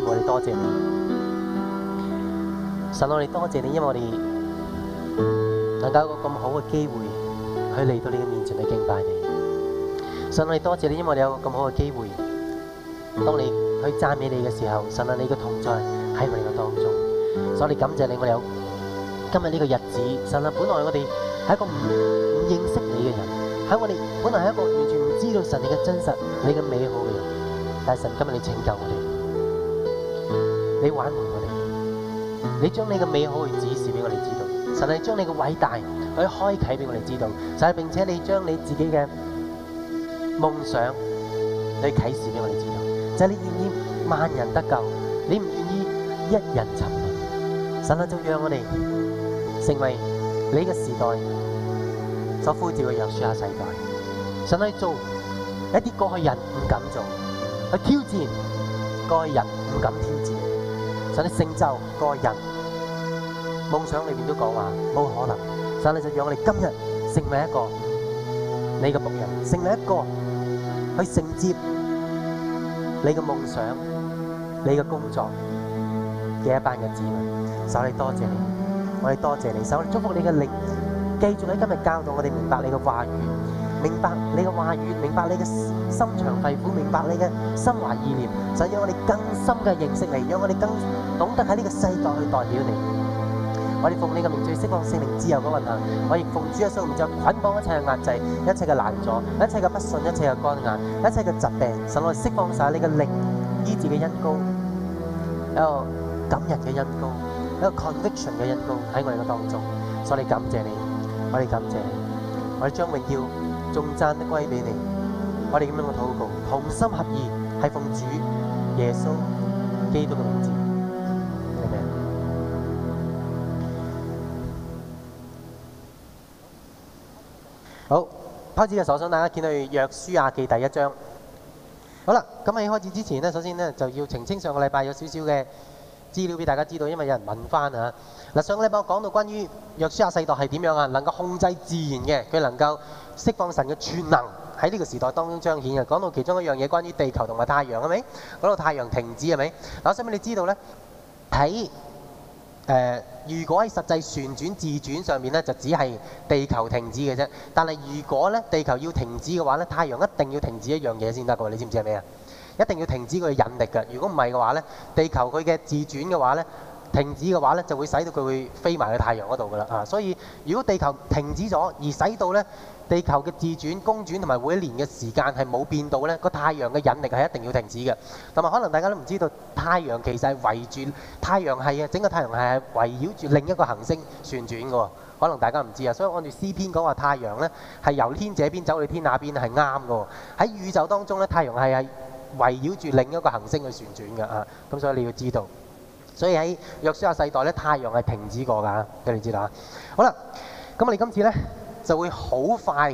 我哋多謝你，神，我哋多謝你，因為我哋能夠有一個咁好嘅機會去嚟到你嘅面前去敬拜你。神，我哋多謝你，因為我哋有咁好嘅機會，當你去讚美你嘅時候，神啊，你嘅同在喺我哋嘅當中。所以我哋感謝你，我哋有今日呢個日子。神啊，本來我哋係一個唔唔認識你嘅人，喺我哋本來係一個完全唔知道神你嘅真實、你嘅美好嘅人，但係神今日你拯救我哋。你挽回我哋，你將你嘅美好去指示俾我哋知道；神係將你嘅偉大去開啟俾我哋知道。神係並且你將你自己嘅夢想去啟示俾我哋知道。就係、是、你願意萬人得救，你唔願意一人沉淪。神係就讓我哋成為你嘅時代所呼召嘅約書亞世代。神係做一啲過去人唔敢做，去挑戰過去人唔敢挑戰。神你成就個人夢想裏面，都講話冇可能，神你就讓我哋今日成為一個你嘅僕人，成為一個去承接你嘅夢想、你嘅工作嘅一班嘅子民。神你多謝你，我哋多謝你，神我祝福你嘅靈，繼續喺今日教導我哋明白你嘅話語。明白你嘅話語，明白你嘅心腸肺腑，明白你嘅心懷意念，神讓我哋更深嘅認識你，讓我哋更懂得喺呢個世代去代表你。我哋奉你嘅名，最釋放聖靈自由嘅運行；我亦奉主嘅名，再捆綁一切嘅壓制、一切嘅難阻、一切嘅不信、一切嘅肝癌、一切嘅疾病，神我哋釋放晒你嘅靈醫治嘅恩膏，一個感人嘅恩膏，一個 conviction 嘅恩膏喺我哋嘅當中。所以感謝你，我哋感謝你，我哋將榮耀仲讚得歸俾你，我哋咁樣嘅禱告，同心合意，係奉主耶穌基督嘅名字。好，開始嘅時候，我想大家見到約書亞記第一章。好啦，咁喺開始之前呢，首先呢就要澄清上個禮拜有少少嘅資料俾大家知道，因為有人問翻啊！嗱，上個禮拜我講到關於約書亞世代係點樣啊？能夠控制自然嘅，佢能夠釋放神嘅全能喺呢個時代當中彰顯啊！講到其中一樣嘢，關於地球同埋太陽係咪？講到太陽停止係咪？嗱，我想俾你知道呢喺誒，如果喺實際旋轉自轉上面呢，就只係地球停止嘅啫。但係如果呢，地球要停止嘅話呢，太陽一定要停止一樣嘢先得嘅喎，你知唔知係咩啊？一定要停止佢嘅引力㗎。如果唔係嘅話呢，地球佢嘅自轉嘅話呢，停止嘅話呢，就會使到佢會飛埋去太陽嗰度㗎啦啊。所以如果地球停止咗，而使到呢地球嘅自轉、公轉同埋每一年嘅時間係冇變到呢，個太陽嘅引力係一定要停止嘅。咁啊，可能大家都唔知道，太陽其實係圍住太陽系啊，整個太陽系係圍繞住另一個行星旋轉㗎喎。可能大家唔知啊，所以按住詩篇講話太陽呢係由天這邊走到天那邊係啱㗎喎。喺宇宙當中呢，太陽系係。圍繞住另一個行星去旋轉嘅啊，咁所以你要知道，所以喺約書亞世代咧，太陽係停止過㗎啊，你哋知道吓。好啦，咁我哋今次咧就會好快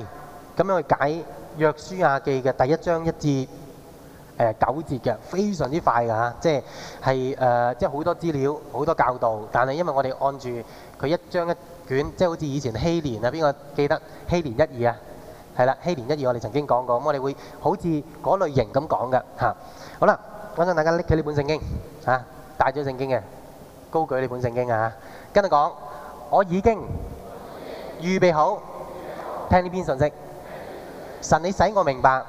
咁樣去解約書亞記嘅第一章一至誒九節嘅，非常之快㗎嚇啊，即係係誒即係好多資料、好多教導，但係因為我哋按住佢一章一卷，即係好似以前希年啊，邊個記得希年一二啊？係啦，希年一二，我哋曾經講過，咁我哋會好似嗰類型咁講嘅吓。好啦，我想大家拎起呢本聖經，吓，帶咗聖經嘅，高舉呢本聖經啊，跟住講，我已經預備好聽呢篇信息，神你使我明白，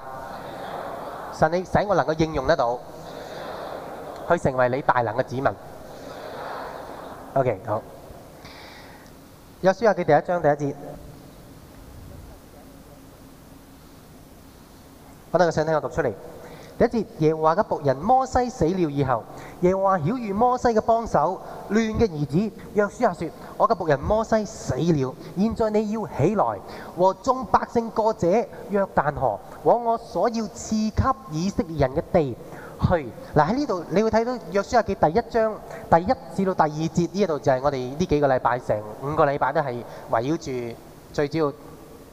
神你使我能夠應用得到，去成為你大能嘅子民。OK，好，約書亞記第一章第一節。我等個聖經，我讀出嚟。第一節， 耶和華嘅僕人摩西死了以後，耶和華曉諭摩西嘅幫手嫩嘅兒子約書亞説：我嘅僕人摩西死了，現在你要起來，和眾百姓過者約旦河，往我所要賜給以色列人嘅地去。嗱，喺呢度，你會睇到約書亞記第一章第一至到第二節，呢一度就係我哋呢幾個禮拜成五個禮拜都係圍繞住最主要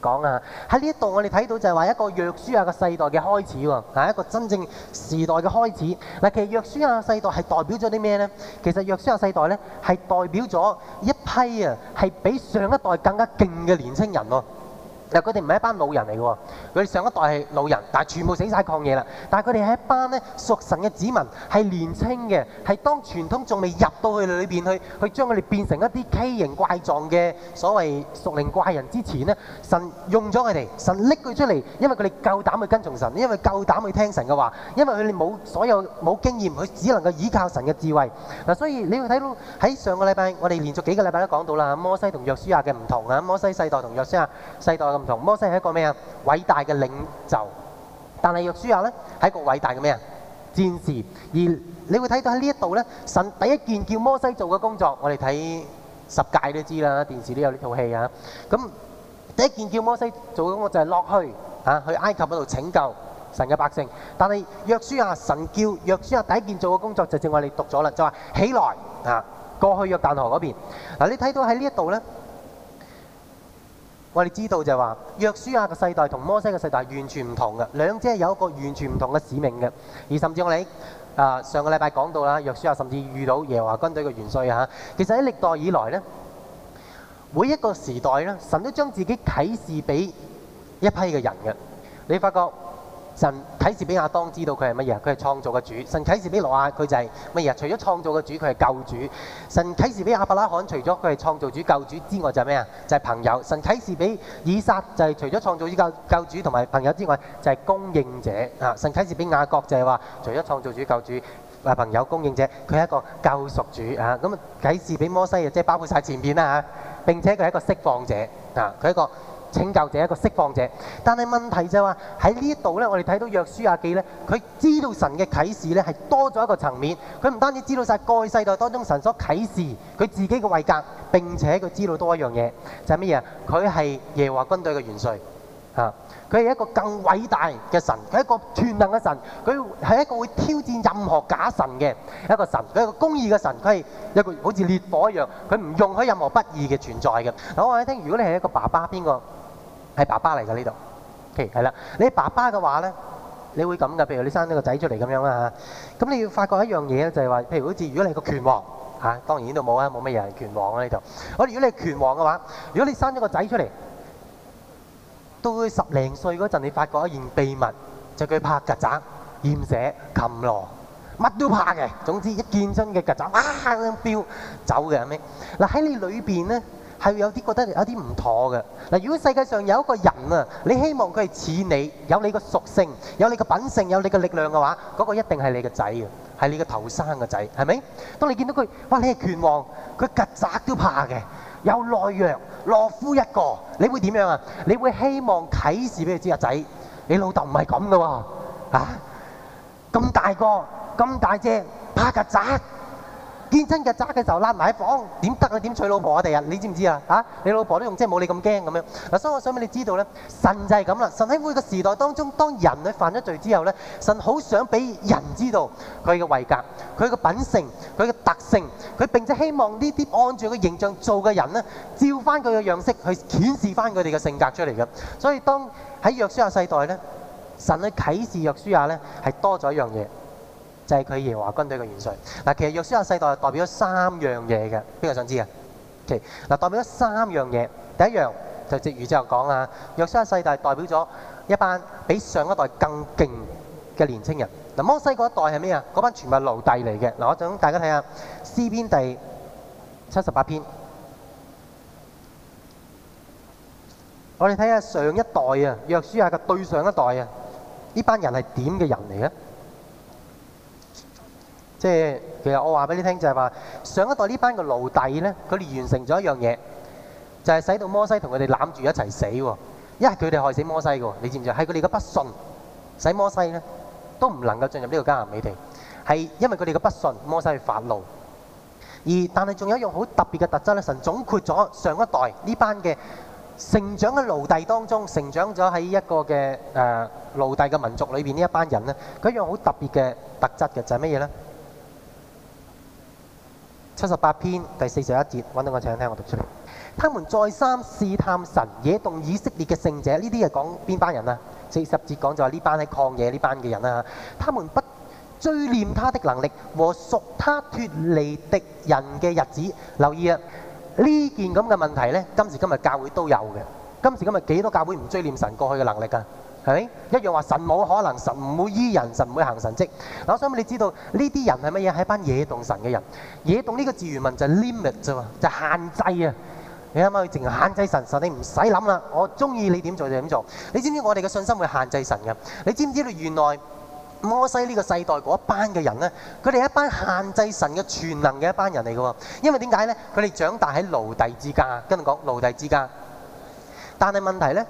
講啊！喺呢一度，我哋睇到就係話一個約書亞嘅世代嘅開始喎，係一個真正時代嘅開始。嗱，其實約書亞嘅世代係代表咗啲咩咧？其實約書亞世代咧係代表咗一批啊，係比上一代更加勁嘅年輕人喎。嗱，佢哋唔係一班老人嚟嘅喎，佢哋上一代係老人，但係全部死曬曠野啦。但係佢哋係一班咧，屬神嘅子民，係年輕嘅，係當傳統仲未入到去裏邊去，去將佢哋變成一啲畸形怪狀嘅所謂屬靈怪人之前咧，神用咗佢哋，神拎佢出嚟，因為佢哋夠膽去跟從神，因為夠膽去聽神嘅話，因為佢哋冇所有冇經驗，佢只能夠依靠神嘅智慧。嗱，所以你要睇到喺上個禮拜，我哋連續幾個禮拜都講到啦，摩西同約書亞嘅唔同啊，摩西世代同約書亞世代。唔同，摩西係一個咩啊？偉大嘅領袖，但係約書亞咧係一個偉大嘅咩啊？戰士。而你會睇到喺呢一度咧，神第一件叫摩西做嘅工作，我哋睇十戒都知啦，電視都有呢套戲啊。咁第一件叫摩西做嘅工作就係落去啊去埃及嗰度拯救神嘅百姓。但係約書亞，神叫約書亞第一件做嘅工作就正話你讀咗啦，就話起來啊，過去約旦河嗰邊。嗱，你睇到喺呢一度咧。我哋知道就係話，約書亞嘅世代同摩西嘅世代完全唔同嘅，兩者有一個完全唔同嘅使命嘅。而甚至我哋啊、呃、上個禮拜講到啦，約書亞甚至遇到耶和華軍隊嘅元帥啊。其實喺歷代以來呢，每一個時代呢，神都將自己啟示俾一批嘅人嘅。你發覺？神啟示俾亞當知道佢係乜嘢，佢係創造嘅主。神啟示俾羅亞佢就係乜嘢？除咗創造嘅主，佢係救主。神啟示俾亞伯拉罕，除咗佢係創造主、救主之外就，就係咩啊？就係朋友。神啟示俾以撒就係除咗創造主、救救主同埋朋友之外，就係供應者啊！神啟示俾雅各就係話，除咗創造主、救主、啊朋友、供應者，佢係一個救贖主啊！咁啟示俾摩西啊，即係包括晒前邊啦嚇，並且佢係一個釋放者啊，佢係一個，拯救者，一個釋放者，但係問題就係話喺呢度呢，我哋睇到約書亞記呢，佢知道神嘅啟示呢係多咗一個層面，佢唔單止知道晒蓋世代當中神所啟示佢自己嘅位格，並且佢知道多一樣嘢就係乜嘢？佢係耶和華軍隊嘅元帥，佢、啊、係一個更偉大嘅神，佢係一個全能嘅神，佢係一個會挑戰任何假神嘅一個神，佢係一個公義嘅神，佢係一個好似烈火一樣，佢唔容許任何不義嘅存在嘅。咁我話你聽，如果你係一個爸爸，邊個？係爸爸嚟㗎呢度 OK 係啦。你爸爸嘅話咧，你會咁㗎。譬如你生咗個仔出嚟咁樣啦嚇，咁你要發覺一樣嘢咧，就係話，譬如好似如果你係個拳王嚇、啊，當然呢度冇啊，冇乜人拳王啊呢度。我如果你係拳王嘅話，如果你生咗個仔出嚟，到十零歲嗰陣，你發覺一件秘密，就佢怕曱甴、蠍蛇、擒螺，乜都怕嘅。總之一見真嘅曱甴，啊，飆走嘅係咪？嗱、啊、喺你裏邊咧。係有啲覺得有啲唔妥嘅。如果世界上有一個人啊，你希望佢係似你，有你個屬性，有你個品性，有你個力量嘅話，嗰個一定係你個仔啊，係你個頭生個仔，係咪？當你見到佢，哇！你係拳王，佢曱甴都怕嘅，有內弱，懦夫一個，你會點樣啊？你會希望啟示俾佢知，啊仔，你老豆唔係咁嘅喎，啊！咁大個，咁大隻，怕曱甴？見真嘅渣嘅時候，拉埋房點得啊？點娶老婆啊？第日你知唔知啊？嚇，你老婆都用即係冇你咁驚咁樣。嗱，所以我想俾你知道咧，神就係咁啦。神喺每個時代當中，當人去犯咗罪之後咧，神好想俾人知道佢嘅位格、佢嘅品性、佢嘅特性，佢並且希望呢啲按照佢形象做嘅人咧，照翻佢嘅樣式去顯示翻佢哋嘅性格出嚟嘅。所以當喺約書亞世代咧，神去啟示約書亞咧，係多咗一樣嘢。就係佢耶和華軍隊嘅元帥。嗱，其實約書亞世代代表咗三樣嘢嘅，邊個想知啊？OK，嗱，代表咗三樣嘢。第一樣就接住之後講啊，約書亞世代代表咗一班比上一代更勁嘅年青人。嗱，摩西嗰一代係咩啊？嗰班全部係奴隸嚟嘅。嗱，我想大家睇下，詩篇第七十八篇，我哋睇下上一代啊，約書亞嘅對上一代啊，呢班人係點嘅人嚟嘅？即係其實我話俾你聽，就係、是、話上一代呢班嘅奴隸呢，佢哋完成咗一樣嘢，就係、是、使到摩西同佢哋攬住一齊死喎，因為佢哋害死摩西㗎。你知唔知係佢哋嘅不信使摩西呢都唔能夠進入呢個迦南美地，係因為佢哋嘅不信摩西去發怒。而但係仲有一樣好特別嘅特質呢，神總括咗上一代呢班嘅成長嘅奴隸當中成長咗喺一個嘅誒、呃、奴隸嘅民族裏邊呢一班人呢。佢一樣好特別嘅特質嘅就係乜嘢呢？七十八篇第四十一節，揾到我請聽我讀出嚟。他們再三試探神，惹動以色列嘅聖者。呢啲係講邊班人啊？四十節講就話呢班喺抗野呢班嘅人啊。他們不追念他的能力和屬他脫離敵人嘅日子。留意啊，呢件咁嘅問題呢，今時今日教會都有嘅。今時今日幾多教會唔追念神過去嘅能力㗎啊？一樣話神冇可能，神唔會醫人，神唔會行神蹟？我想問你知道呢啲人係乜嘢？係一班野動神嘅人。野動呢個字原文就係 limit 啫喎，就係限制啊！你啱啱去淨係限制神神，你唔使諗啦，我中意你點做就點做。你知唔知我哋嘅信心會限制神嘅？你知唔知道原來摩西呢個世代嗰一班嘅人咧，佢哋係一班限制神嘅全能嘅一班人嚟嘅喎？因為點解咧？佢哋長大喺奴隸之家，跟住講奴隸之家。但係問題咧？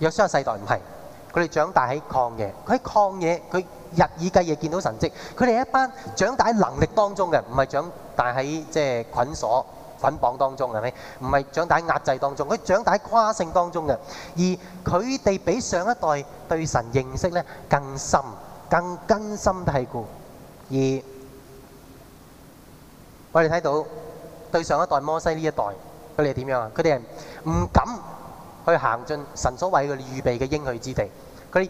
約書亞世代唔係，佢哋長大喺曠野，佢喺曠野，佢日以繼夜見到神蹟，佢哋係一班長大喺能力當中嘅，唔係長大喺即係捆鎖捆綁當中係咪？唔係長大喺壓制當中，佢長大喺誇勝當中嘅。而佢哋比上一代對神認識咧更深，更根深蒂固。而我哋睇到對上一代摩西呢一代，佢哋係點樣啊？佢哋係唔敢。去行進神所謂嘅預備嘅應許之地，佢哋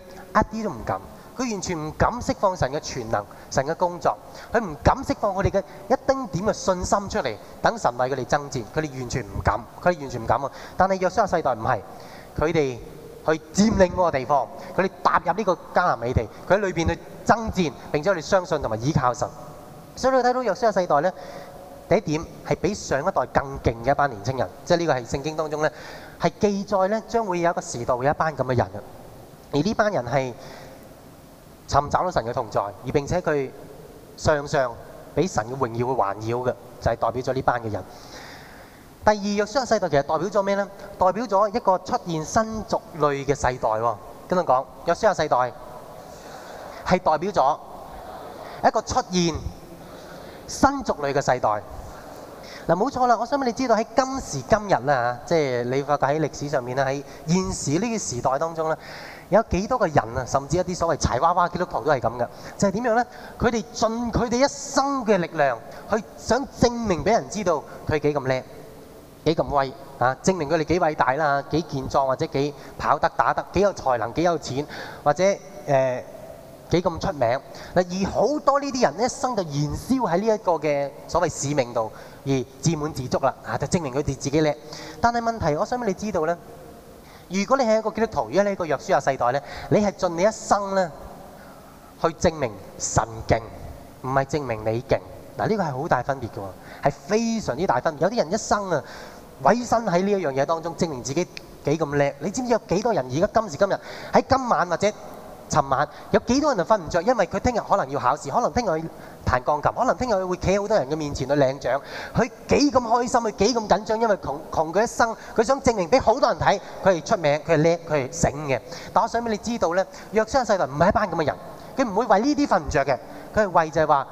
一啲都唔敢，佢完全唔敢釋放神嘅全能、神嘅工作，佢唔敢釋放我哋嘅一丁點嘅信心出嚟，等神為佢哋爭戰，佢哋完全唔敢，佢哋完全唔敢啊！但係約書亞世代唔係，佢哋去佔領嗰個地方，佢哋踏入呢個迦南美地，佢喺裏邊去爭戰，並且我哋相信同埋依靠神，所以你睇到約書亞世代呢，第一點係比上一代更勁嘅一班年青人，即係呢個係聖經當中呢。係記載呢，將會有一個時代會有一班咁嘅人，而呢班人係尋找到神嘅同在，而並且佢常常俾神嘅榮耀去環繞嘅，就係代表咗呢班嘅人。第二，約書亞世代其實代表咗咩呢？代表咗一個出現新族類嘅世代。跟住講約書亞世代係代表咗一個出現新族類嘅世代。嗱，冇錯啦！我想問你知道喺今時今日啦嚇，即係你發覺喺歷史上面啦，喺現時呢個時代當中咧，有幾多個人啊，甚至一啲所謂柴娃娃基督徒都係咁嘅，就係點樣咧？佢哋盡佢哋一生嘅力量去想證明俾人知道佢幾咁叻、幾咁威嚇，證明佢哋幾偉大啦、幾健壯或者幾跑得打得幾有才能、幾有錢或者誒幾咁出名嗱。而好多呢啲人一生就燃燒喺呢一個嘅所謂使命度。而自滿自足啦，啊，就證明佢哋自己叻。但係問題，我想俾你知道呢：如果你係一個基督徒，而家你係一個約書亞世代呢，你係盡你一生呢去證明神勁，唔係證明你勁。嗱，呢個係好大分別㗎喎，係非常之大分別。有啲人一生啊，委身喺呢一樣嘢當中，證明自己幾咁叻。你知唔知有幾多人而家今時今日喺今晚或者？昨晚有幾多人就瞓唔著，因為佢聽日可能要考試，可能聽日彈鋼琴，可能聽日會企喺好多人嘅面前去領獎。佢幾咁開心，佢幾咁緊張，因為窮窮佢一生，佢想證明俾好多人睇，佢係出名，佢係叻，佢係醒嘅。但我想俾你知道咧，約書亞世代唔係一班咁嘅人，佢唔會為呢啲瞓唔著嘅，佢係為就係話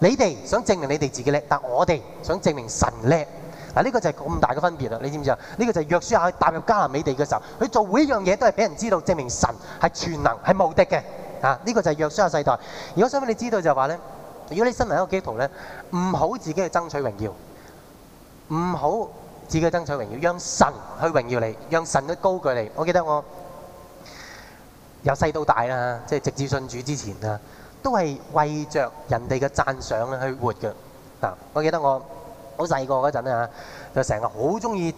你哋想證明你哋自己叻，但我哋想證明神叻。嗱，呢個就係咁大嘅分別啦，你知唔知啊？呢個就係約書亞去踏入迦南美地嘅時候，佢做每一樣嘢都係俾人知道，證明神係全能、係無敵嘅。啊，呢個就係約書亞世代。如果想俾你知道就係話咧，如果你身為一個基督徒咧，唔好自己去爭取榮耀，唔好自己去爭取榮耀，讓神去榮耀你，讓神去高舉你。我記得我由細到大啦，即係直至信主之前啊，都係為着人哋嘅讚賞去活嘅。嗱、啊，我記得我。好細個嗰陣咧就成日好中意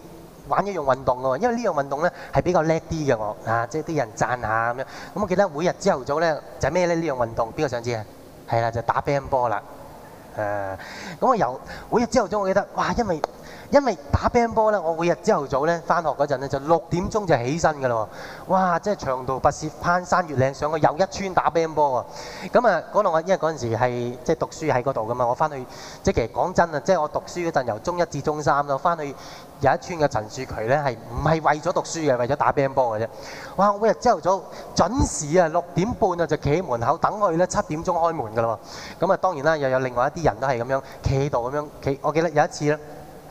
玩一樣運動嘅，因為呢樣運動咧係比較叻啲嘅我啊，即係啲人讚下咁樣。咁我記得每日朝頭早咧就係咩咧呢樣運動？邊個想知啊？係啦，就打乒乓波啦。誒，咁我由每日朝頭早，我記得，哇，因為因為打乒乓波咧，我每日朝頭早咧翻學嗰陣咧，就六點鐘就起身㗎喇喎，哇，即係長途跋涉，攀山越嶺上去又一村打乒乓波喎，咁啊，講到我，因為嗰陣時係即係讀書喺嗰度噶嘛，我翻去，即係其實講真啊，即係我讀書嗰陣，由中一至中三咯，我翻去。有一村嘅陳樹渠咧，係唔係為咗讀書嘅，係為咗打乒乓波嘅啫。哇！我日朝頭早準時啊，六點半啊，就企喺門口等佢咧。七點鐘開門噶啦，咁啊當然啦，又有另外一啲人都係咁樣企喺度咁樣企。我記得有一次咧，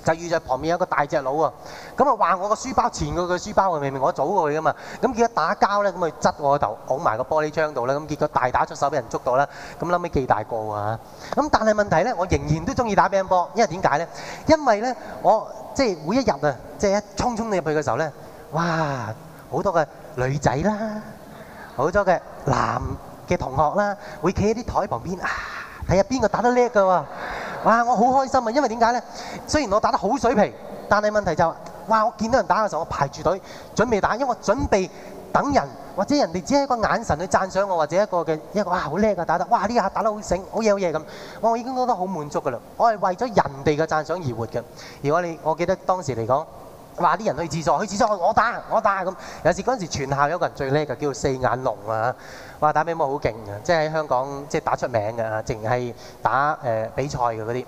就遇著旁邊有一個大隻佬啊。咁啊話我個書包前過個書包啊，明明我早過佢噶嘛。咁結果打交咧，咁啊掙我個頭，擋埋個玻璃窗度咧。咁結果大打出手，俾人捉到啦。咁諗起幾大個啊！咁但係問題咧，我仍然都中意打乒乓波，因為點解咧？因為咧，我。即係每一日啊，即係一沖沖你入去嘅時候咧，哇！好多嘅女仔啦，好多嘅男嘅同學啦，會企喺啲台旁邊啊，睇下邊個打得叻㗎喎！哇，我好開心啊，因為點解咧？雖然我打得好水平，但係問題就，哇！我見到人打嘅時候，我排住隊準備打，因為我準備。等人或者人哋只係一個眼神去讚賞我，或者一個嘅一個，哇，好叻啊！打得哇呢下打得好醒，好嘢好嘢咁，我已經覺得好滿足噶啦。我係為咗人哋嘅讚賞而活嘅。如果你我記得當時嚟講，話啲人去自助，去自助，我打我打咁。有時嗰陣時全校有一個人最叻嘅叫做四眼龍啊，話打乒乓好勁嘅，即係喺香港即係打出名嘅啊，淨係打誒、呃、比賽嘅嗰啲。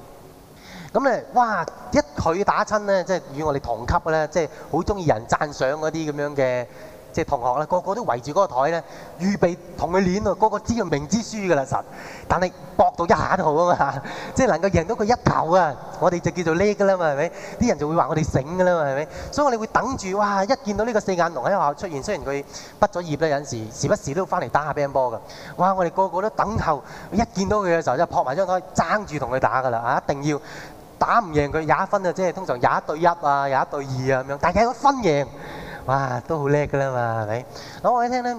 咁咧，哇一佢打親咧，即係與我哋同級咧，即係好鍾意人讚賞嗰啲咁樣嘅。即係同學咧，個個都圍住嗰個台咧，預備同佢練喎，個個知佢明知輸㗎啦，實。但係搏到一下都好啊嘛，即係能夠贏到佢一球啊，我哋就叫做叻㗎啦嘛，係咪？啲人就會話我哋醒㗎啦嘛，係咪？所以我哋會等住，哇！一見到呢個四眼龍喺學校出現，雖然佢畢咗業啦，有時時不時都翻嚟打下乒乓波㗎。哇！我哋個個都等候，一見到佢嘅時候，即係撲埋張台，爭住同佢打㗎啦，啊！一定要打唔贏佢，廿一分啊，即係通常廿一對一啊，廿一對二啊咁樣，但係都分贏。哇，都好叻噶啦嘛，係咪？我一聽咧，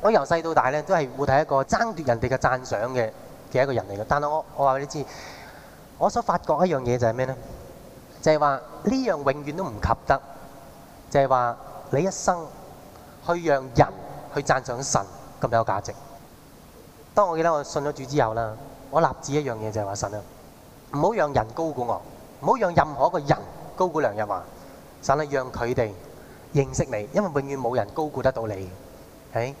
我由細到大咧都係會睇一個爭奪人哋嘅讚賞嘅嘅一個人嚟嘅。但係我我話你知，我所發覺一樣嘢就係咩咧？就係話呢樣永遠都唔及得。就係話你一生去讓人去讚賞神咁有價值。當我記得我信咗主之後啦，我立志一樣嘢就係話神啊，唔好讓人高估我，唔好讓任何一個人高估梁日華。神啊，讓佢哋。認識你，因為永遠冇人高估得到你。係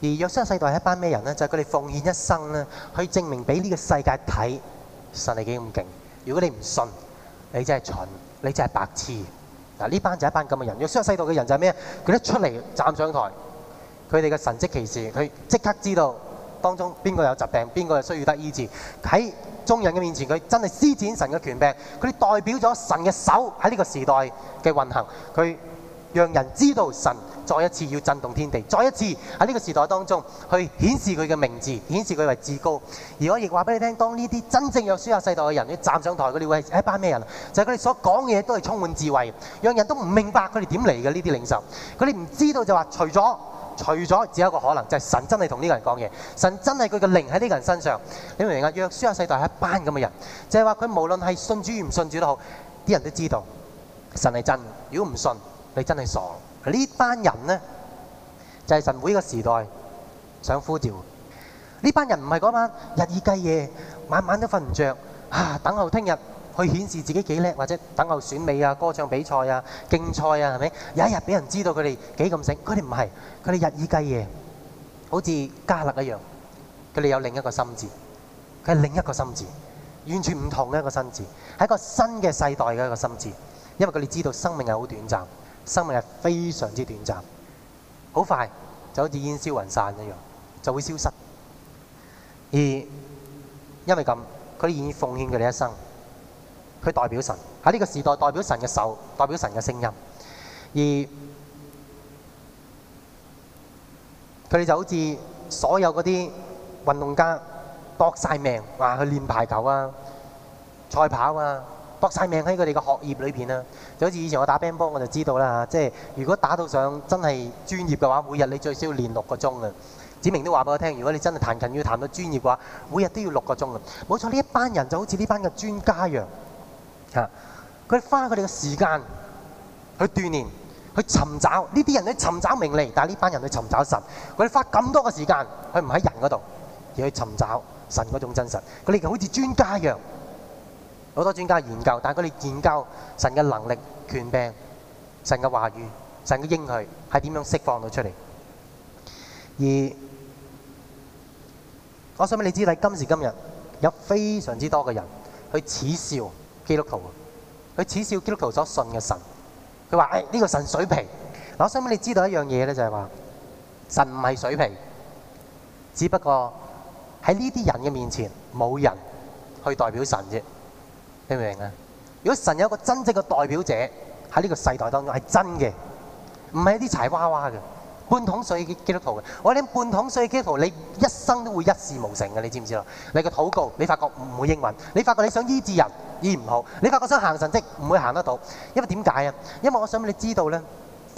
而約書亞世代一班咩人咧？就係佢哋奉獻一生咧，去證明俾呢個世界睇神係幾咁勁。如果你唔信，你真係蠢，你真係白痴嗱。呢班就係一班咁嘅人。約書亞世代嘅人就係咩？佢一出嚟站上台，佢哋嘅神跡奇事，佢即刻知道當中邊個有疾病，邊個係需要得醫治喺眾人嘅面前，佢真係施展神嘅權柄。佢哋代表咗神嘅手喺呢個時代嘅運行。佢。讓人知道神再一次要震動天地，再一次喺呢個時代當中去顯示佢嘅名字，顯示佢為至高。而我亦話俾你聽，當呢啲真正約書亞世代嘅人要站上台嘅，佢哋會係一班咩人？就係佢哋所講嘅嘢都係充滿智慧，讓人都唔明白佢哋點嚟嘅呢啲領袖。佢哋唔知道就話，除咗除咗，只有一個可能就係、是、神真係同呢個人講嘢，神真係佢嘅靈喺呢個人身上。你不明唔明啊？約書亞世代係一班咁嘅人，就係話佢無論係信主與唔信主都好，啲人都知道神係真。如果唔信。你真係傻的！呢班人呢，就係、是、神會個時代想呼召呢班人不是那，唔係嗰晚日以繼夜晚晚都瞓唔着，啊，等候聽日去顯示自己幾叻，或者等候選美啊、歌唱比賽啊、競賽啊，係咪有一日畀人知道佢哋幾咁醒？佢哋唔係，佢哋日以繼夜，好似加勒一樣。佢哋有另一個心志，佢係另一個心志，完全唔同嘅一個心志，係一個新嘅世代嘅一個心志，因為佢哋知道生命係好短暫。生命係非常之短暫，好快就好似煙消雲散一樣，就會消失。而因為咁，佢哋願意奉獻佢哋一生，佢代表神喺呢個時代代表神嘅手，代表神嘅聲音。而佢哋就好似所有嗰啲運動家搏晒命，話，去練排球啊，賽跑啊。搏晒命喺佢哋嘅學業裏邊啦，就好似以前我打乒乓我就知道啦，即係如果打到上真係專業嘅話，每日你最少要練六個鐘啊。子明都話俾我聽，如果你真係彈琴要彈到專業嘅話，每日都要六個鐘啊。冇錯，呢一班人就好似呢班嘅專家一樣嚇，佢哋花佢哋嘅時間去鍛鍊，去尋找呢啲人去尋找名利，但係呢班人去尋找神，佢哋花咁多嘅時間，佢唔喺人嗰度，而去尋找神嗰種真實，佢哋就好似專家一樣。好多專家研究，但係佢哋研究神嘅能力、權柄、神嘅話語、神嘅應許係點樣釋放到出嚟？而我想俾你知道，喺今時今日有非常之多嘅人去恥笑基督徒，佢恥笑基督徒所信嘅神。佢話：誒、哎、呢、這個神水皮。我想俾你知道一樣嘢咧，就係話神唔係水皮，只不過喺呢啲人嘅面前冇人去代表神啫。聽唔明啊！如果神有個真正嘅代表者喺呢個世代當中是真的，係真嘅，唔係一啲柴娃娃嘅半桶水基督徒嘅。我哋半桶水基督徒，你一生都會一事無成嘅。你知唔知啊？你個禱告，你發覺唔會應允，你發覺你想醫治人醫唔好；你發覺想行神跡唔會行得到。因為點解啊？因為我想俾你知道咧。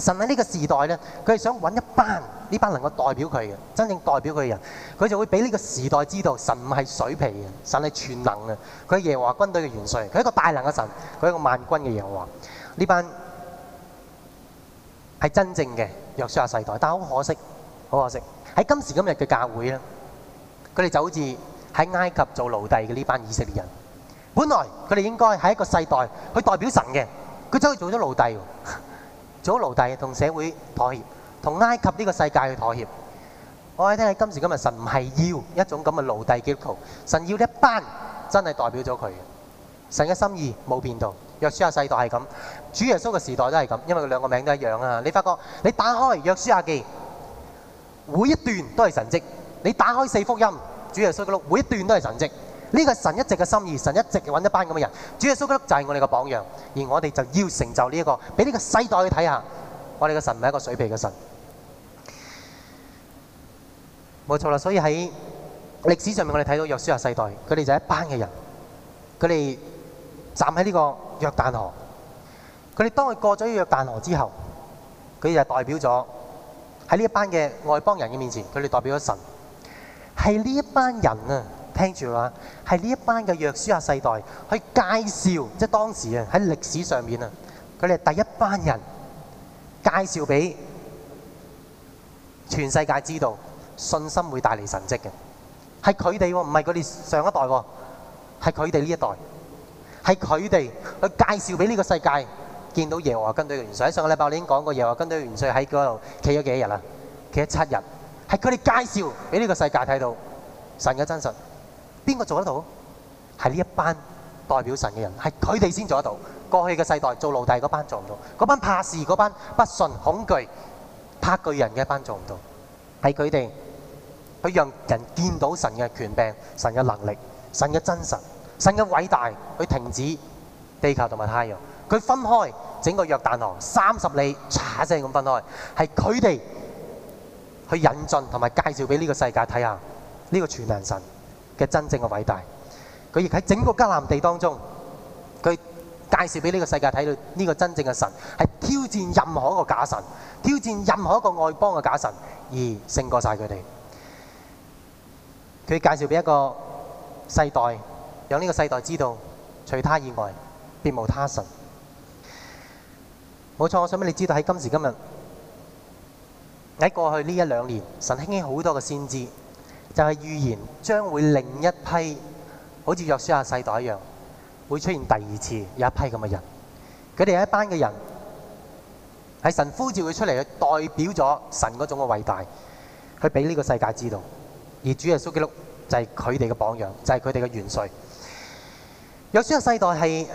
神喺呢個時代咧，佢係想搵一班呢班能夠代表佢嘅，真正代表佢嘅人，佢就會俾呢個時代知道，神唔係水皮嘅，神係全能嘅，佢係耶和華軍隊嘅元帥，佢係一個大能嘅神，佢係一個萬軍嘅耶和華。呢班係真正嘅約書亞世代，但係好可惜，好可惜喺今時今日嘅教會咧，佢哋就好似喺埃及做奴隸嘅呢班以色列人。本來佢哋應該喺一個世代去代表神嘅，佢走去做咗奴隸。做奴隸同社會妥協，同埃及呢個世界去妥協。我哋聽下今時今日，神唔係要一種咁嘅奴隸基督徒，神要一班真係代表咗佢。神嘅心意冇變動，約書亞世代係咁，主耶穌嘅時代都係咁，因為佢兩個名都一樣啊！你發覺你打開約書亞記，每一段都係神跡；你打開四福音，主耶穌嘅錄，每一段都係神跡。呢個神一直嘅心意，神一直揾一班咁嘅人。主耶穌基督就係我哋嘅榜樣，而我哋就要成就呢一個，俾呢個世代去睇下，我哋嘅神唔係一個水皮嘅神。冇錯啦，所以喺歷史上面，我哋睇到約書亞世代，佢哋就係一班嘅人，佢哋站喺呢個約旦河，佢哋當佢過咗約旦河之後，佢哋就代表咗喺呢一班嘅外邦人嘅面前，佢哋代表咗神。係呢一班人啊！聽住啦，係呢一班嘅約書亞世代去介紹，即係當時啊喺歷史上面啊，佢哋第一班人介紹俾全世界知道信心會帶嚟神跡嘅係佢哋喎，唔係佢哋上一代喎，係佢哋呢一代，係佢哋去介紹俾呢個世界見到耶和華軍隊元帥。喺上個禮拜我已經講過，耶和華軍隊元帥喺嗰度企咗幾日啦，企咗七日，係佢哋介紹俾呢個世界睇到神嘅真實。邊個做得到？係呢一班代表神嘅人，係佢哋先做得到。過去嘅世代做奴隸嗰班做唔到，嗰班怕事、嗰班不信、恐懼、怕巨人嘅一班做唔到。係佢哋去讓人見到神嘅權柄、神嘅能力、神嘅真實、神嘅偉大，去停止地球同埋太陽，佢分開整個約旦河三十里，嚓一聲咁分開。係佢哋去引進同埋介紹俾呢個世界睇下呢個全能神嘅真正嘅偉大，佢亦喺整個迦南地當中，佢介紹俾呢個世界睇到呢個真正嘅神，係挑戰任何一個假神，挑戰任何一個外邦嘅假神，而勝過晒佢哋。佢介紹俾一個世代，讓呢個世代知道，除他以外，別無他神。冇錯，我想俾你知道喺今時今日，喺過去呢一兩年，神興起好多嘅先知。就係、是、預言將會另一批，好似約書亞世代一樣，會出現第二次有一批咁嘅人，佢哋有一班嘅人喺神呼召佢出嚟，去代表咗神嗰種嘅偉大，去俾呢個世界知道。而主耶穌基督就係佢哋嘅榜樣，就係佢哋嘅元帥。約書亞世代係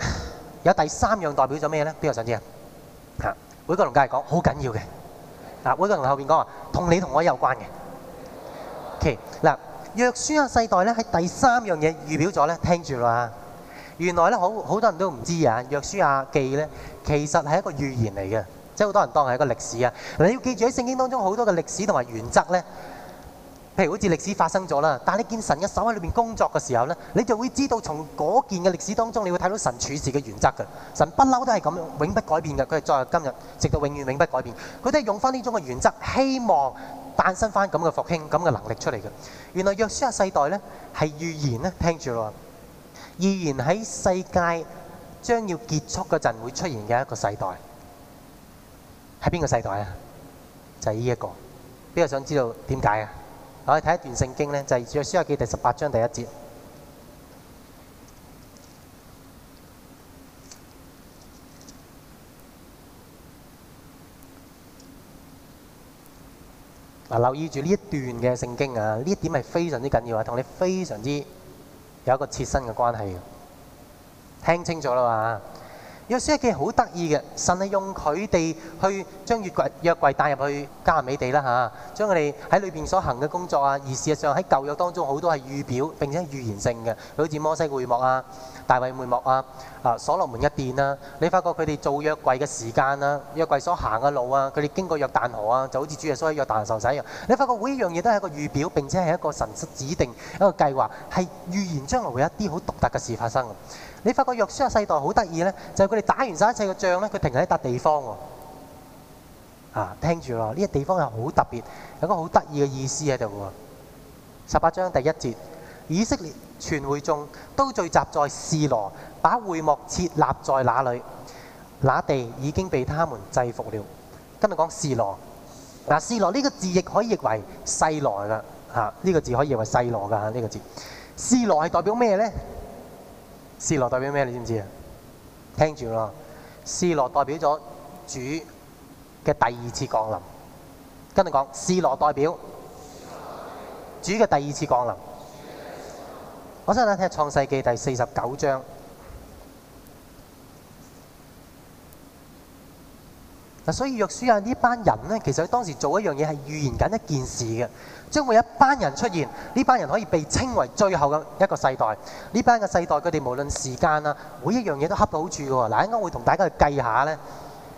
有第三樣代表咗咩咧？邊個想知啊？啊，每個人嚟講，好緊要嘅。啊，每個人後邊講啊，同你同我有關嘅。Okay，若嗱，約書亞世代咧喺第三樣嘢預表咗咧，聽住啦。原來咧好好多人都唔知啊，約書亞記咧其實係一個預言嚟嘅，即係好多人當係一個歷史啊。你要記住喺聖經當中好多嘅歷史同埋原則咧，譬如好似歷史發生咗啦，但係你見神嘅手喺裏面工作嘅時候咧，你就會知道從嗰件嘅歷史當中，你會睇到神處事嘅原則嘅。神不嬲都係咁樣，永不改變嘅，佢係在今日，直到永遠永不改變。佢哋係用翻呢種嘅原則，希望。誕生翻咁嘅復興、咁嘅能力出嚟嘅，原來約書亞世代咧係預言咧，聽住咯，預言喺世界將要結束嗰陣會出現嘅一個世代，係邊個世代啊？就係呢一個，邊個想知道點解啊？我哋睇一段聖經咧，就係約書亞記第十八章第一節。嗱，留意住呢一段嘅聖經啊，呢一點係非常之緊要啊，同你非常之有一個切身嘅關係的。聽清楚啦啊！一很有書記好得意嘅，神係用佢哋去將約櫃約櫃帶入去迦南美地啦嚇，將佢哋喺裏邊所行嘅工作啊，而事實上喺舊約當中好多係預表並且預言性嘅，好似摩西會幕啊、大衛會幕啊、啊所羅門一殿啊，你發覺佢哋做約櫃嘅時間啊、約櫃所行嘅路啊，佢哋經過約旦河啊，就好似主耶穌喺約旦受洗一樣。你發覺每一樣嘢都係一個預表並且係一個神指定一個計劃，係預言將來會有一啲好獨特嘅事發生。你發覺約書亞嘅世代好得意呢，就係佢哋打完晒一切嘅仗呢，佢停喺一笪地方喎、啊。啊，聽住喎，呢、這、笪、個、地方又好特別，有個好得意嘅意思喺度喎。十八章第一節，以色列全會眾都聚集在示羅，把會幕設立在那裡，那地已經被他們制服了。今日講示羅，嗱、啊、示羅呢個字亦可以譯為世羅噶，嚇呢、啊這個字可以譯為世羅噶，呢、啊這個字。示羅係代表咩呢？示羅代表咩？你知唔知啊？聽住咯，示羅代表咗主嘅第二次降臨。跟你講，示羅代表主嘅第二次降臨。我想睇下創世記第四十九章。所以約書亞呢班人呢，其實佢當時做一樣嘢係預言緊一件事嘅，將會有一班人出現，呢班人可以被稱為最後嘅一個世代，呢班嘅世代佢哋無論時間啦，每一樣嘢都恰到好處嘅喎，嗱，應該會同大家去計下呢。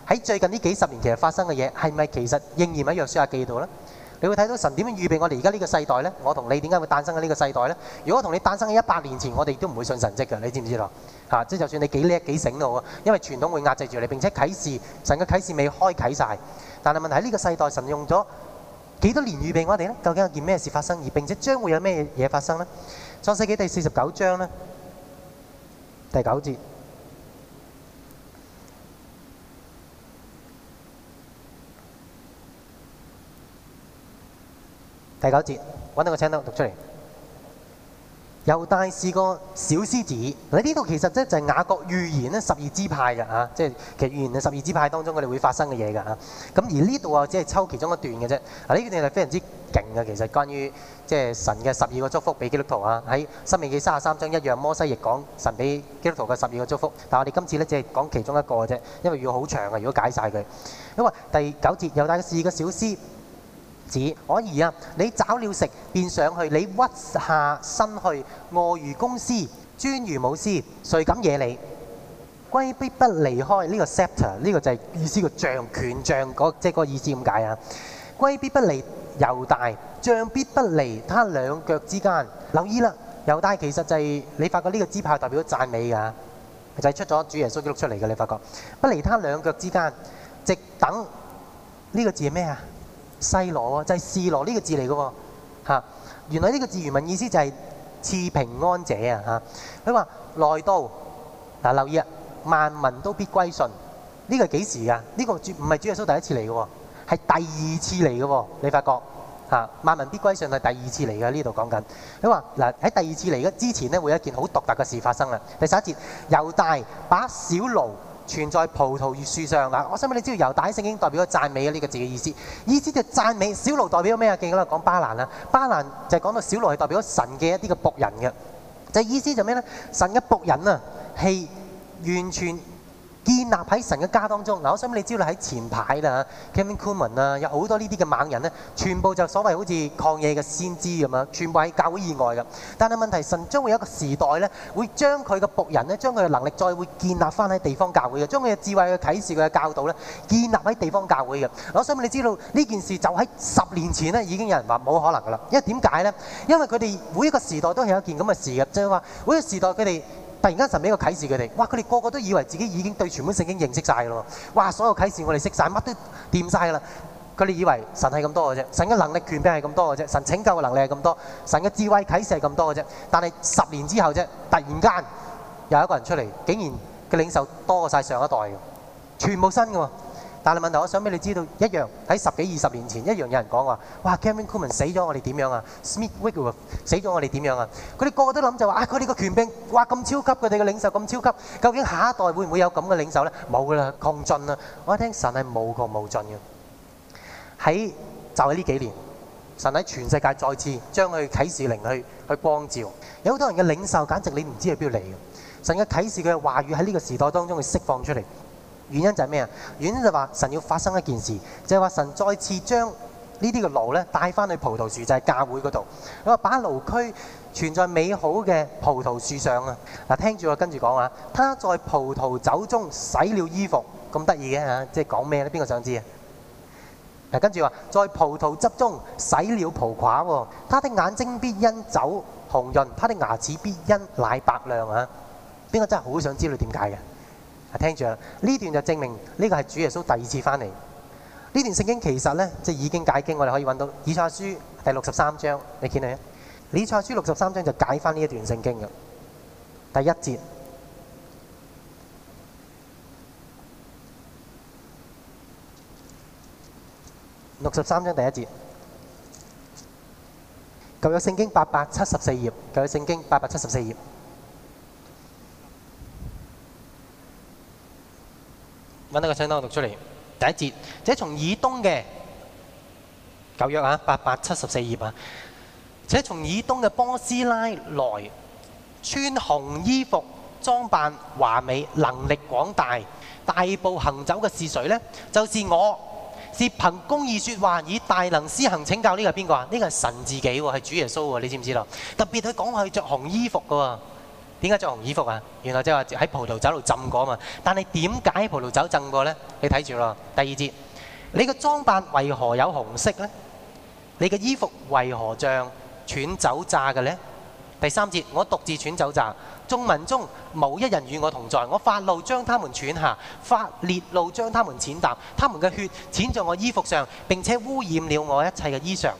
喺最近呢幾十年其實發生嘅嘢，係咪其實應驗喺約書亞記度呢？你會睇到神點樣預備我哋而家呢個世代咧？我同你點解會誕生喺呢個世代咧？如果我同你誕生喺一百年前，我哋都唔會信神跡嘅，你知唔知咯？嚇！即係就算你幾叻幾醒到啊，因為傳統會壓制住你，並且啟示，神嘅啟示未開啓曬。但係問題喺呢個世代，神用咗幾多年預備我哋咧？究竟有件咩事發生而並且將會有咩嘢嘢發生咧？創世紀第四十九章咧，第九節。第九節，揾到個請單，讀出嚟。猶大是個小獅子。嗱，呢度其實即係雅各預言咧，十二支派嘅嚇，啊，即係其實預言嘅十二支派當中，佢哋會發生嘅嘢㗎嚇。咁、啊，而呢度我只係抽其中一段嘅啫。嗱，啊，呢段係非常之勁嘅，其實關於即係神嘅十二個祝福俾基督徒啊。喺申命記三十三章一樣，摩西亦講神俾基督徒嘅十二個祝福。但係我哋今次咧只係講其中一個嘅啫，因為要好長嘅，如果解晒佢。因為第九節猶大是個小獅。可以啊！你抓了食，便上去。你屈下身去，卧如公獅，專如母獅，誰敢惹你？圭必不離開呢個 scepter，呢個就係意思杖杖、那個杖權杖嗰即係個意思點解啊？圭必不離猶大，杖必不離他兩腳之間。留意啦，猶大其實就係你發覺呢個支派代表讚美噶，就係出咗主耶穌基督出嚟噶。你發覺,、就是、你發覺不離他兩腳之間，直等呢個字係咩啊？示羅啊，就係、是、示羅呢個字嚟噶喎，原來呢個字原文意思就係賜平安者啊，嚇！佢話來到嗱留意啊，萬民都必歸順，呢、這個係幾時㗎？呢個絕唔係主耶穌第一次嚟嘅喎，係第二次嚟嘅喎，你發覺嚇？萬民必歸順係第二次嚟㗎，呢度講緊。佢話嗱喺第二次嚟嘅之前咧，會有一件好獨特嘅事發生啦。第十一節，猶大把小驢。存在葡萄樹上，我想你知道由大聖經代表咗讚美啊！呢個字嘅意思，意思就是讚美。小路代表咩啊？記嗰度講巴蘭啦，巴蘭就係講到小路係代表神嘅一啲嘅僕人嘅，就是、意思就咩呢？神嘅僕人啊，係完全。建立喺神嘅家當中，嗱，我想問你知道喺前排啦，Kevin Kuhlman 啊，有好多呢啲嘅猛人咧，全部就所謂好似曠野嘅先知咁啊，全部喺教會以外噶。但係問題是，神將會有一個時代咧，會將佢嘅僕人咧，將佢嘅能力再會建立翻喺地方教會嘅，將佢嘅智慧嘅啟示佢嘅教導咧，建立喺地方教會嘅。我想問你知道呢件事就喺十年前咧已經有人話冇可能噶啦，因為點解咧？因為佢哋每一個時代都係有一件咁嘅事嘅，即係話每一個時代佢哋。突然間神俾個啟示佢哋，哇！佢哋個個都以為自己已經對全本聖經認識曬咯，哇！所有啟示我哋識晒，乜都掂晒噶啦，佢哋以為神係咁多嘅啫，神嘅能力權柄係咁多嘅啫，神拯救嘅能力係咁多，神嘅智慧啟示係咁多嘅啫。但係十年之後啫，突然間有一個人出嚟，竟然嘅領受多過曬上一代嘅，全部新嘅喎。但係問題，我想俾你知道一樣，喺十幾二十年前一樣有人講話，哇，Kathryn Kuhlman 死咗，我哋點樣啊？Smith Wigglesworth 死咗，我哋點樣啊？佢哋個個都諗就話啊，佢哋個權柄哇咁超級，佢哋嘅領袖咁超級，究竟下一代會唔會有咁嘅領袖呢？冇噶啦，窮盡啦！我一聽神係無窮無盡嘅。喺就係呢幾年，神喺全世界再次將佢啓示靈去去光照。有好多人嘅領袖，簡直你唔知佢邊度嚟嘅。神嘅啓示，佢嘅話語喺呢個時代當中會釋放出嚟。原因就係咩啊？原因就話神要發生一件事，就係、是、話神再次將呢啲嘅驢咧帶翻去葡萄樹，就係、是、教會嗰度。佢話把驢駒拴在美好嘅葡萄樹上啊！嗱，聽住我跟住講啊！他在葡萄酒中洗了衣服，咁得意嘅吓，即係講咩咧？邊個想知啊？嗱，跟住話在葡萄汁中洗了袍褂喎，他的眼睛必因酒紅潤，他的牙齒必因奶白亮吓。邊個真係好想知道點解嘅？啊，聽住啦！呢段就證明呢個係主耶穌第二次翻嚟。呢段聖經其實呢，即係以經解經，我哋可以揾到《以賽亞書》第六十三章。你見未？《以賽亞書》六十三章就解翻呢一段聖經嘅第一節。六十三章第一節。舊約聖經八百七十四頁。舊約聖經八百七十四頁。揾到個聖經，我讀出嚟。第一節，這從以東嘅舊約啊，八百七十四頁啊。這從以東嘅波斯拉來，穿紅衣服、裝扮華美、能力廣大、大步行走嘅是誰呢？就是我，是憑公義説話，以大能施行請教。呢個係邊個啊？呢個係神自己喎、啊，係主耶穌喎、啊。你知唔知道？特別佢講佢着紅衣服嘅喎、啊。點解着紅衣服啊？原來即係話喺葡萄酒度浸過嘛！但係點解喺葡萄酒浸過呢？你睇住咯。第二節，你個裝扮為何有紅色呢？你嘅衣服為何像踹酒醡嘅呢？第三節，我獨自踹酒醡。眾民中無一人與我同在，我發怒將他們踹下，發烈怒將他們踐踏，他們嘅血濺在我衣服上，並且污染了我一切嘅衣裳，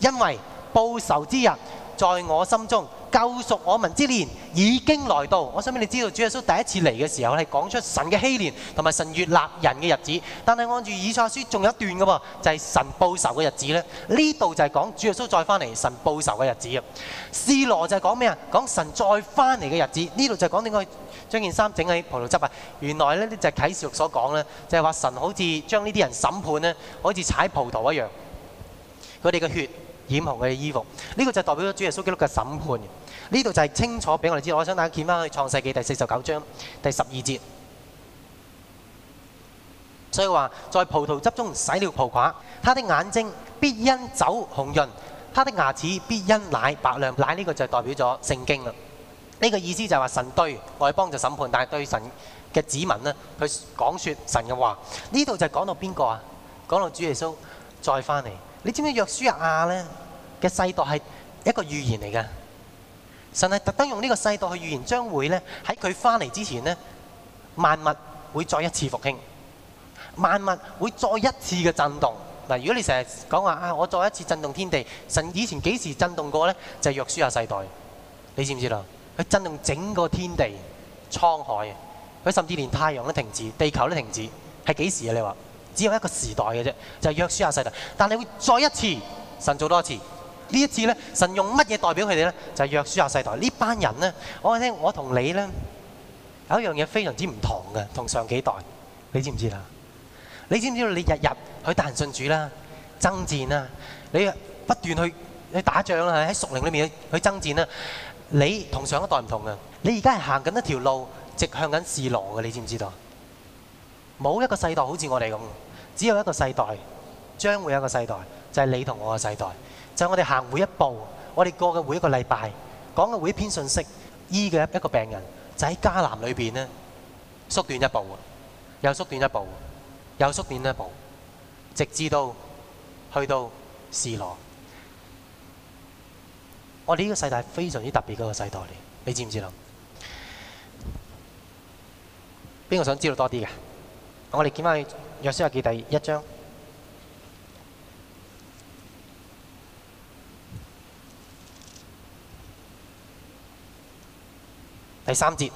因為報仇之日，在我心中救贖我民之年已經來到，我想俾你知道，主耶穌第一次嚟嘅時候係講出神嘅禧年同埋神悅納人嘅日子，但係按住以賽亞書仲有一段嘅喎，就係、是、神報仇嘅日子咧。呢度就係講主耶穌再翻嚟神報仇嘅日子啊。斯羅就係講咩啊？講神再翻嚟嘅日子，呢度就係講點解將件衫整喺葡萄汁啊？原來呢就係、是、啟示錄所講呢，就係、是、話神好似將呢啲人審判咧，好似踩葡萄一樣，佢哋嘅血，染紅佢嘅衣服，呢、這個就代表咗主耶穌基督嘅審判。呢度就係清楚俾我哋知道，我想大家見翻去創世紀第四十九章第十二節。所以話，在葡萄汁中洗了葡萄，他的眼睛必因酒紅潤，他的牙齒必因奶白亮奶。奶、這、呢個就代表咗聖經啦。呢、這個意思就係話神對外邦就審判，但係對神嘅子民呢，佢講説神嘅話。呢度就係講到邊個啊？講到主耶穌再翻嚟。你知唔知約書亞咧嘅世代係一個預言嚟㗎？神係特登用呢個世代去預言，將會咧喺佢翻嚟之前咧，萬物會再一次復興，萬物會再一次嘅震動。嗱，如果你成日講話啊，我再一次震動天地，神以前幾時震動過咧？就係約書亞世代，你知唔知道？佢震動整個天地、滄海，佢甚至連太陽都停止，地球都停止，係幾時啊？你話？只有一個時代嘅啫，就係約書亞世代。但你會再一次，神做多一次。呢一次咧，神用乜嘢代表佢哋咧？就係約書亞世代呢班人咧。我聽我同你咧有一樣嘢非常之唔同嘅，同上幾代。你知唔知啦？你知唔知道你日日去得人信主啦、爭戰啦？你不斷去去打仗啊，喺屬靈裏面去去爭戰啦。你同上一代唔同嘅。你而家係行緊一條路，直向緊示羅嘅。你知唔知道？冇一個世代好似我哋咁。只有一個世代，將會有一個世代，就係、是、你同我嘅世代。就是、我哋行每一步，我哋過嘅每一個禮拜，講嘅每一篇信息，醫嘅一個病人，就喺迦南裏邊咧，縮短一步，又縮短一步，又縮短一步，直至到去到示羅。我哋呢個世代非常之特別嗰個世代嚟，你知唔知道？邊個想知道多啲嘅？我哋見翻去。《約書亞記》第一章第三節。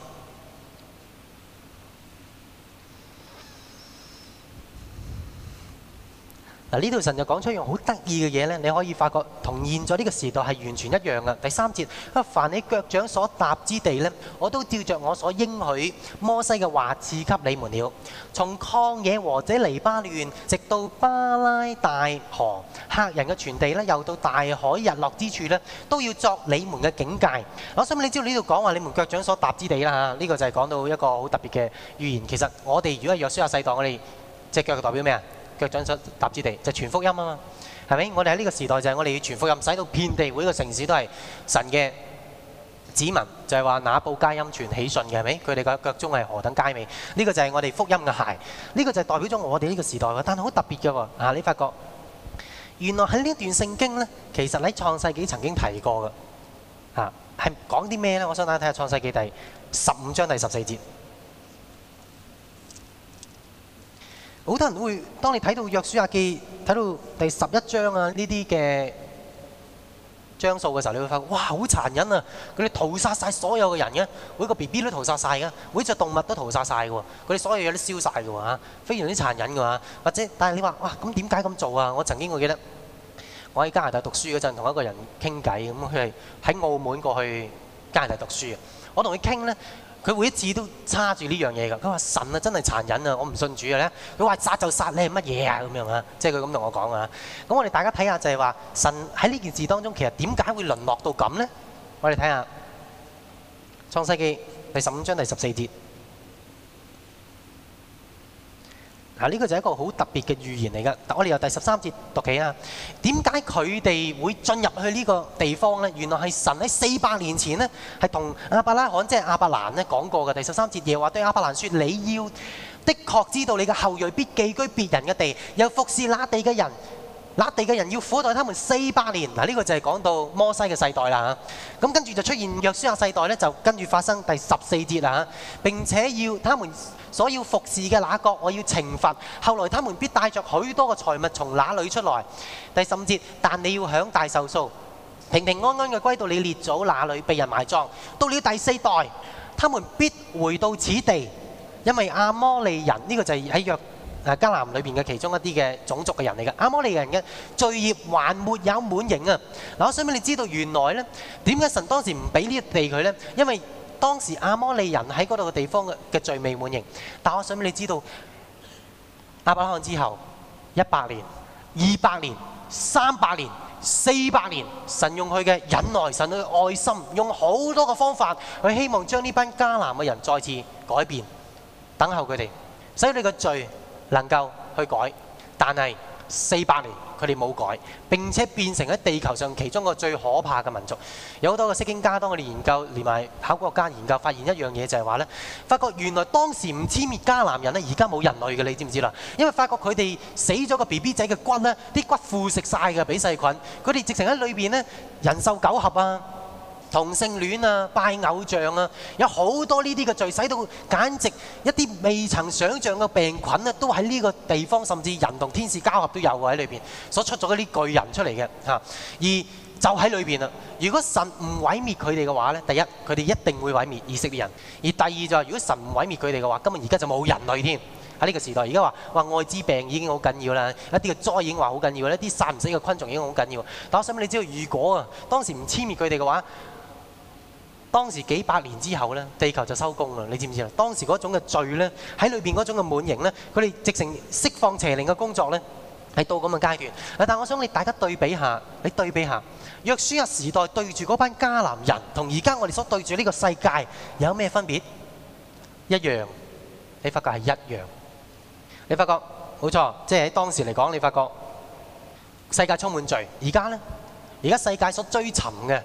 嗱，呢條神就講出一樣好得意嘅嘢咧，你可以發覺同現在呢個時代係完全一樣噶。第三節，啊，凡你腳掌所踏之地咧，我都照著我所應許摩西嘅話賜給你們了。從曠野和這黎巴嫩，直到巴拉大河赫人嘅全地咧，又到大海日落之處咧，都要作你們嘅境界。我想問你，知道呢度講話你們腳掌所踏之地啦？呢個就係講到一個好特別嘅預言。其實我哋如果係約書亞世代，我哋隻腳係代表咩啊？腳掌上踏之地，就係全福音啊嘛，係咪？我哋喺呢個時代就係我哋要全福音，使到遍地每個城市都係神嘅子民，就係、是、話那報佳音傳喜信嘅，係咪？佢哋嘅腳蹤係何等佳美？呢、呢個就係我哋福音嘅鞋，呢、呢個就代表咗我哋呢個時代嘅，但係好特別嘅喎。啊，你發覺原來喺呢段聖經呢，其實喺創世紀曾經提過嘅，啊係講啲咩呢？我想大家睇下創世紀第十五章第十四節。好多人會，當你睇到約書亞記睇到第十一章啊呢啲嘅章數嘅時候，你會發覺哇好殘忍啊！佢哋屠殺曬所有嘅人嘅，每個 BB 都屠殺曬嘅，每隻動物都屠殺曬嘅喎，佢哋所有嘢都燒曬嘅喎啊，非常之殘忍嘅啊！或者，但係你話哇咁點解咁做啊？我曾經我記得我喺加拿大讀書嗰陣，同一個人傾偈咁，佢係喺澳門過去加拿大讀書嘅，我同佢傾咧，佢每一次都叉住呢樣嘢㗎，佢話神啊真係殘忍啊，我唔信主啊咧，佢話殺就殺，你係乜嘢啊咁樣啊，樣即係佢咁同我講啊。咁我哋大家睇下就係話神喺呢件事當中其實點解會淪落到咁咧？我哋睇下創世記第十五章第十四節。嗱、啊，呢、呢個就係一個好特別嘅預言嚟噶。我哋由第十三節讀起啊。點解佢哋會進入去呢個地方呢？原來係神喺四百年前呢，係同亞伯拉罕，即係亞伯蘭咧，講過嘅。第十三節嘢話對亞伯蘭説：你要的確知道你嘅後裔必寄居別人嘅地，又服侍那地嘅人。那地嘅人要苦待他們四百年，嗱呢個就係講到摩西嘅世代啦嚇。咁跟住就出現約書亞世代咧，就跟住發生第十四節啦嚇。並且要他們所要服侍嘅那國，我要懲罰。後來他們必帶著許多嘅財物從那裏出來。第十五節，但你要享大壽數，平平安安嘅歸到你列祖那裏被人埋葬。到了第四代，他們必回到此地，因為亞摩利人呢個就係喺約。迦南裏邊嘅其中一啲嘅種族嘅人嚟嘅亞摩利人嘅罪孽還沒有滿盈啊！嗱，我想俾你知道原來呢點解神當時唔俾呢個地佢呢？因為當時亞摩利人喺嗰度嘅地方嘅嘅罪未滿盈。但我想俾你知道亞伯拉罕之後一百年、二百年、三百年、四百年，神用佢嘅忍耐、神嘅愛心，用好多嘅方法，去希望將呢班迦南嘅人再次改變，等候佢哋，所以佢嘅罪，能夠去改，但係四百年佢哋冇改，並且變成喺地球上其中一個最可怕嘅民族。有好多個色經家當佢哋研究，連埋考古學家研究，發現一樣嘢就係話呢：發覺原來當時唔殲滅迦南人咧，而家冇人類嘅，你知唔知啦？因為發覺佢哋死咗個 B B 仔嘅骨呢啲骨腐蝕晒嘅，俾細菌，佢哋直情喺裏邊呢人獸九合啊！同性戀啊、拜偶像啊，有好多呢啲嘅罪，使到簡直一啲未曾想像嘅病菌啊，都喺呢個地方，甚至人同天使交合都有喺裏邊所出咗一啲巨人出嚟嘅嚇。而就喺裏邊啊。如果神唔毀滅佢哋嘅話咧，第一佢哋一定會毀滅以色列人；而第二就係、是、如果神唔毀滅佢哋嘅話，根本而家就冇人類添喺呢個時代現在說。而家話話愛滋病已經好緊要啦，一啲嘅災已經話好緊要啦，一啲殺唔死嘅昆蟲已經好緊要。但我想問你，知道如果啊，當時唔殲滅佢哋嘅話，當時幾百年之後呢，地球就收工啦，你知唔知啊？當時嗰種嘅罪呢，喺裏邊嗰種嘅滿盈呢，佢哋直情釋放邪靈嘅工作呢，係到咁嘅階段。但我想你大家對比下，你對比下約書亞時代對住嗰班迦南人，同而家我哋所對住呢個世界有咩分別？一樣，你發覺係一樣。你發覺冇錯，即係喺當時嚟講，你發覺世界充滿罪。而家呢，而家世界所追尋嘅。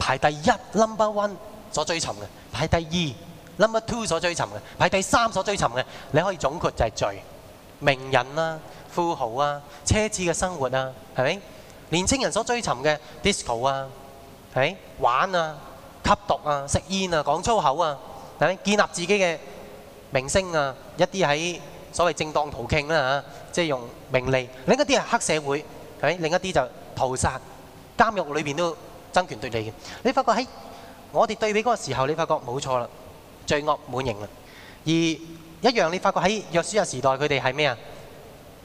排第一 number one 所追尋嘅，排第二 number two 所追尋嘅，排第三所追尋嘅，你可以總括就係罪、名人啊、富豪啊、奢侈嘅生活啊，係咪？年青人所追尋嘅 disco 啊，係咪？玩啊、吸毒啊、食煙啊、講粗口啊，係咪？建立自己嘅明星啊，一啲喺所謂正當途徑啦嚇，即係用名利。另一啲係黑社會，係咪？另一啲就屠殺，監獄裏邊都。爭權奪利嘅，你發覺喺我哋對比嗰個時候，你發覺冇錯啦，罪惡滿盈啦。而一樣你發覺喺約書亞時代，佢哋係咩啊？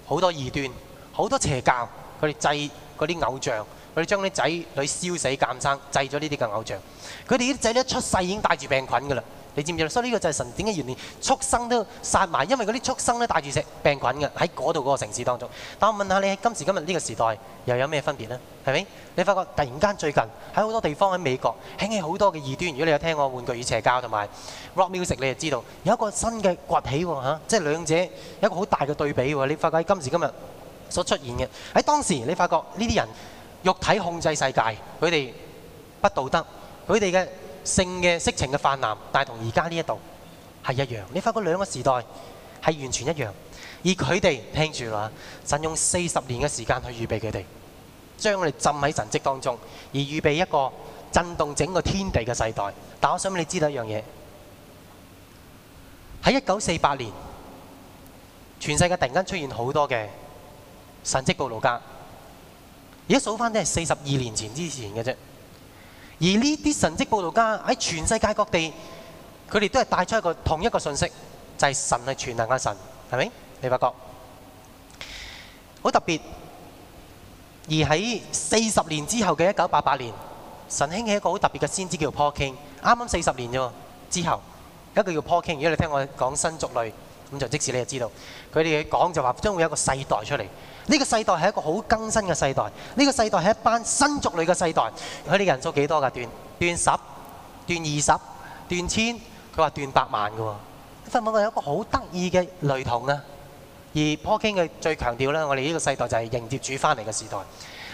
好多異端，好多邪教，佢哋製嗰啲偶像，佢哋將啲仔女燒死監生，製咗呢啲嘅偶像。佢哋啲仔一出世已經帶住病菌㗎啦。你知唔知啊？所以呢個就係神點解原連畜生都殺埋，因為嗰啲畜生咧，帶住隻病菌嘅喺嗰度嗰個城市當中。但我問下你喺今時今日呢個時代又有咩分別呢？係咪？你發覺突然間最近喺好多地方喺美國興起好多嘅異端。如果你有聽過玩具與邪教同埋 rock music，你就知道有一個新嘅崛起喎嚇，即係兩者有一個好大嘅對比喎。你發覺喺今時今日所出現嘅喺當時，你發覺呢啲人肉體控制世界，佢哋不道德，佢哋嘅。性嘅色情嘅泛濫，但係同而家呢一度係一樣。你發覺兩個時代係完全一樣，而佢哋聽住啦，神用四十年嘅時間去預備佢哋，將佢哋浸喺神蹟當中，而預備一個震動整個天地嘅世代。但我想俾你知道一樣嘢，喺一九四八年，全世界突然間出現好多嘅神蹟暴露家，而家數返都係四十二年前之前嘅啫。而呢啲神跡報道家喺全世界各地，佢哋都係帶出一個同一個信息，就係、是、神係全能嘅神，係咪？你發覺好特別。而喺四十年之後嘅一九八八年，神興起一個好特別嘅先知叫 Paul King，啱啱四十年啫喎。之後一個叫 Paul King，如果你聽我講新族類，咁就即使你就知道，佢哋講就話將會有一個世代出嚟。呢個世代係一個好更新嘅世代，呢個世代係一班新族類嘅世代。佢哋人數幾多㗎？斷斷十、斷二十、斷千，佢話斷百萬嘅、哦。呢份文係一個好得意嘅類統啊。而 Paul King 佢最強調咧，我哋呢個世代就係迎接主翻嚟嘅時代。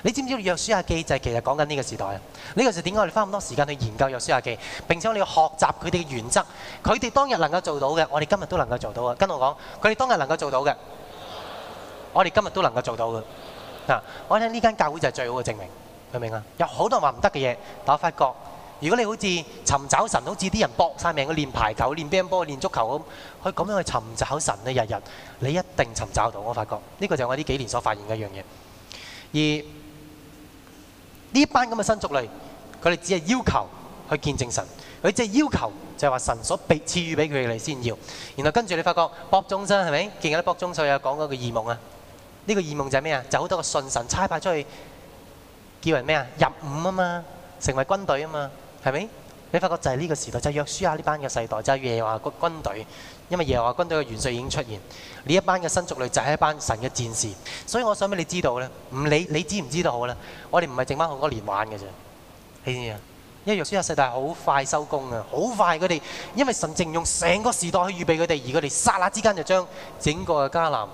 你知唔知約書亞記就係其實講緊呢個時代啊？呢個就點解我哋花咁多時間去研究約書亞記，並且我哋要學習佢哋嘅原則？佢哋當日能夠做到嘅，我哋今日都能夠做到啊！跟我講，佢哋當日能夠做到嘅。我哋今日都能夠做到嘅嗱、啊，我睇呢間教會就係最好嘅證明，明唔明啊？有好多人話唔得嘅嘢，但我發覺如果你好似尋找神，好似啲人搏晒命去練排球、練乒乓波、練足球咁，去咁樣去尋找神咧，日日你一定尋找到。我發覺呢、這個就係我呢幾年所發現嘅一樣嘢。而呢班咁嘅新族類，佢哋只係要求去見證神，佢即係要求就係、是、話神所被賜予俾佢哋先要。然後跟住你發覺博中真係咪？見下博中，所有講嗰個異夢啊。呢個異夢就係咩啊？就好多個信神、差派出去，叫為咩啊？入伍啊嘛，成為軍隊啊嘛，係咪？你發覺就係呢個時代，就係約書亞呢班嘅世代，就係耶和華軍隊，因為耶和華軍隊嘅元帥已經出現，呢一班嘅新族類就係一班神嘅戰士。所以我想俾你知道咧，唔理你知唔知道好啦，我哋唔係剩翻好多年玩嘅啫。你知啊？因為約書亞世代好快收工嘅，好快佢哋，因為神淨用成個時代去預備佢哋，而佢哋剎那之間就將整個迦南。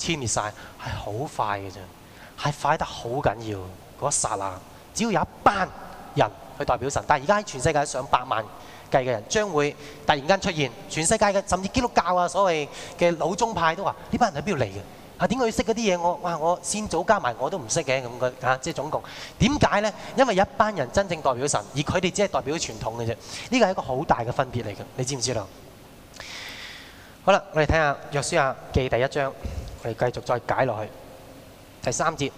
殲滅晒係好快嘅，啫係快得好緊要嗰一剎那。只要有一班人去代表神，但係而家喺全世界上百萬計嘅人將會突然間出現。全世界嘅甚至基督教啊，所謂嘅老宗派都話：呢班人喺邊度嚟嘅？啊，點解佢識嗰啲嘢？我哇、啊，我先祖加埋我都唔識嘅咁嘅嚇。即係總共點解呢？因為一班人真正代表神，而佢哋只係代表傳統嘅啫。呢個係一個好大嘅分別嚟嘅，你知唔知道？好啦，我哋睇下《約書亞記》第一章。我哋繼續再解落去第三節。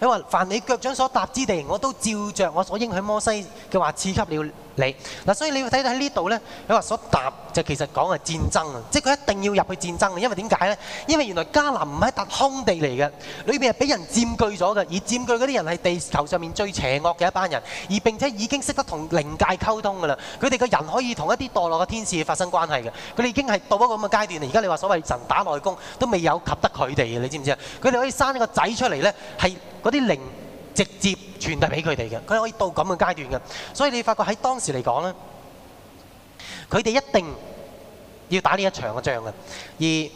佢話：凡你腳掌所踏之地，我都照着我所應許摩西嘅話賜給了。你嗱，所以你要睇到喺呢度呢，你話所答就其實講係戰爭啊，即係佢一定要入去戰爭啊。因為點解呢？因為原來迦南唔係一笪空地嚟嘅，裏邊係俾人佔據咗嘅，而佔據嗰啲人係地球上面最邪惡嘅一班人，而並且已經識得同靈界溝通噶啦，佢哋個人可以同一啲墮落嘅天使發生關係嘅，佢哋已經係到一個咁嘅階段啊！而家你話所謂神打內功都未有及得佢哋嘅，你知唔知啊？佢哋可以生一個仔出嚟呢，係嗰啲靈。直接傳達俾佢哋嘅，佢可以到咁嘅階段嘅，所以你發覺喺當時嚟講咧，佢哋一定要打呢一場嘅仗嘅。而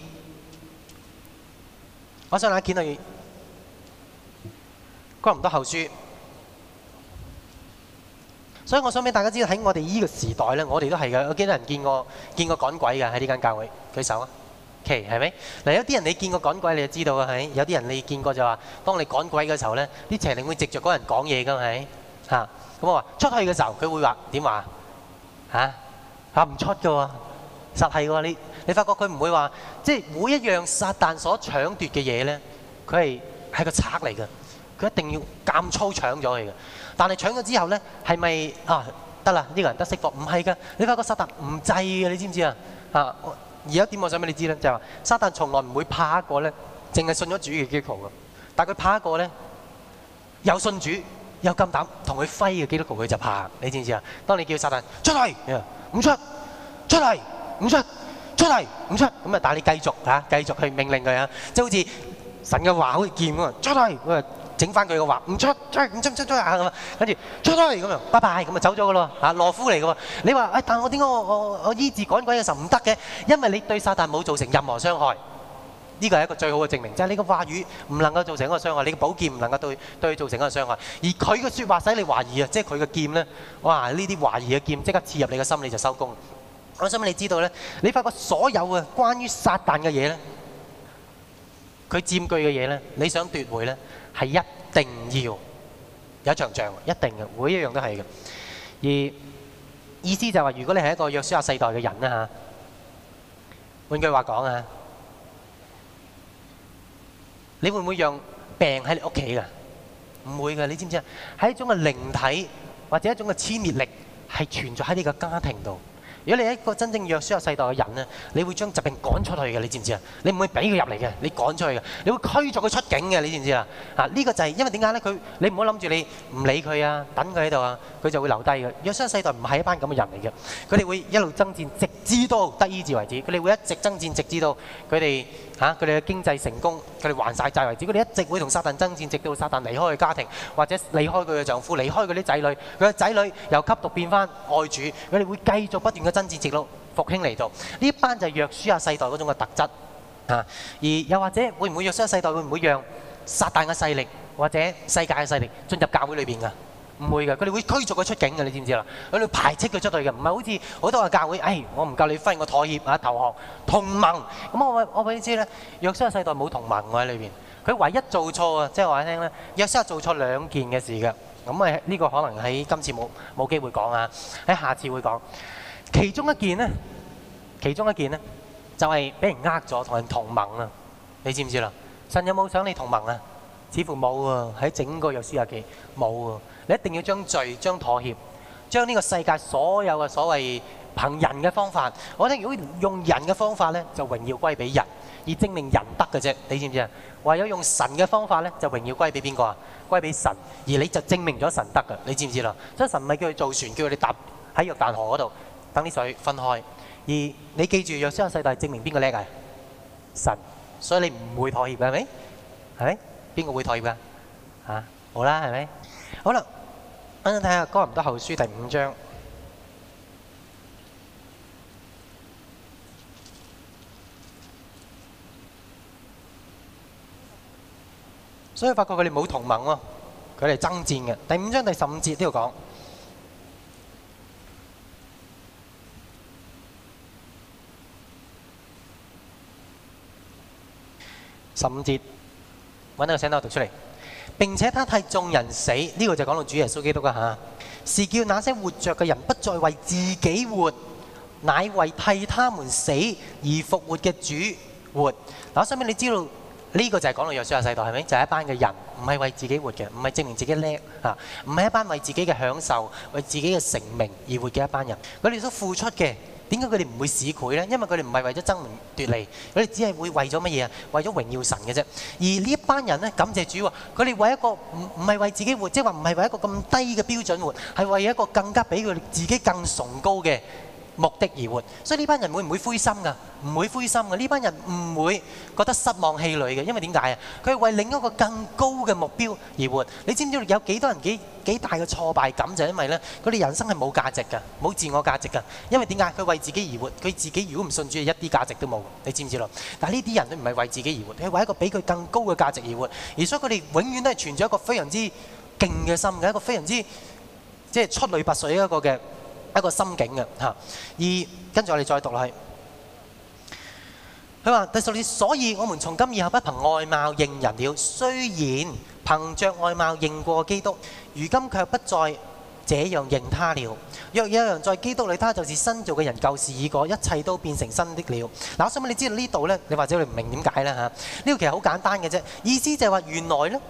我想眼見到，講唔多後書，所以我想俾大家知道喺我哋依個時代咧，我哋都係嘅。有幾多人見過見過趕鬼嘅喺呢間教會？舉手啊！奇係咪？嗱，有啲人你見過趕鬼你就知道啊，係有啲人你見過就話，當你趕鬼嘅時候咧，啲邪靈會直著嗰人講嘢㗎係嚇。咁我話出去嘅時候，佢會話點話嚇嚇唔出嘅喎，實係嘅喎，你你發覺佢唔會話即係每一樣撒旦所搶奪嘅嘢咧，佢係係個賊嚟嘅，佢一定要監粗搶咗去嘅。但係搶咗之後咧，係咪啊，得啦呢個人得釋放？唔係㗎，你發覺撒旦唔制㗎，你知唔知啊嚇？而有一點我想俾你知咧，就係話撒旦從來唔會怕一個咧，淨係信咗主嘅基督徒噶。但係佢怕一個咧，有信主有金膽膽同佢揮嘅基督徒，佢就怕。你知唔知啊？當你叫撒旦出嚟，佢話唔出，出嚟唔出來，出嚟唔出來，咁啊！但係你繼續嚇、啊，繼續去命令佢啊，即係好似神嘅話好似劍喎，出嚟整翻佢嘅話，唔出出唔出唔出出啊！咁啊，跟住出嚟咁啊，拜拜咁啊，走咗嘅咯嚇。懦夫嚟嘅喎，你話誒，但我點解我我醫治趕鬼嘅時候唔得嘅？因為你對撒但冇造成任何傷害，呢個係一個最好嘅證明。就係你嘅話語唔能夠造成個傷害，你嘅寶劍唔能夠對對造成個傷害，而佢嘅説話使你懷疑啊，即係佢嘅劍咧，哇！呢啲懷疑嘅劍即刻刺入你嘅心理就收工。我想問你知道咧，你發覺所有嘅關於撒但嘅嘢咧，佢佔據嘅嘢咧，你想奪回咧？係一定要有場仗，一定嘅，每一樣都係嘅。而意思就係話，如果你係一個約書亞世代嘅人啊，嚇，換句話講啊，你會唔會讓病喺你屋企㗎？唔會嘅，你知唔知啊？係一種嘅靈體或者一種嘅黐滅力，係存在喺你個家庭度。如果你係一個真正約書亞世代嘅人咧，你會將疾病趕出去嘅，你知唔知啊？你唔會俾佢入嚟嘅，你趕出去嘅，你會驅逐佢出境嘅，你知唔知啊？啊，呢個就係因為點解咧？佢你唔好諗住你唔理佢啊，等佢喺度啊，佢就會留低嘅。約書亞世代唔係一班咁嘅人嚟嘅，佢哋會一路爭戰，直至到得醫治為止。佢哋會一直爭戰，直至到佢哋。嚇！佢哋嘅經濟成功，佢哋還晒債為止。佢哋一直會同撒旦爭戰，直到撒旦離開佢家庭，或者離開佢嘅丈夫，離開佢啲仔女。佢嘅仔女由吸毒變翻愛主，佢哋會繼續不斷嘅爭戰，直到復興嚟到。呢一班就係約書亞世代嗰種嘅特質啊！而又或者會唔會約書亞世代會唔會讓撒旦嘅勢力或者世界嘅勢力進入教會裏邊噶？唔會嘅，佢哋會驅逐佢出境嘅，你知唔知啊？佢哋排斥佢出嚟嘅，唔係好似好多話教會，哎，我唔夠你分，我妥協啊，投降同盟。咁我我俾你知咧，約書亞世代冇同盟喎喺裏邊。佢唯一做錯啊，即係我話你聽咧，約書亞做錯兩件嘅事嘅。咁啊呢個可能喺今次冇冇機會講啊，喺下次會講。其中一件咧，其中一件咧，就係俾人呃咗同人同盟啊！你知唔知啦？神有冇想你同盟啊？似乎冇喎，喺整個《約書亞記》冇喎。你一定要將罪、將妥協、將呢個世界所有嘅所謂憑人嘅方法，我覺得如果用人嘅方法咧，就榮耀歸俾人，而證明人得嘅啫。你知唔知啊？唯有用神嘅方法咧，就榮耀歸俾邊個啊？歸俾神，而你就證明咗神得嘅。你知唔知啦？所以神唔係叫佢造船，叫佢哋搭喺約旦河嗰度等啲水分開。而你記住，《約書亞世代》證明邊個叻啊？神，所以你唔會妥協，係咪？係。邊個會妥協㗎？嚇，好啦，係咪？好啦，我哋睇下《哥林多後書》第五章，所以發覺佢哋冇同盟喎，佢哋係爭戰嘅。第五章第十五節呢度講。十五節。揾到個聲音讀出嚟，並且他替眾人死，呢、這個就係講到主耶穌基督㗎嚇，是叫那些活着嘅人不再為自己活，乃為替他們死而復活嘅主活。嗱，上面你知道呢、這個就係講到約書亞嘅世代係咪？就係、是、一班嘅人，唔係為自己活嘅，唔係證明自己叻嚇，唔係一班為自己嘅享受、為自己嘅成名而活嘅一班人，佢哋所付出嘅。點解佢哋唔會市儈呢？因為佢哋唔係為咗爭名奪利，佢哋只係會為咗乜嘢啊？為咗榮耀神嘅啫。而呢一班人呢，感謝主喎，佢哋為一個唔唔係為自己活，即係話唔係為一個咁低嘅標準活，係為一個更加比佢自己更崇高嘅。目的而活，所以呢班人會唔會灰心噶？唔會灰心噶。呢班人唔會覺得失望氣餒嘅，因為點解啊？佢係為另一個更高嘅目標而活。你知唔知道有幾多人幾幾大嘅挫敗感？就係因為咧，佢哋人生係冇價值噶，冇自我價值噶，因為點解？佢為自己而活，佢自己如果唔信主，一啲價值都冇。你知唔知咯？但係呢啲人都唔係為自己而活，係為一個比佢更高嘅價值而活。而所以佢哋永遠都係存著一個非常之勁嘅心嘅，一個非常之即係出類拔萃一個嘅。一個心境嘅嚇，而跟住我哋再讀落去。佢話：弟兄姊妹，所以我們從今以後不憑外貌認人了。雖然憑著外貌認過基督，如今卻不再這樣認他了。若有人在基督裏，他就是新造嘅人，舊事已過，一切都變成新的了。嗱，我想問你，知道呢度咧，你或者你唔明點解咧嚇？呢個其實好簡單嘅啫，意思就係話，原來咧，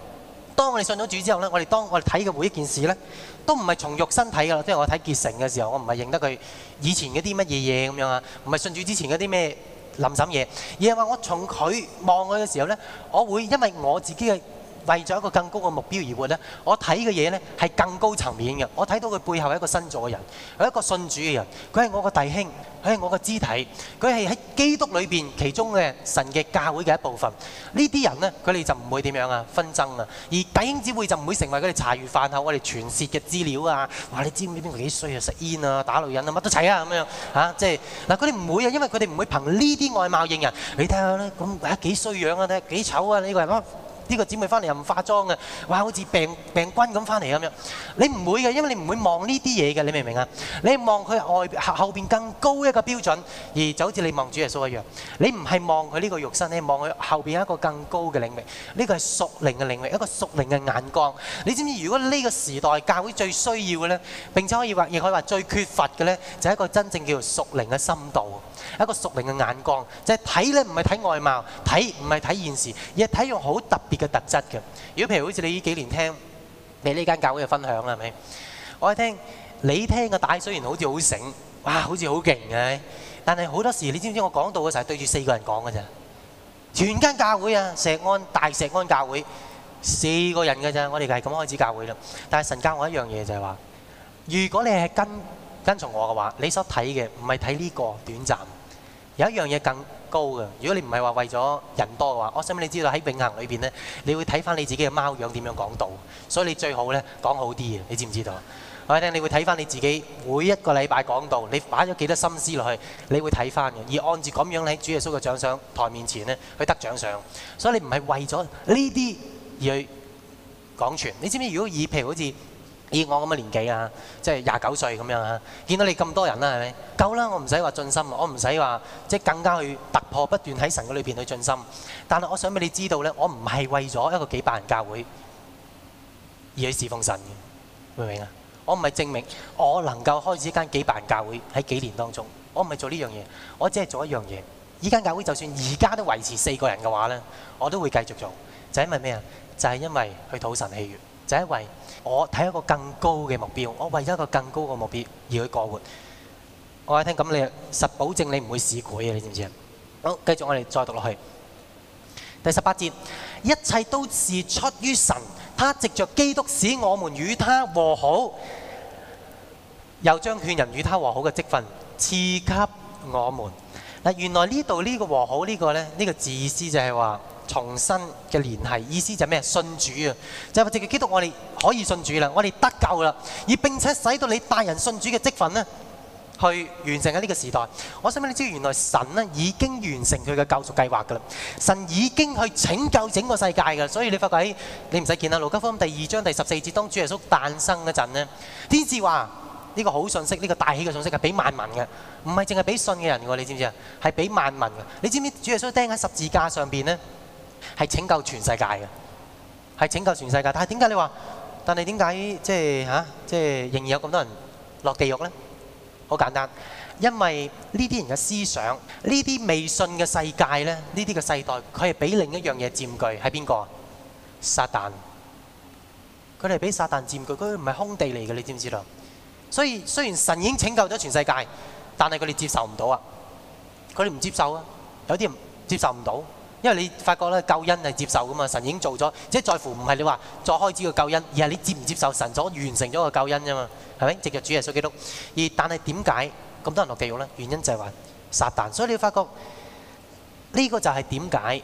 當我哋信咗主之後咧，我哋當我哋睇嘅每一件事咧。都唔係從肉身看的，即係我睇結成嘅時候，我唔係認得佢以前嗰啲乜嘢嘢咁樣啊，唔係信主之前嗰啲咩臨審嘢，而係話我從佢望佢嘅時候咧，我會因為我自己嘅。為咗一個更高嘅目標而活咧，我睇嘅嘢咧係更高層面嘅。我睇到佢背後係一個新造嘅人，係一個信主嘅人。佢係我個弟兄，佢係我個肢體，佢係喺基督裏邊其中嘅神嘅教會嘅一部分。呢啲人咧，佢哋就唔會點樣啊，紛爭啊。而弟兄姊妹就唔會成為佢哋茶餘飯後我哋傳説嘅資料啊。話你知唔知邊個幾衰啊？食煙啊，打女人啊，乜都齊啊咁樣嚇。即係嗱，佢哋唔會啊，因為佢哋唔會憑呢啲外貌認人。你睇下咧，咁啊幾衰樣啊，睇幾醜啊，呢個人咯。呢個姊妹翻嚟又唔化妝嘅，哇！好似病病菌咁翻嚟咁樣，你唔會嘅，因為你唔會望呢啲嘢嘅，你明唔明啊？你望佢外後邊更高一個標準，而就好似你望主耶穌一樣，你唔係望佢呢個肉身，你望佢後邊一個更高嘅領域。呢個係屬靈嘅領域，一個屬靈嘅眼光。你知唔知如果呢個時代教會最需要嘅呢？並且可以話，亦可以話最缺乏嘅呢，就係一個真正叫做屬靈嘅深度，一個屬靈嘅眼光。就係睇呢，唔係睇外貌，睇唔係睇現時，而係睇用好特別，嘅特質嘅，如果譬如好似你呢幾年聽，你呢間教會嘅分享啦，係咪？我係聽你聽嘅帶，雖然好似好醒，哇，好似好勁嘅，但係好多時你知唔知我講到嗰時候對住四個人講嘅咋？全間教會啊，石安大石安教會四個人嘅咋，我哋就係咁開始教會啦。但係神教我一樣嘢就係話，如果你係跟跟從我嘅話，你所睇嘅唔係睇呢個短暫，有一樣嘢更。高嘅，如果你唔係話為咗人多嘅話，我想唔想你知道喺永恆裏邊咧，你會睇翻你自己嘅貓樣點樣講道，所以你最好咧講好啲嘅，你知唔知道？我話你聽，你會睇翻你自己每一個禮拜講道，你擺咗幾多心思落去，你會睇翻嘅，而按照咁樣喺主耶穌嘅獎賞台面前咧去得獎賞，所以你唔係為咗呢啲而去講傳。你知唔知？如果以譬如好似，以我咁嘅年紀啊，即係廿九歲咁樣啊，見到你咁多人啦，係咪？夠啦，我唔使話盡心，我唔使話即係更加去突破，不斷喺神嘅裏邊去盡心。但係我想俾你知道咧，我唔係為咗一個幾百人教會而去侍奉神嘅，明唔明啊？我唔係證明我能夠開始一間幾百人教會喺幾年當中，我唔係做呢樣嘢，我只係做一樣嘢。依間教會就算而家都維持四個人嘅話咧，我都會繼續做，就因為咩啊？就係因為去討神喜悅。第一位，我睇一個更高嘅目標，我為咗一個更高嘅目標而去過活。我一聽，咁你實保證你唔會試佢嘅，你知唔知啊？好，繼續我哋再讀落去。第十八節，一切都是出於神，他藉着基督使我們與他和好，又將勸人與他和好嘅職分賜給我們。嗱，原來呢度呢個和好呢個呢、呢個咧，呢個字意思，就係話。重新嘅聯繫意思就咩？信主啊，就係直藉基督，我哋可以信主啦，我哋得救啦，而並且使到你大人信主嘅積分呢，去完成喺呢個時代。我想問你知，原來神呢已經完成佢嘅救贖計劃噶啦，神已經去拯救整個世界噶，所以你發覺喺你唔使見啦，《路加福音》第二章第十四節，當主耶穌誕生嗰陣咧，天使話呢個好信息，呢個大喜嘅信息係俾萬民嘅，唔係淨係俾信嘅人喎。你知唔知啊？係俾萬民嘅。你知唔知主耶穌釘喺十字架上邊呢。係拯救全世界嘅，係拯救全世界。但係點解你話？但係點解即係吓，即係、啊、仍然有咁多人落地獄咧？好簡單，因為呢啲人嘅思想，呢啲未信嘅世界咧，呢啲嘅世代，佢係俾另一樣嘢佔據，喺邊個啊？撒旦，佢哋俾撒旦佔據，佢唔係空地嚟嘅，你知唔知道？所以雖然神已經拯救咗全世界，但係佢哋接受唔到啊！佢哋唔接受啊，有啲人接受唔到。因為你發覺咧，救恩係接受噶嘛，神已經做咗，即係在乎唔係你話再開始個救恩，而係你接唔接受神所完成咗個救恩啫嘛，係咪？藉著主耶穌基督，而但係點解咁多人落地獄咧？原因就係話撒旦。所以你發覺呢、呢個就係點解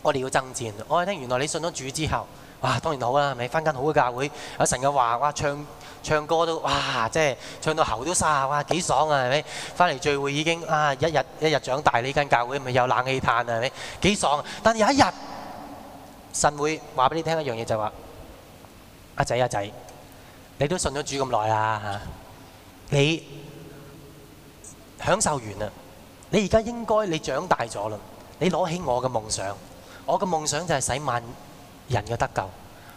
我哋要爭戰。我哋聽原來你信咗主之後。哇，當然好啦，係咪？翻間好嘅教會，成日話，哇，唱唱歌都，哇，即係唱到喉都沙，哇，幾爽啊，係咪？翻嚟聚會已經，啊，一日一日長大呢間教會，咪有冷氣嘆啊，係咪？幾爽！但係有一日，神會話俾你聽一樣嘢，就話：阿仔阿仔，你都信咗主咁耐啦嚇，你享受完啦，你而家應該你長大咗啦，你攞起我嘅夢想，我嘅夢想就係使萬。人嘅得救，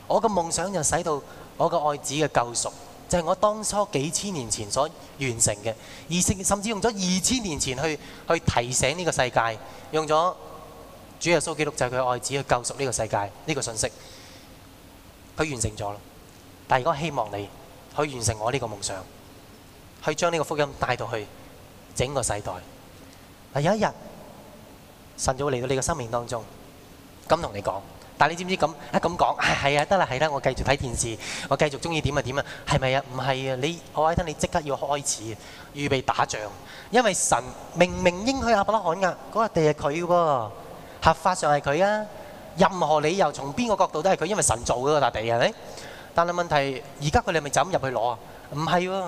我嘅夢想就使到我嘅愛子嘅救贖，就係、是、我當初幾千年前所完成嘅，而甚甚至用咗二千年前去去提醒呢個世界，用咗主耶穌基督就係佢愛子去救贖呢個世界呢、這個信息，佢完成咗啦。但係如果希望你可以完成我呢個夢想，去將呢個福音帶到去整個世代，但有一日神就會嚟到你嘅生命當中，咁同你講。但你知唔知咁？啊咁講，係啊，得啦，係啦，我繼續睇電視，我繼續鍾意點就點啊，係咪啊？唔係啊，你我喺度，你即刻要開始，預備打仗，因為神明明應許亞伯拉罕啊嗰個地係佢喎，合法上係佢啊。任何理由，從邊個角度都係佢，因為神做嘅嗰笪地係咪？但係問題，而家佢哋係咪就咁入去攞？唔係喎，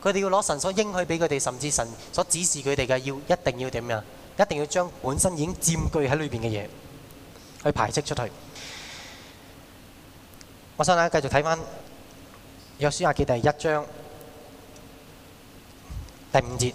佢哋要攞神所應許俾佢哋，甚至神所指示佢哋嘅，要一定要點啊？一定要將本身已經佔據喺裏邊嘅嘢。去排斥出去。我想咧繼續睇返《約書亞記》第一章第五節。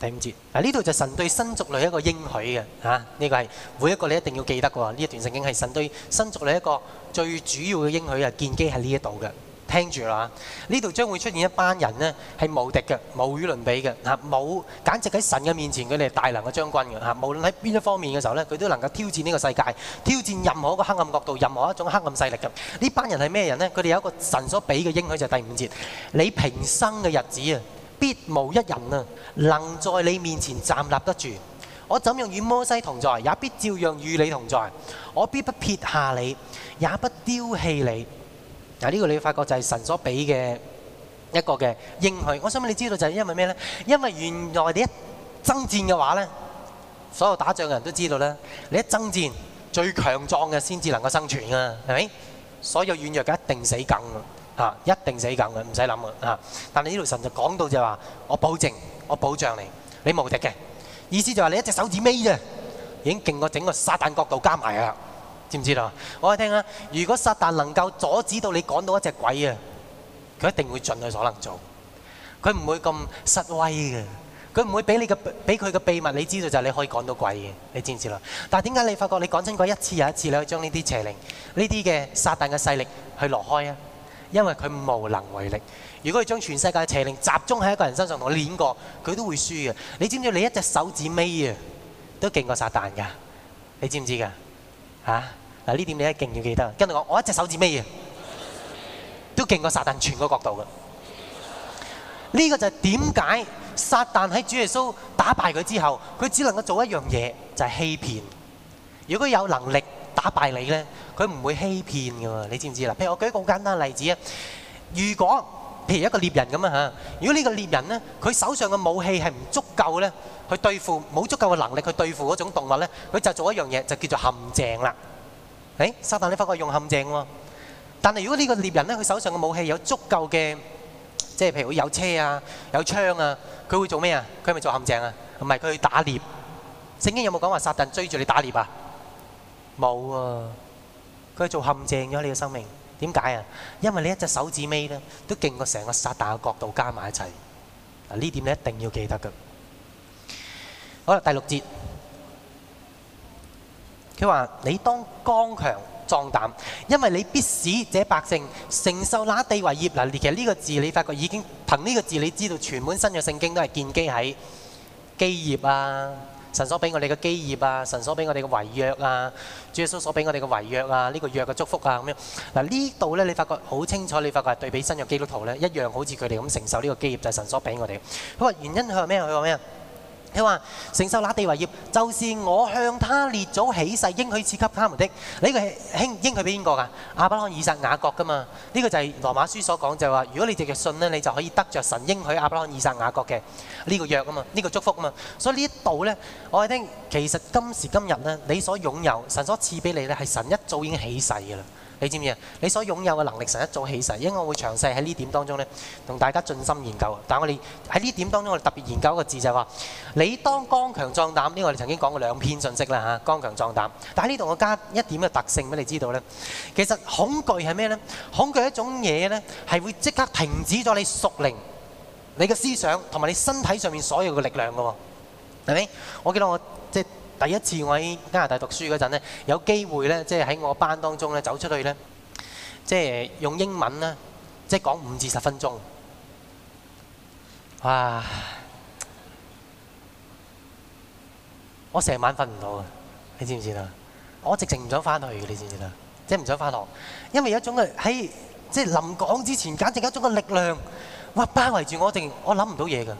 第五節，嗱呢度就神對新族類一個應許嘅嚇，呢個係每一個你一定要記得嘅喎。呢一段聖經係神對新族類一個最主要嘅應許啊，建基喺呢一度嘅。聽住啦，呢度將會出現一班人呢，係無敵嘅、無與倫比嘅。嚇，冇，簡直喺神嘅面前，佢哋係大能嘅將軍嘅。嚇，無論喺邊一方面嘅時候呢，佢都能夠挑戰呢個世界，挑戰任何一個黑暗角度、任何一種黑暗勢力嘅。呢班人係咩人呢？佢哋有一個神所俾嘅應許，就係、是、第五節：你平生嘅日子啊，必無一人啊能在你面前站立得住。我怎樣與摩西同在，也必照樣與你同在。我必不撇下你，也不丟棄你。嗱，呢個你會發覺就係神所俾嘅一個嘅應許。我想問你知道就係因為咩呢？因為原來你一爭戰嘅話呢，所有打仗嘅人都知道咧，你一爭戰，最強壯嘅先至能夠生存啊，係咪？所有軟弱嘅一定死梗啊，一定死梗嘅，唔使諗啊。但係呢度神就講到就話：我保證，我保障你，你無敵嘅。意思就話你一隻手指尾啫，已經勁過整個撒但國度加埋啊！知唔知道？我哋聽下，如果撒旦能夠阻止到你趕到一隻鬼啊，佢一定會盡佢所能做。佢唔會咁失威嘅，佢唔會俾你嘅，俾佢嘅秘密你知道就係你可以趕到鬼嘅。你知唔知啦？但係點解你發覺你趕親鬼一次又一次，你可以將呢啲邪靈呢啲嘅撒旦嘅勢力去挪開啊？因為佢無能為力。如果佢將全世界嘅邪靈集中喺一個人身上同我練過，佢都會輸嘅。你知唔知你一隻手指尾啊都勁過撒旦㗎？你知唔知㗎？嚇、啊？嗱，呢點你一定要記得。跟住我，我一隻手指咩嘢都勁過撒旦，全個角度嘅。呢個就係點解撒旦喺主耶穌打敗佢之後，佢只能夠做一樣嘢，就係欺騙。如果有能力打敗你咧，佢唔會欺騙嘅喎。你知唔知啦？譬如我舉一個好簡單嘅例子啊。如果譬如一個獵人咁啊嚇，如果呢個獵人咧，佢手上嘅武器係唔足夠咧，去對付冇足夠嘅能力去對付嗰種動物咧，佢就做一樣嘢，就叫做陷阱啦。誒，撒但咧發覺用陷阱喎，但係如果呢個獵人咧，佢手上嘅武器有足夠嘅，即係譬如有車啊、有槍啊，佢會做咩啊？佢係咪做陷阱啊？唔係，佢去打獵。聖經有冇講話撒但追住你打獵啊？冇啊，佢做陷阱咗你嘅生命。點解啊？因為你一隻手指尾咧，都勁過成個撒但嘅角度加埋一齊。啊，呢點你一定要記得㗎。好啦，第六節。佢話：你當剛強壯膽，因為你必使這百姓承受那地為業。嗱，其實呢個字你發覺已經憑呢個字，你知道全本新約聖經都係建基喺基業啊！神所俾我哋嘅基業啊！神所俾我哋嘅遺約啊！主耶穌所俾我哋嘅遺約啊！呢、呢個約嘅祝福啊！咁樣嗱，呢度咧你發覺好清楚，你發覺係對比新約基督徒咧一樣，好似佢哋咁承受呢個基業，就係、是、神所俾我哋嘅。佢話原因佢係咩？佢話咩啊？你話承受那地為業，就是我向他列祖起誓應許賜給他們的。呢、這個係應許俾邊個㗎？亞伯拉罕、以撒、雅各㗎嘛？呢、這個就係羅馬書所講就係話，如果你直若信呢，你就可以得着神應許亞伯拉罕、以撒雅的這個、雅各嘅呢個約啊嘛，呢個祝福啊嘛。所以呢一度呢，我哋聽其實今時今日呢，你所擁有神所賜給你呢，係神一早已經起誓㗎啦。你知唔知啊？你所擁有嘅能力，神一早起誓，因為我會詳細喺呢點當中咧，同大家盡心研究。但係我哋喺呢點當中，我哋特別研究一個字就係話：你當剛強壯膽。呢個我哋曾經講過兩篇信息啦嚇，剛強壯膽。但係呢度我加一點嘅特性俾你知道咧。其實恐懼係咩咧？恐懼一種嘢咧，係會即刻停止咗你屬靈、你嘅思想同埋你身體上面所有嘅力量㗎喎，係咪？我記得我即係。第一次我喺加拿大讀書嗰陣咧，有機會咧，即係喺我班當中咧走出去咧，即係用英文咧，即係講五至十分鐘。哇！我成晚瞓唔到啊，你知唔知啊？我直情唔想翻去嘅，你知唔知啊？即係唔想翻學，因為有一種嘅喺即係臨講之前，簡直有一種嘅力量，哇！包圍住我，定我諗唔到嘢㗎。.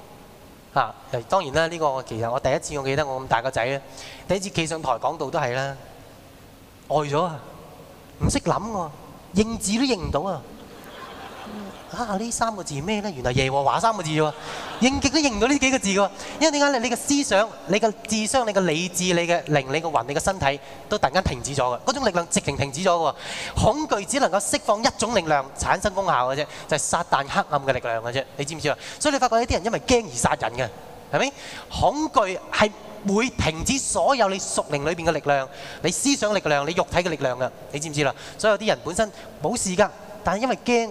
當、啊、當然啦，呢、這個其實我第一次我記得我咁大個仔第一次企上台講道都係啦，呆咗啊，唔識諗喎，認字都認唔到啊。嚇、啊！呢三個字咩呢？原來耶和華三個字喎，認極都認唔到呢幾個字喎。因為點解咧？你嘅思想、你嘅智商、你嘅理智、你嘅靈、你嘅魂、你嘅身體都突然間停止咗嘅，嗰種力量直情停止咗嘅。恐懼只能夠釋放一種力量，產生功效嘅啫，就係、是、撒旦黑暗嘅力量嘅啫。你知唔知啊？所以你發覺有啲人因為驚而殺人嘅，係咪？恐懼係會停止所有你屬靈裏邊嘅力量、你思想嘅力量、你肉體嘅力量嘅。你知唔知啦？所以有啲人本身冇事㗎，但係因為驚。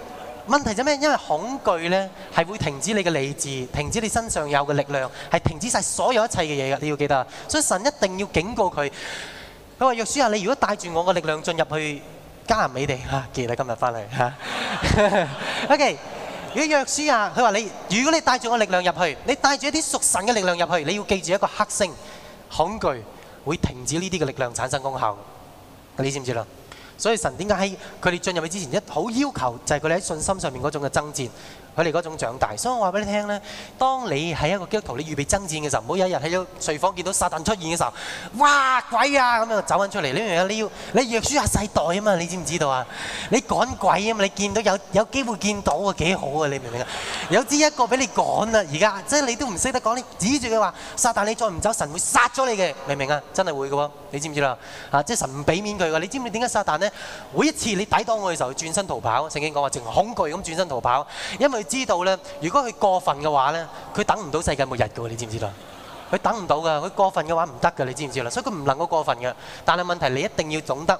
問題就咩？因為恐懼咧，係會停止你嘅理智，停止你身上有嘅力量，係停止晒所有一切嘅嘢嘅。你要記得，所以神一定要警告佢。佢話：約書亞，你如果帶住我嘅力量進入去迦南美地嚇，見你今日翻嚟嚇。OK，如果約書亞，佢話、啊 okay, 你，如果你帶住我力量入去，你帶住一啲屬神嘅力量入去，你要記住一個黑星，恐懼會停止呢啲嘅力量產生功效。你知唔知道？所以神點解喺佢哋進入去之前一好要求，就係佢哋喺信心上面嗰種嘅爭戰。佢哋嗰種長大，所以我話俾你聽咧，當你喺一個基督徒，你預備爭戰嘅時候，唔好有一日喺咗睡房見到撒旦出現嘅時候，哇！鬼啊！咁樣走揾出嚟，呢樣嘢，你要你，要你要約書亞世代啊嘛，你知唔知道啊？你趕鬼啊嘛，你見到有有機會見到啊，幾好啊！你明唔明啊？有知一個俾你趕啊！而家即係你都唔識得講你指住佢話撒旦，你再唔走，神會殺咗你嘅，明唔明啊？真係會嘅喎，你知唔知啦？啊，即係神唔俾面佢㗎，你知唔知點解撒旦呢？每一次你抵擋我嘅時候，轉身逃跑，聖經講話淨係恐懼咁轉身逃跑，因為。知道咧，如果佢過分嘅話咧，佢等唔到世界末日嘅喎，你知唔知道？佢等唔到噶，佢過分嘅話唔得噶，你知唔知啦？所以佢唔能夠過分嘅。但係問題，你一定要懂得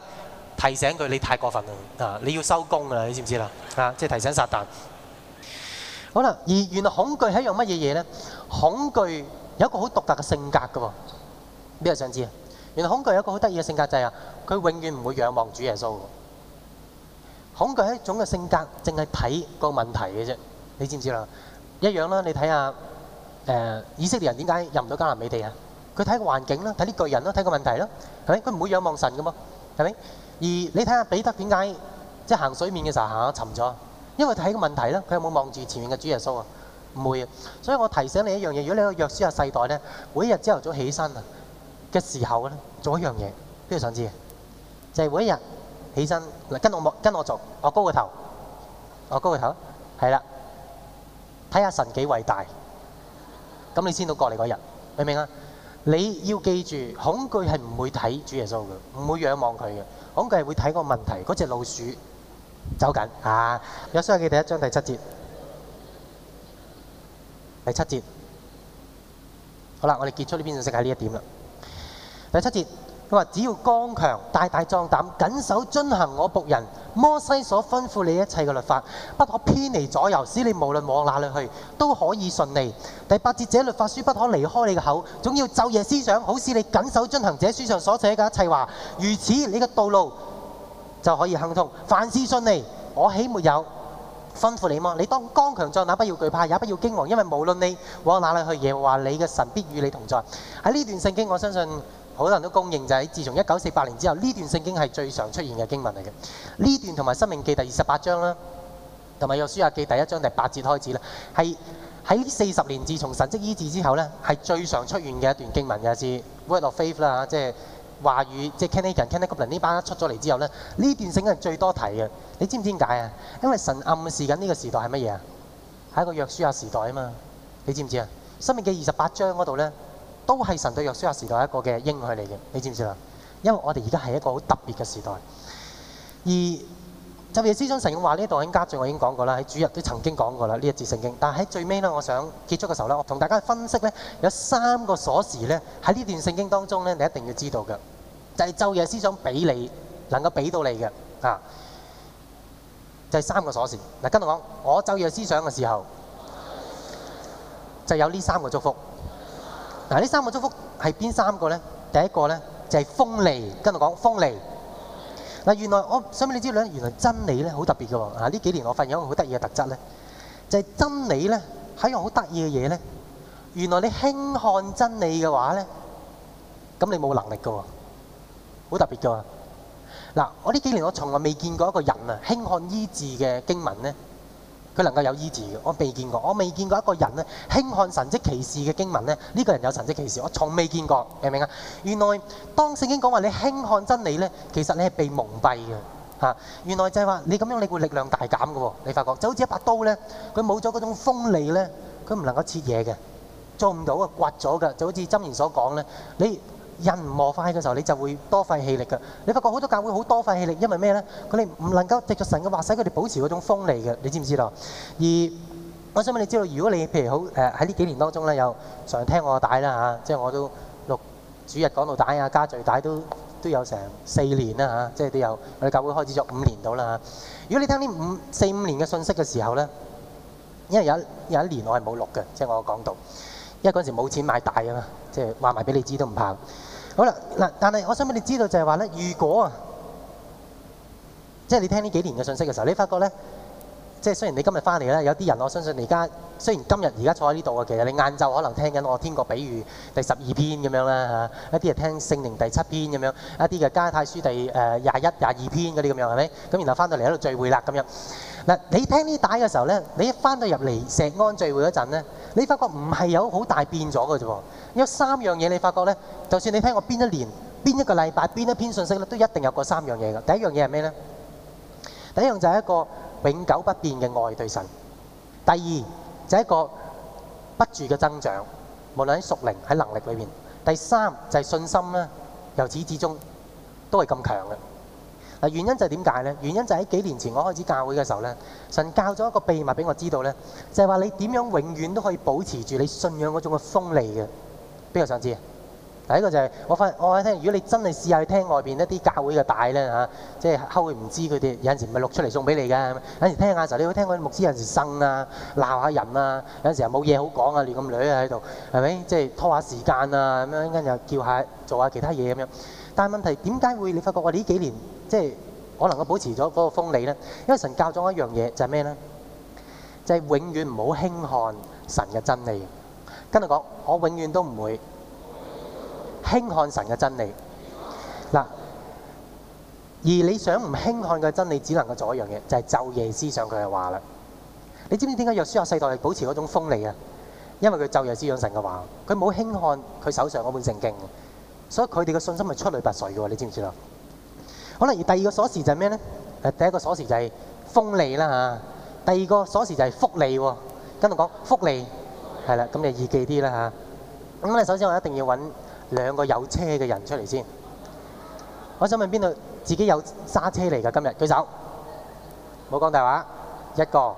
提醒佢，你太過分啦，啊，你要收工噶啦，你知唔知啦？啊，即係提醒撒但。好啦，而原來恐懼係一樣乜嘢嘢咧？恐懼有一個好獨特嘅性格嘅喎，邊個想知啊？原來恐懼有一個好得意嘅性格就係啊，佢永遠唔會仰望主耶穌。恐懼係一種嘅性格，淨係睇個問題嘅啫。你知唔知啦？一樣啦，你睇下誒以色列人點解入唔到迦南美地啊？佢睇個環境啦，睇啲巨人啦，睇個問題啦，係咪佢唔會仰望神㗎嘛？係咪？而你睇下彼得點解即係行水面嘅時候行下沉咗？因為睇個問題啦，佢有冇望住前面嘅主耶穌啊？唔會啊！所以我提醒你一樣嘢，如果你去約書亞世代咧，每一日朝頭早起身呀嘅時候咧，做一樣嘢，非常之嘢？就係每一日起身嚟跟我望跟我做，我高個頭，我高個頭，係啦。睇下神幾偉大，咁你先到過嚟嗰日，明唔明啊？你要記住，恐懼係唔會睇主耶穌嘅，唔會仰望佢嘅，恐懼係會睇個問題。嗰隻老鼠走緊啊！約書亞記第一章第七節，第七節，好啦，我哋結束呢篇信息喺呢一點啦。第七節，佢話只要剛強、大大壯膽、緊守遵行我僕人。摩西所吩咐你一切嘅律法，不可偏離左右，使你無論往哪裏去都可以順利。第八節，這律法書不可離開你嘅口，總要晝夜思想，好使你緊守遵行這書上所寫嘅一切話。如此，你嘅道路就可以亨通，凡事順利。我豈沒有吩咐你麼？你當剛強壯膽，哪不要懼怕，也不要驚惶，因為無論你往哪裏去，耶和華你嘅神必與你同在。喺呢段聖經，我相信。好多人都公認，就喺、是、自從一九四八年之後，呢段聖經係最常出現嘅經文嚟嘅。呢段同埋《申命記》第二十八章啦，同埋《約書亞記》第一章第八節開始啦，係喺四十年自從神蹟醫治之後咧，係最常出現嘅一段經文。嘅。係 Word of Faith 啦、啊，即係話語，即係 Canaan d i、Canaanoplen 呢班出咗嚟之後咧，呢段聖經係最多提嘅。你知唔知點解啊？因為神暗示緊呢個時代係乜嘢啊？係一個約書亞時代啊嘛。你知唔知啊？《申命記》二十八章嗰度咧。都係神對約書亞時代一個嘅應許嚟嘅，你知唔知啊？因為我哋而家係一個好特別嘅時代，而晝夜思想神嘅話咧，當緊家聚我已經講過啦，喺主日都曾經講過啦呢一節聖經。但係喺最尾咧，我想結束嘅時候咧，我同大家分析咧，有三個鎖匙咧喺呢段聖經當中咧，你一定要知道嘅，就係晝夜思想俾你能夠俾到你嘅啊，就係三個鎖匙。嗱，跟住我講，我晝夜思想嘅時候就有呢三個祝福。嗱，呢三個祝福係邊三個咧？第一個咧就係鋒利，跟我講鋒利。嗱，原來我想俾你知咧，原來真理咧好特別嘅喎。啊，呢幾年我發現有一個好得意嘅特質咧，就係真理咧係一樣好得意嘅嘢咧。原來你輕看真理嘅話咧，咁你冇能力嘅喎，好特別嘅喎。嗱，我呢幾年我從來未見過一個人啊，輕看醫治嘅經文咧。佢能夠有醫治嘅，我未見過。我未見過一個人咧輕看神蹟奇事嘅經文咧，呢、這個人有神蹟奇事我從未見過。明唔明啊？原來當聖經講話你輕看真理呢，其實你係被蒙蔽嘅、啊。原來就係話你這樣，你會力量大減嘅喎、哦。你發覺就好似一把刀呢，佢冇咗嗰種鋒利呢，佢唔能夠切嘢嘅，做唔到，刮咗㗎。就好似箴言所講咧，你。刃磨快嘅時候，你就會多費氣力㗎。你發覺好多教會好多費氣力，因為咩咧？佢哋唔能夠藉著神嘅話，使佢哋保持嗰種鋒利嘅。你知唔知道？而我想問你知道，如果你譬如好誒喺呢幾年當中咧，有常聽我帶啦嚇，即係我都錄主日講道帶啊、家聚帶都都有成四年啦嚇，即係都有我哋教會開始咗五年到啦嚇。如果你聽呢五四五年嘅信息嘅時候咧，因為有有一年我係冇錄嘅，即係我講道，因為嗰陣時冇錢買帶啊嘛，即係話埋俾你知都唔怕。好啦，嗱，但係我想俾你知道就係話咧，如果啊，即係你聽呢幾年嘅信息嘅時候，你發覺咧，即係雖然你今日翻嚟咧，有啲人我相信你而家雖然今日而家坐喺呢度啊，其實你晏晝可能聽緊《我天國比喻》第十二篇咁樣啦嚇，一啲係聽《聖靈》第七篇咁樣，一啲嘅《加太書》第誒廿一、廿二篇嗰啲咁樣係咪？咁然後翻到嚟喺度聚會啦咁樣。嗱，你聽呢啲帶嘅時候咧，你一翻到入嚟石安聚會嗰陣咧，你發覺唔係有好大變咗嘅啫喎。有三樣嘢你發覺咧，就算你聽我邊一年、邊一個禮拜、邊一篇信息咧，都一定有個三樣嘢嘅。第一樣嘢係咩咧？第一樣就係一個永久不變嘅愛對神。第二就係一個不住嘅增長，無論喺屬靈喺能力裏邊。第三就係信心咧，由始至終都係咁強嘅。嗱，原因就點解咧？原因就喺幾年前我開始教會嘅時候咧，神教咗一個秘密俾我知道咧，就係話你點樣永遠都可以保持住你信仰嗰種嘅鋒利嘅。邊個想知？第一個就係我發我喺聽，如果你真係試下去聽外邊一啲教會嘅帶咧嚇，即係後會唔知佢哋有陣時咪錄出嚟送俾你嘅。有陣時聽下時候你好聽佢牧師有陣時呻啊鬧下人啊，有陣時又冇嘢好講啊亂咁捋喺度，係咪即係拖下時間啊咁樣，跟住又叫下做下其他嘢咁樣？但係問題點解會你發覺我呢幾年？即係我能夠保持咗嗰個鋒利咧，因為神教咗我一樣嘢，就係咩咧？就係、是、永遠唔好輕看神嘅真理。跟住講，我永遠都唔會輕看神嘅真理。嗱，而你想唔輕看嘅真理，只能夠做一樣嘢，就係、是、晝夜思想佢嘅話啦。你知唔知點解約書亞世代保持嗰種鋒利啊？因為佢晝夜思想神嘅話，佢冇輕看佢手上嗰本聖經，所以佢哋嘅信心係出類拔萃嘅喎。你知唔知啊？可能而第二個鎖匙就係咩咧？誒，第一個鎖匙就係鋒利啦嚇，第二個鎖匙就係福利喎。跟住講福利，係啦，咁你易記啲啦嚇。咁咧，首先我一定要揾兩個有車嘅人出嚟先。我想問邊度自己有揸車嚟㗎？今日舉手，冇講大話。一個，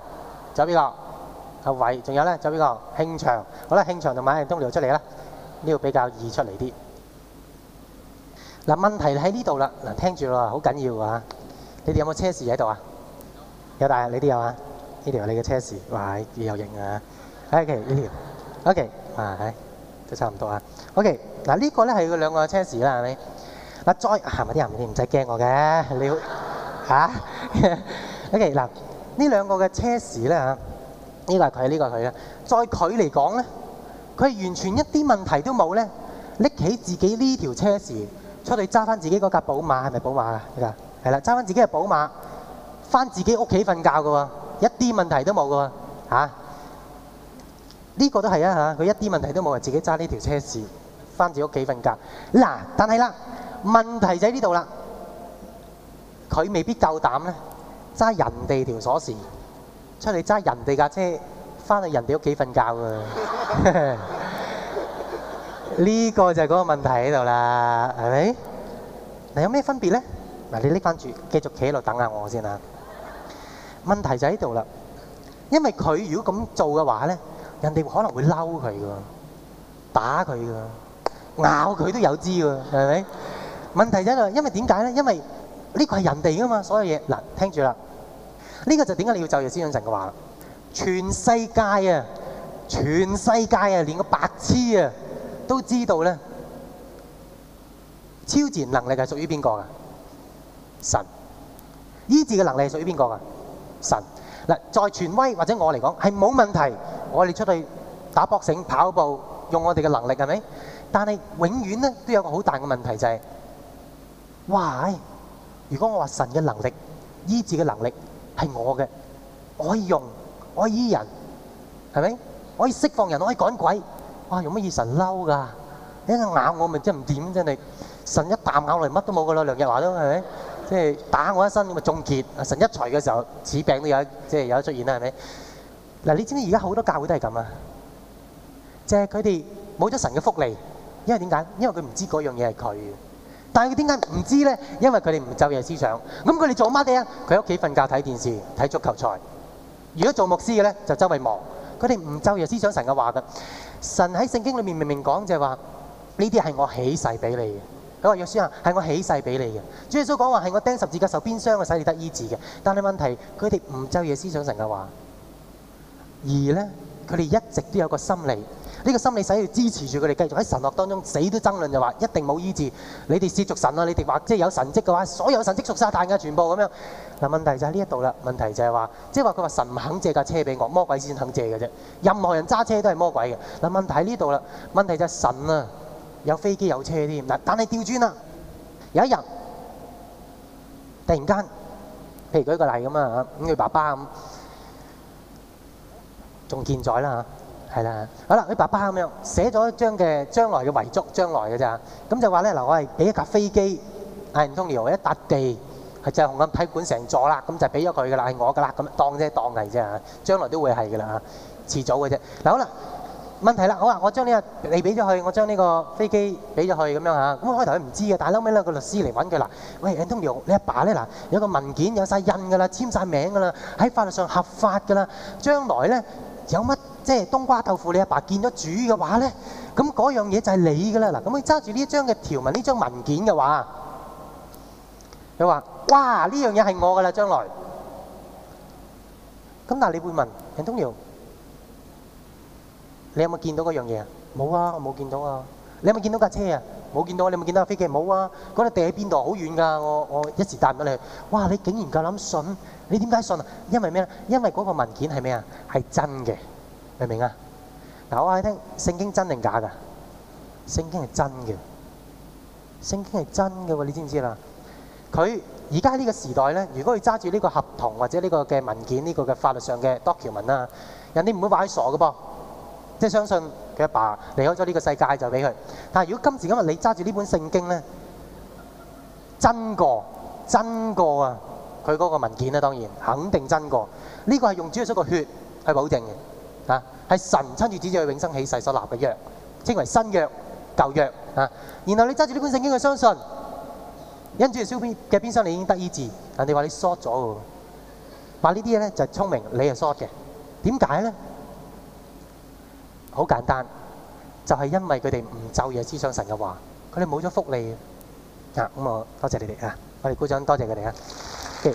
走邊個？阿偉，仲有咧，走邊個？慶祥，好啦，慶祥同埋慶東嚟出嚟啦。呢個比較易出嚟啲。嗱，問題喺呢度啦。嗱，聽住咯，好緊要啊。你哋有冇車匙喺度啊？有大，你啲有啊？呢條係你嘅車匙，哇，幾有型啊！OK，呢條 OK，啊，都差唔多 OK，啊。啊 OK，嗱，兩個呢、這個咧係兩個車匙啦，係咪？嗱，再行埋啲人，你唔使驚我嘅，你好，嚇 OK。嗱，呢兩個嘅車匙咧嚇，呢個係佢，呢個係佢啦。在佢嚟講咧，佢係完全一啲問題都冇咧，拎起自己呢條車匙。出去揸翻自己嗰架寶馬，係咪寶馬啊？依家係啦，揸翻自己嘅寶馬，翻自己屋企瞓覺嘅喎，一啲問題都冇嘅喎，嚇？呢個都係啊嚇，佢一啲問題都冇啊，自己揸呢條車匙，翻自己屋企瞓覺。嗱、啊，但係啦，問題就喺呢度啦，佢未必夠膽咧，揸人哋條鎖匙，出去揸人哋架車，翻去人哋屋企瞓覺嘅。 呢個就係嗰個問題喺度啦，係咪嗱？有咩分別咧？嗱，你拎翻住，繼續企喺度等下我先啦。問題就喺度啦，因為佢如果咁做嘅話咧，人哋可能會嬲佢噶，打佢噶，咬佢都有知噶，係咪？問題就喺度，因為點解咧？因為呢個係人哋噶嘛，所有嘢嗱，聽住啦。呢個就點解你要就耶穌信仰神嘅話？全世界啊，全世界啊，連個白痴啊！都知道咧，超自然能力係屬於邊個？神醫治嘅能力係屬於邊個？神在權威或者我嚟講係冇問題，我哋出去打波、跑步，用我哋嘅能力係咪？但係永遠都有一個好大嘅問題就係，Why？如果我話神嘅能力、醫治嘅能力係我嘅，我可以用，我可以醫人，係咪？我可以釋放人，我可以趕鬼。哇！用乜嘢神嬲噶？你咬我咪真係唔掂，真係神一啖咬落嚟乜都冇噶啦。梁日華都係咪？即係打我一身咁咪仲結啊！神一除嘅時候，此病都有，即係有得出現啦。係咪嗱？你知唔知而家好多教會都係咁啊？即係佢哋冇咗神嘅福利，因為點解？因為佢唔知嗰樣嘢係佢嘅。但係佢點解唔知咧？因為佢哋唔晝夜思想。咁佢哋做乜嘢啊？佢喺屋企瞓覺，睇電視，睇足球賽。如果做牧師嘅咧，就周圍忙。佢哋唔晝夜思想神嘅話噶。神喺聖經裏面明明講就係話，呢啲係我起誓畀你嘅。佢話約書亞，係我起誓畀你嘅。主耶穌講話係我釘十字架受鞭傷嘅，使你得醫治嘅。但係問題，佢哋唔執嘢思想神嘅話，而呢，佢哋一直都有個心理。呢個心理使要支持住佢哋繼續喺神學當中死都爭論，就話一定冇醫治。你哋褻瀆神啊！你哋話即係有神蹟嘅話，所有神蹟屬撒旦㗎，全部咁樣。嗱，問題就喺呢一度啦。問題就係話，即係話佢話神唔肯借架車俾我，魔鬼先肯借嘅啫。任何人揸車都係魔鬼嘅。嗱，問題喺呢度啦。問題就係神啊，有飛機有車添，嗱，但係掉轉啦。有一日，突然間，譬如舉個例咁啊，咁佢爸爸咁仲健在啦嚇。係啦，好啦，你爸爸咁樣寫咗一張嘅將來嘅遺囑，將來嘅咋咁就話咧，嗱，我係俾一架飛機，係 Antonio 一笪地係就係紅磡體館成座啦，咁就俾咗佢㗎啦，係我㗎啦，咁當啫，當㗎啫，將來都會係㗎啦，遲早嘅啫。嗱，好啦，問題啦，好啦，我將呢個你俾咗佢，我將呢個飛機俾咗佢咁樣嚇，咁開頭佢唔知嘅，但係後尾呢個律師嚟揾佢啦，喂，Antonio 你阿爸咧嗱，有個文件有曬印㗎啦，簽曬名㗎啦，喺法律上合法㗎啦，將來咧有乜？即係冬瓜豆腐，你阿爸見咗主嘅話咧，咁嗰樣嘢就係你噶啦。嗱，咁你揸住呢一張嘅條文，呢張文件嘅話，佢話：哇，呢樣嘢係我噶啦，將來。咁但係你會問 Antonio，你有冇見到嗰樣嘢啊？冇啊，我冇見到啊。你有冇見到架車啊？冇見到。你有冇見到架飛機？冇啊。嗰粒地喺邊度？好遠噶。我我一時答唔到你。哇！你竟然夠諗信？你點解信啊？因為咩咧？因為嗰個文件係咩啊？係真嘅。明唔明啊？嗱，我話你聽，聖經是真定假噶？聖經係真嘅，聖經係真嘅喎。你知唔知啊？佢而家呢個時代咧，如果要揸住呢個合同或者呢個嘅文件，呢、這個嘅法律上嘅 document 啦，人哋唔會話佢傻嘅噃，即係相信佢阿爸，爸離開咗呢個世界就俾佢。但係如果今時今日你揸住呢本聖經咧，真過真過啊！佢嗰個文件咧，當然肯定真過，這個。呢個係用主耶穌嘅血去保證嘅。啊，係神親自指住佢永生起誓所立嘅約，稱為新約舊約啊。然後你揸住呢本聖經去相信，跟住小邊嘅冰箱你已經得醫治。人哋話你 short 咗噶。話呢啲嘢咧就係、聰明，你係 short 嘅。點解咧？好簡單，就係、是、因為佢哋唔晝夜思想神嘅話，佢哋冇咗福利咁、啊、我多謝你哋啊，我哋鼓掌多謝佢哋啊。Okay.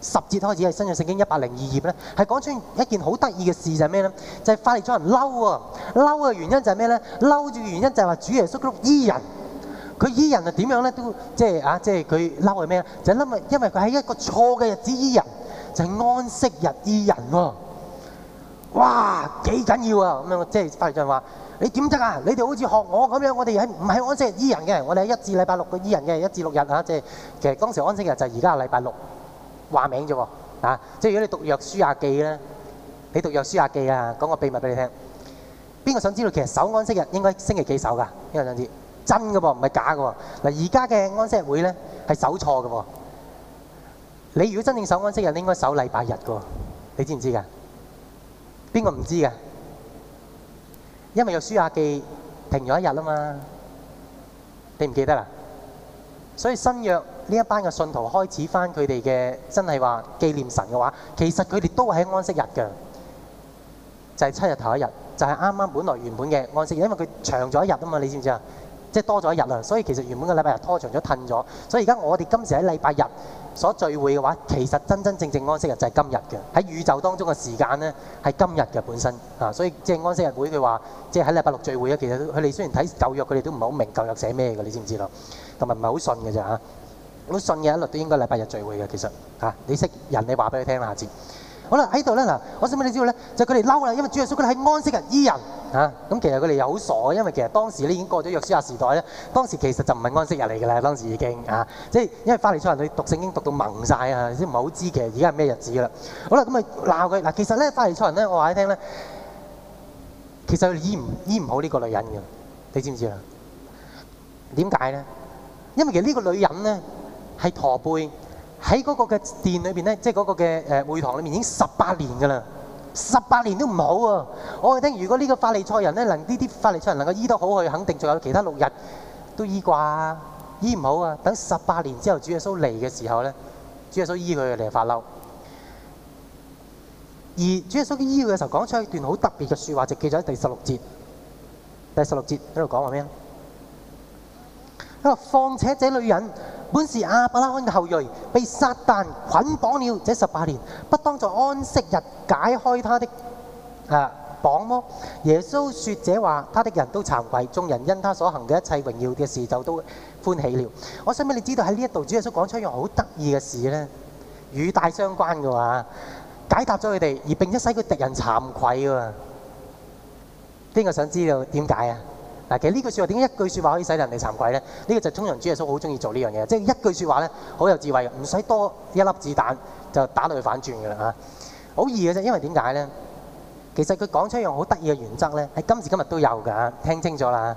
十節開始係新約聖經一百零二頁咧，係講出一件好得意嘅事就係咩咧？就係、是就是、法利賽人嬲啊。嬲嘅原，原因就係咩咧？嬲住嘅原因就係話主耶穌佢醫人，佢醫人係點樣咧？都即係啊，即係佢嬲係咩咧？就嬲、是、咪因為佢喺一個錯嘅日子醫人，就係、是、安息日醫人喎、啊。哇，幾緊要啊！咁樣即係法利賽人話：你點得啊？你哋好似學我咁樣，我哋係唔係安息日醫人嘅？我哋係一至禮拜六嘅醫人嘅，一至六日啊！即、就、係、是、其實當時安息日就係而家禮拜六。話名啫喎，啊！即係如果你讀約書亞記咧，你讀約書亞記啊，講個秘密俾你聽。邊個想知道其實守安息日應該星期幾守噶？邊個想知道？真噶噃，唔係假噶喎。嗱，而家嘅安息日會咧係守錯噶喎。你如果真正守安息日，你應該守禮拜日噶喎。你知唔知噶？邊個唔知噶？因為約書亞記停咗一日吖嘛，你唔記得啦？所以新約。呢一班嘅信徒開始翻佢哋嘅，真係話紀念神嘅話，其實佢哋都係喺安息日嘅，就係七日頭一日，就係啱啱本來原本嘅安息日，因為佢長咗一日啊嘛，你知唔知啊？即係多咗一日啦，所以其實原本嘅禮拜日拖長咗、褪咗，所以而家我哋今時喺禮拜日所聚會嘅話，其實真真正正安息日就係今日嘅喺宇宙當中嘅時間呢，係今日嘅本身啊，所以即係安息日會，佢話，即係喺禮拜六聚會啊。其實佢哋雖然睇舊約，佢哋都唔係好明舊約寫咩嘅，你知唔知咯？同埋唔係好信嘅咋嚇。我都信嘅一律都應該禮拜日聚會嘅，其實嚇你識人，你話俾佢聽下先。好啦，喺度咧嗱，我想問你知道咧，就佢哋嬲啦，因為主耶穌佢哋係安息日醫人嚇，咁其實佢哋又好傻嘅，因為其實當時咧已經過咗約書亞時代咧，當時其實就唔係安息日嚟㗎啦，當時已經嚇，即係因為法利賽人佢讀聖經讀到盲曬啊，即係唔係好知其實而家係咩日子㗎啦。好啦，咁咪鬧佢嗱，其實咧法利賽人咧，我話你聽咧，其實佢醫唔醫唔好呢個女人㗎，你知唔知啊？點解咧？因為其實呢個女人咧。係駝背喺嗰個嘅殿裏邊咧，即係嗰個嘅誒會堂裏面已經十八年噶啦，十八年都唔好啊！我哋聽，如果呢個法利賽人咧，能呢啲法利賽人能夠醫得好佢，肯定仲有其他六日都醫啩，醫唔好啊！等十八年之後主耶穌嚟嘅時候咧，主耶穌醫佢，佢哋發嬲。而主耶穌醫佢嘅時候，講出一段好特別嘅說話，就記咗喺第十六節。第十六節喺度講話咩啊？佢話：況且這女人。本是亞伯拉罕嘅後裔，被撒但捆綁了這十八年，不當在安息日解開他的啊綁麼？耶穌説這話，他的人都慚愧，眾人因他所行嘅一切榮耀嘅事，就都歡喜了。我想畀你知道喺呢一度，主耶穌講出一樣好得意嘅事呢，與大相關嘅話，解答咗佢哋，而並且使佢敵人慚愧喎。邊個想知道點解啊？嗱，其實呢句説話點解一句説話可以使人哋慚愧咧？呢個就通常主耶穌好中意做呢樣嘢，即係一句説話咧，好有智慧嘅，唔使多一粒子彈就打到佢反轉嘅啦啊！好易嘅啫，因為點解咧？其實佢講出一樣好得意嘅原則咧，喺今時今日都有㗎，聽清楚啦。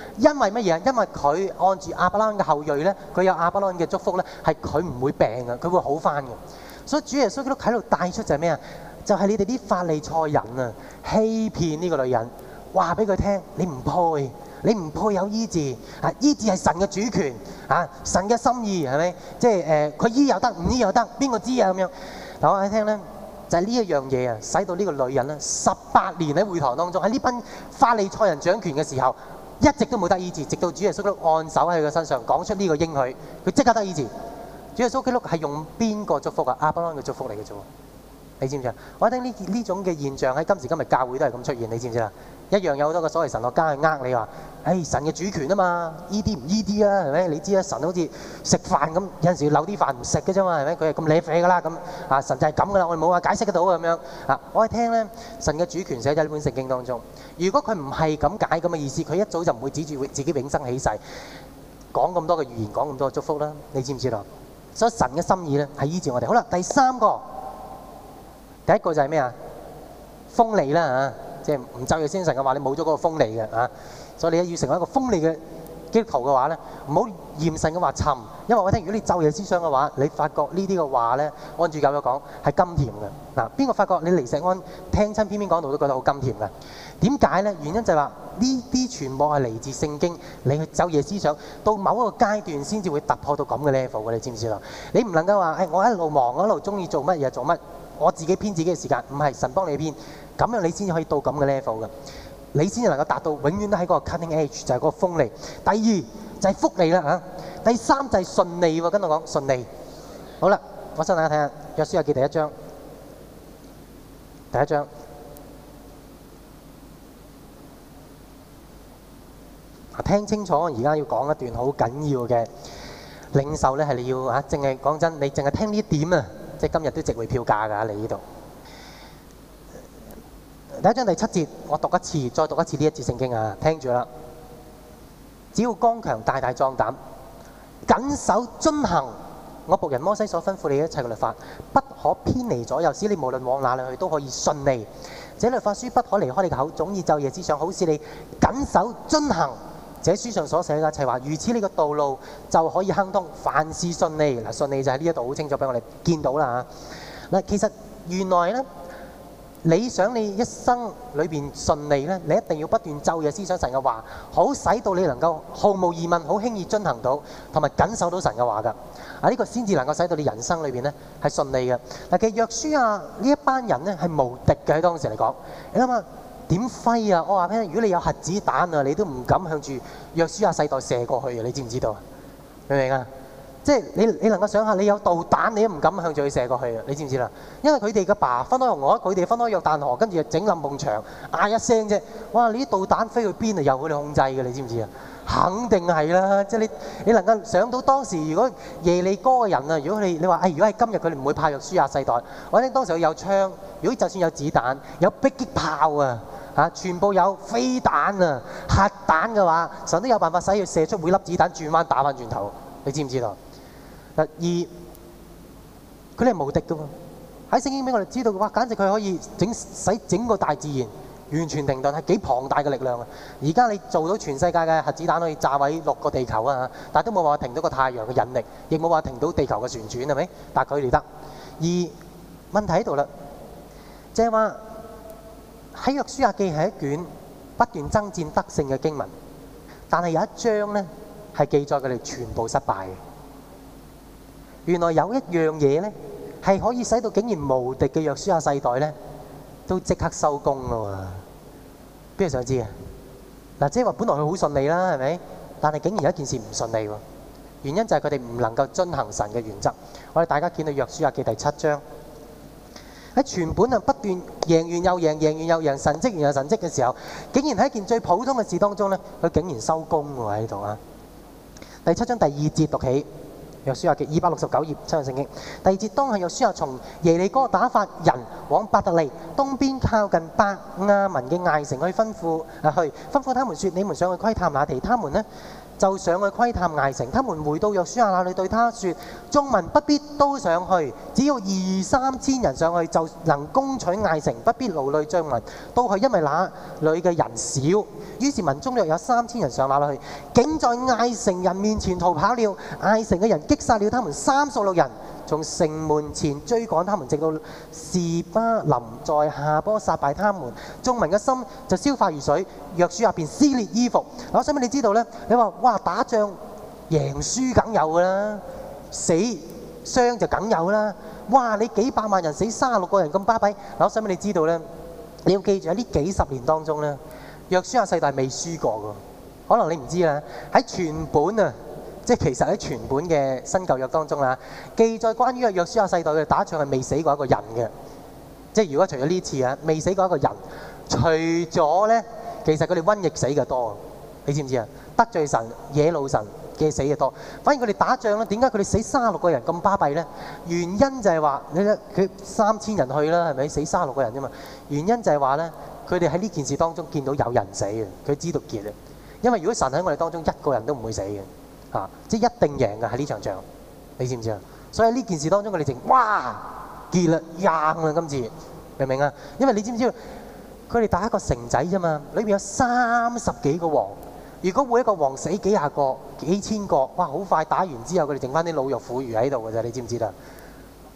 因為乜嘢啊？因為佢按住亞伯拉罕嘅後裔咧，佢有亞伯拉罕嘅祝福咧，係佢唔會病嘅，佢會好翻嘅。所以主耶穌基督喺度帶出就係咩啊？就係、是、你哋啲法利賽人啊，欺騙呢個女人話俾佢聽，你唔配，你唔配有醫治啊！醫治係神嘅主權啊，神嘅心意係咪？即係誒，佢、呃、醫又得，唔醫又得，邊個知啊？咁樣講下聽咧，就係呢一樣嘢啊，使到呢個女人咧十八年喺會堂當中喺呢班法利賽人掌權嘅時候。一直都冇得醫治，直到主耶穌基督按手喺佢身上，講出呢個應許。佢即刻得醫治。主耶穌基督係用邊個祝福啊？阿伯郎嘅祝福嚟嘅啫，你知唔知啊？我覺得呢呢種嘅現象喺今時今日教會都係咁出現。你知唔知啊？一樣有好多個所謂神學家去呃你話，誒神嘅主權啊嘛，依啲唔依啲啦，係咪？你知啦，神好似食飯咁，有陣時要漏啲飯唔食嘅啫嘛，係咪？佢係咁理你噶啦，咁，啊神就係咁噶啦，我哋冇話解釋得到咁樣啊。我哋聽咧，神嘅主權寫在呢本聖經當中。如果佢唔係咁解咁嘅意思，佢一早就唔會指住會自己永生起誓，講咁多嘅預言，講咁多嘅祝福啦。你知唔知道？所以神嘅心意咧係依照我哋。好啦，第三個，第一個就係咩啊？封你啦啊！即係唔晝夜思想嘅話，你冇咗嗰個鋒利嘅啊！所以你要成為一個鋒利嘅基督徒嘅話呢，唔好厭世嘅話沉，因為我聽如果你晝夜思想嘅話，你發覺呢啲嘅話呢，按住教咗講係甘甜嘅嗱。邊、啊、個發覺你黎石安聽親篇篇講到邊邊講的都覺得好甘甜嘅？點解呢？原因就係話呢啲全部係嚟自聖經，你去晝夜思想到某一個階段先至會突破到咁嘅 level 嘅，你知唔知道？你唔能夠話誒，我一路忙我一路中意做乜嘢做乜，我自己編自己嘅時間，唔係神幫你編。咁樣你先至可以到咁嘅 level 嘅，你先至能夠達到永遠都喺嗰個 cutting edge，就係嗰個鋒利。第二就係福利啦嚇，第三就係順利喎，跟我講順利。好啦，我想大家睇下約書亞記第一章，第一章。啊，聽清楚！而家要講一段好緊要嘅領受咧，係你要嚇，淨係講真，你淨係聽呢點啊，即係今日都值回票價㗎嚇，你呢度。第一章第七節，我讀一次，再讀一次呢一節聖經啊！聽住啦，只要剛強、大大壯膽，謹守遵行我僕人摩西所吩咐你嘅一切嘅律法，不可偏離左右，使你無論往哪裡去都可以順利。這律法書不可離開你嘅口，總以晝夜之上，好使你謹守遵行這書上所寫嘅一切話。如此，你個道路就可以亨通，凡事順利。嗱，順利就喺呢一度好清楚俾我哋見到啦嚇。嗱，其實原來呢。你想你一生裏面順利呢，你一定要不斷晝夜思想神嘅話，好使到你能夠毫無疑問，好輕易遵行到同埋謹守到神嘅話㗎。啊，呢個先至能夠使到你人生裏面呢係順利嘅。但其實約書亞呢一班人呢係無敵嘅喺當時嚟講，你諗下點揮啊？我話畀你聽，如果你有核子彈啊，你都唔敢向住約書亞世代射過去啊！你知唔知道？明唔明啊？即係你，你能夠想下，你有導彈你都唔敢向住佢射過去啊！你知唔知啦？因為佢哋嘅爸分開紅海，佢哋分開約旦河，跟住整冧牆，嗌一聲啫！哇！你啲導彈飛去邊啊？由佢哋控制嘅，你知唔知啊？肯定係啦！即係你，你能夠想到當時，如果耶利哥嘅人啊，如果你你話，哎，如果係今日佢哋唔會怕約書亞世代，或者當時佢有槍，如果就算有子彈，有迫擊炮啊，嚇，全部有飛彈啊、核彈嘅話，神都有辦法使佢射出每粒子彈轉彎打翻轉頭，你知唔知道？二佢哋係無敵噶喎，喺聖經裏我哋知道嘅話，簡直佢可以整使整個大自然完全停頓，係幾龐大嘅力量啊！而家你做到全世界嘅核子彈可以炸毀六個地球，但係都冇話停到個太陽嘅引力，亦冇話停到地球嘅旋轉，係咪？但係佢哋得。而問題喺度啦，即係話喺約書亞記係一卷不斷爭戰得勝嘅經文，但係有一章是係記載佢哋全部失敗的。原來有一樣嘢咧，係可以使到竟然無敵嘅約書亞世代咧，都即刻收工咯喎！邊個想知啊？嗱，即係話本來佢好順利啦，係咪？但係竟然有一件事唔順利喎，原因就係佢哋唔能夠遵行神嘅原則。我哋大家見到約書亞記第七章喺全本啊不斷贏完又贏，贏完又贏，神蹟完又神蹟嘅時候，竟然喺一件最普通嘅事當中咧，佢竟然收工喎喺度啊！第七章第二節讀起。約書亞記二百六十九頁，新約聖經。第二節當係約書亞從耶利哥打發人往伯特利東邊靠近伯亞文嘅艾城去，吩咐啊去，吩咐他們說：你們想去窺探那地他們呢？就上去窺探艾城，他們回到約書亞那裏對他說：眾民不必都上去，只要二三千人上去就能攻取艾城，不必勞累眾民，都係因為那裏嘅人少。於是民中約有三千人上那裏，竟在艾城人面前逃跑了。艾城嘅人擊殺了他們三十六人。從城門前追趕他們，直到示巴琳在下坡殺敗他們，眾民嘅心就消化如水，約書亞便撕裂衣服。我想俾你知道呢？你話哇，打仗贏輸梗有噶啦，死傷就梗有啦。哇，你幾百萬人死三十六個人咁巴閉，我想俾你知道呢？你要記住喺呢幾十年當中呢，約書亞世代未輸過噶，可能你唔知啦。喺全本啊。即係其實喺全本嘅新舊約當中啦，記載關於約書亞世代嘅打仗係未死過一個人嘅。即係如果除咗呢次啊，未死過一個人。除咗咧，其實佢哋瘟疫死嘅多。你知唔知啊？得罪神、惹怒神嘅死嘅多。反而佢哋打仗咧，點解佢哋死三十六個人咁巴閉咧？原因就係話，你睇，佢三千人去啦，係咪死三十六個人啫嘛？原因就係話咧，佢哋喺呢件事當中見到有人死嘅，佢知道結啊。因為如果神喺我哋當中一個人都唔會死嘅。啊！即係一定贏嘅喺呢場仗，你知唔知啊？所以喺呢件事當中，佢哋淨哇結啦贏啦今次，明唔明啊？因為你知唔知佢哋打一個城仔啫嘛，裏邊有三十幾個王。如果每一個王死幾廿個、幾千個，哇！好快打完之後，佢哋剩翻啲老弱婦孺喺度㗎啫，你知唔知啊？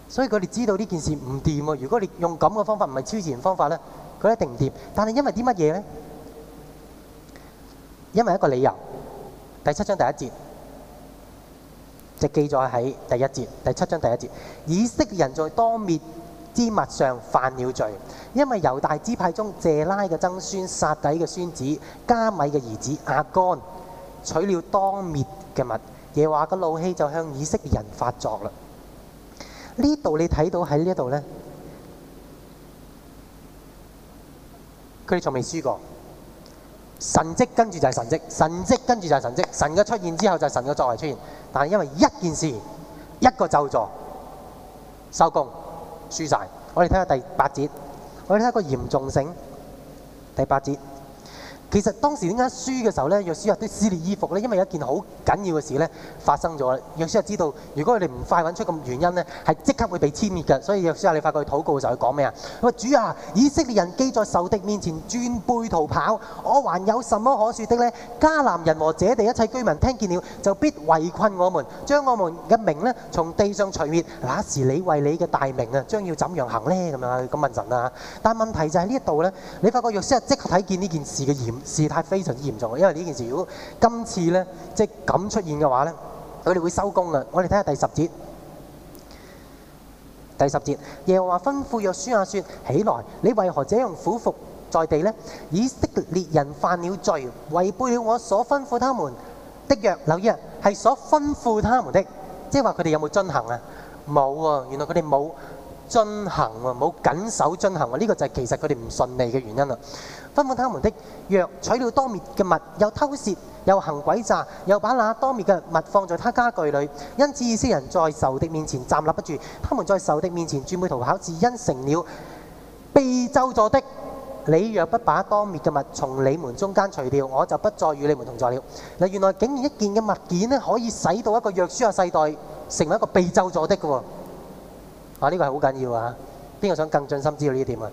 所以佢哋知道呢件事唔掂喎。如果你用咁嘅方法，唔係超自然方法咧，佢一定唔掂。但係因為啲乜嘢咧？因為一個理由，第七章第一節。記載喺第一節第七章第一節，以色列人在當滅之物上犯了罪，因為猶大支派中謝拉嘅曾孫撒底嘅孫子加米嘅兒子亞干取了當滅嘅物，耶和華嘅怒氣就向以色列人發作了。呢度你睇到喺呢一度呢，佢哋從未輸過。神蹟跟住就係神蹟，神蹟跟住就係神蹟，神嘅出現之後就係神嘅作為出現，但係因為一件事一個咒助收工輸晒，我哋睇下第八節，我哋睇下個嚴重性第八節。其實當時點解輸嘅時候咧，約書亞都撕裂衣服咧？因為有一件好緊要嘅事咧發生咗啦。約書亞知道，如果佢哋唔快揾出個原因咧，係即刻會被殲滅嘅。所以約書亞你發覺佢禱告嘅時候佢講咩啊？佢話：主啊，以色列人既在仇敵面前轉背逃跑，我還有什麼可説的咧？迦南人和這地一切居民聽見了，就必圍困我們，將我們嘅名咧從地上除滅。那時你為你嘅大名啊，將要怎樣行咧？咁樣咁問神啊。但係問題就喺呢一度咧，你發覺約書亞即刻睇見呢件事嘅嚴。事態非常之嚴重，因為呢件事如果今次呢即係咁出現嘅話呢，佢哋會收工嘅。我哋睇下第十節，第十節，耶和華吩咐約書亞説：起來，你為何這樣俯伏在地呢？以色列人犯了罪，違背了我所吩咐他們的約。留意啊，係所吩咐他們的，即係話佢哋有冇遵行啊？冇喎，原來佢哋冇遵行喎，冇緊守遵行喎。呢個就係其實佢哋唔順利嘅原因啦。吩咐他們的約，若取了當滅嘅物，又偷竊，又行詭詐，又把那當滅嘅物放在他家具裏。因此以色列人在仇敵面前站立不住，他們在仇敵面前轉背逃跑，是因成了被咒詛的。你若不把當滅嘅物從你們中間除掉，我就不再與你們同在了。嗱，原來竟然一件嘅物件呢，可以使到一個約書亞嘅世代成為一個被咒詛的㗎喎。啊，呢、這個係好緊要啊！邊個想更盡心知道呢一點啊？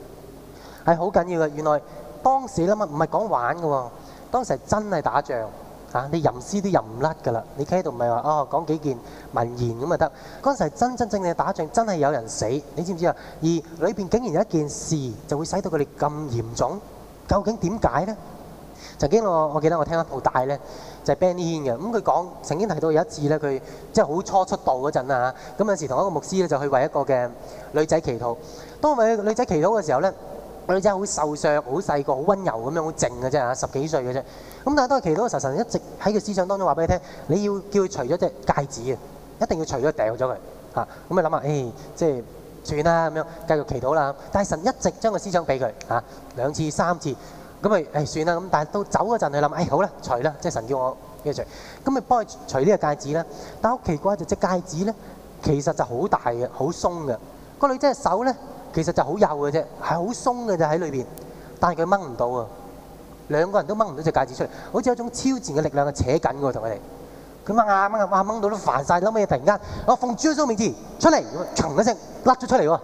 係好緊要嘅，原來。當時啦嘛，唔係講玩嘅喎，當時係真係打仗嚇，你吟詩都吟唔甩嘅啦。你企喺度唔係話哦講幾件文言咁啊得，嗰陣時係真真正正嘅打仗，真係有人死。你知唔知啊？而裏邊竟然有一件事就會使到佢哋咁嚴重，究竟點解咧？曾經我我記得我聽一套帶咧，就係 Benny Hinn 嘅咁，佢講曾經提到有一次咧，佢即係好初出道嗰陣啦嚇，咁有時同一個牧師咧就去為一個嘅女仔祈禱。當為女仔祈禱嘅時候咧。個女仔好瘦削，好細個，好溫柔咁樣，好靜嘅啫嚇，十幾歲嘅啫。咁但係當佢祈禱嘅時候神神一直喺個思想當中話俾你聽，你要叫佢除咗隻戒指嘅，一定要除咗掉咗佢嚇。咁佢諗啊，誒，即係算啦咁樣，繼續祈禱啦。但係神一直將個思想俾佢嚇兩次、三次，咁咪誒算啦。咁但係到走嗰陣，佢諗誒好啦，除啦，即係神叫我叫佢除。咁咪幫佢除呢個戒指啦。但係好奇怪就即係戒指咧，其實就好大嘅，好鬆嘅。個女仔手咧。其實就好幼嘅啫，係好鬆嘅啫喺裏邊，但係佢掹唔到啊，兩個人都掹唔到隻戒指出嚟，好似有一種超自然嘅力量嘅扯緊喎同佢哋，佢掹啊掹啊，掹、啊、到都煩晒，諗乜，突然間，我奉主耶穌名字出嚟，噌一聲甩咗出嚟喎，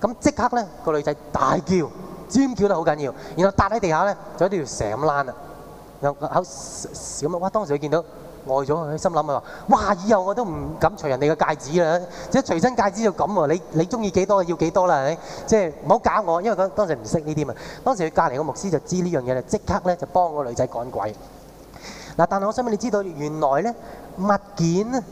咁、啊、即刻咧、個女仔大叫，尖叫得好緊要，然後搭喺地下咧就一條蛇咁攣啊，又口小麥，哇當時佢見到。愛咗佢心諗啊，話哇！以後我都唔敢除人哋嘅戒指啦，即係隨身戒指就咁喎。你你中意幾多要幾多啦？係咪？即係唔好搞我，因為嗰當時唔識呢啲嘛。當時佢隔離個牧師就知呢樣嘢咧，即刻咧就幫個女仔趕鬼。嗱，但係我想問你知道原來咧物件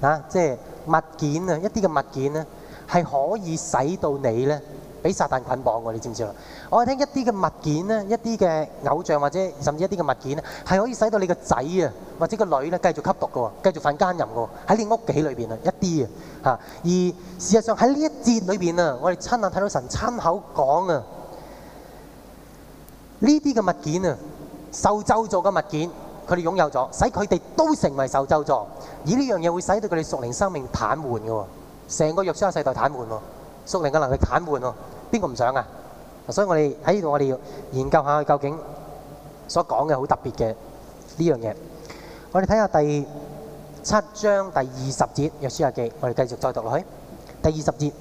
啊，即係物件啊，一啲嘅物件咧係可以使到你咧，俾撒旦捆綁嘅，你知唔知啊？我聽一啲嘅物件咧，一啲嘅偶像或者甚至一啲嘅物件咧，係可以使到你個仔啊或者個女咧繼續吸毒嘅，繼續犯姦淫嘅，喺你屋企裏邊啊，一啲啊，吓。而事實上喺呢一節裏邊啊，我哋親眼睇到神親口講啊，呢啲嘅物件啊，受咒詛嘅物件，佢哋擁有咗，使佢哋都成為受咒詛，而呢樣嘢會使到佢哋屬靈生命癱瘓嘅，成個約書亞世代癱瘓。屬靈嘅能力癱瘓喎，邊個唔想啊？所以我哋喺呢度，我哋要研究下佢究竟所講嘅好特別嘅呢樣嘢。我哋睇下第七章第二十節《約書亞記》，我哋繼續再讀落去第二十節。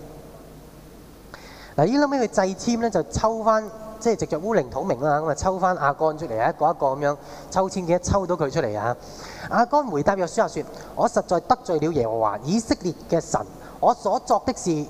嗱，呢粒尾佢祭簽咧，就抽翻即係藉著烏靈土明啦，咁啊抽翻亞干出嚟，一個一個咁樣抽簽嘅，抽到佢出嚟啊！亞干回答約書亞說：我實在得罪了耶和華以色列嘅神，我所作的事。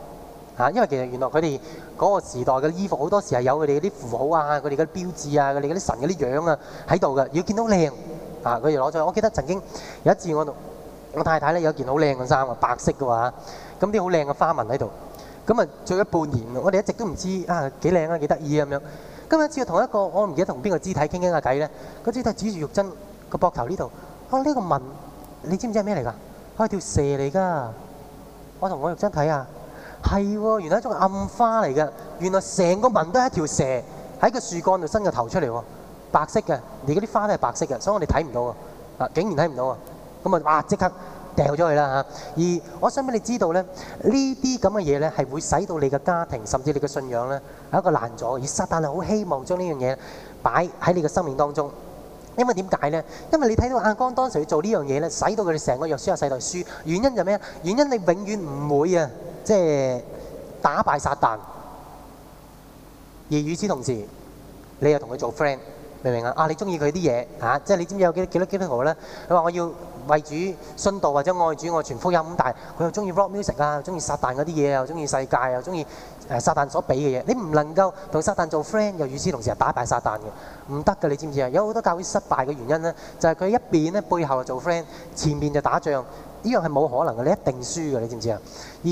啊，因為其實原來佢哋嗰個時代嘅衣服好多時係有佢哋嗰啲符號啊，佢哋嗰啲標誌啊，佢哋嗰啲神嗰啲樣啊喺度㗎。如果見到靚，啊，佢就攞咗。我記得曾經有一次，我同我太太咧有一件好靚嘅衫啊，白色嘅話，咁啲好靚嘅花紋喺度。咁啊著咗半年，我哋一直都唔知啊幾靚啊幾得意咁樣。今日只要同一個，我唔記得同邊個肢體傾傾下偈咧。嗰肢體指住玉珍個膊頭呢度，啊呢個紋，你知唔知係咩嚟㗎？係條蛇嚟㗎。我同我玉珍睇啊。係喎，原來係一種暗花嚟嘅。原來成個紋都係一條蛇喺個樹幹度伸個頭出嚟喎，白色嘅。你嗰啲花都係白色嘅，所以我哋睇唔到啊，竟然睇唔到啊。咁啊，哇！即刻掉咗佢啦嚇。而我想俾你知道咧，呢啲咁嘅嘢咧係會使到你嘅家庭甚至你嘅信仰咧係一個難阻。而撒但係好希望將呢樣嘢擺喺你嘅生命當中，因為點解咧？因為你睇到亞干當時去做呢樣嘢咧，使到佢哋成個約書亞世代輸。原因就咩咧？原因你永遠唔會啊！即係打敗撒旦，而與此同時，你又同佢做 friend，明唔明啊？啊，你中意佢啲嘢嚇，即係你知唔知有多幾多幾多基督徒咧？佢話我要為主信道或者愛主愛傳福音，但佢又中意 rock music 啊，中意撒旦嗰啲嘢，又中意世界，又中意誒撒旦所俾嘅嘢。你唔能夠同撒旦做 friend，又與此同時又打敗撒旦嘅，唔得嘅，你知唔知啊？有好多教會失敗嘅原因咧，就係、是、佢一邊咧背後做 friend，前面就打仗，呢樣係冇可能嘅，你一定輸嘅，你知唔知啊？而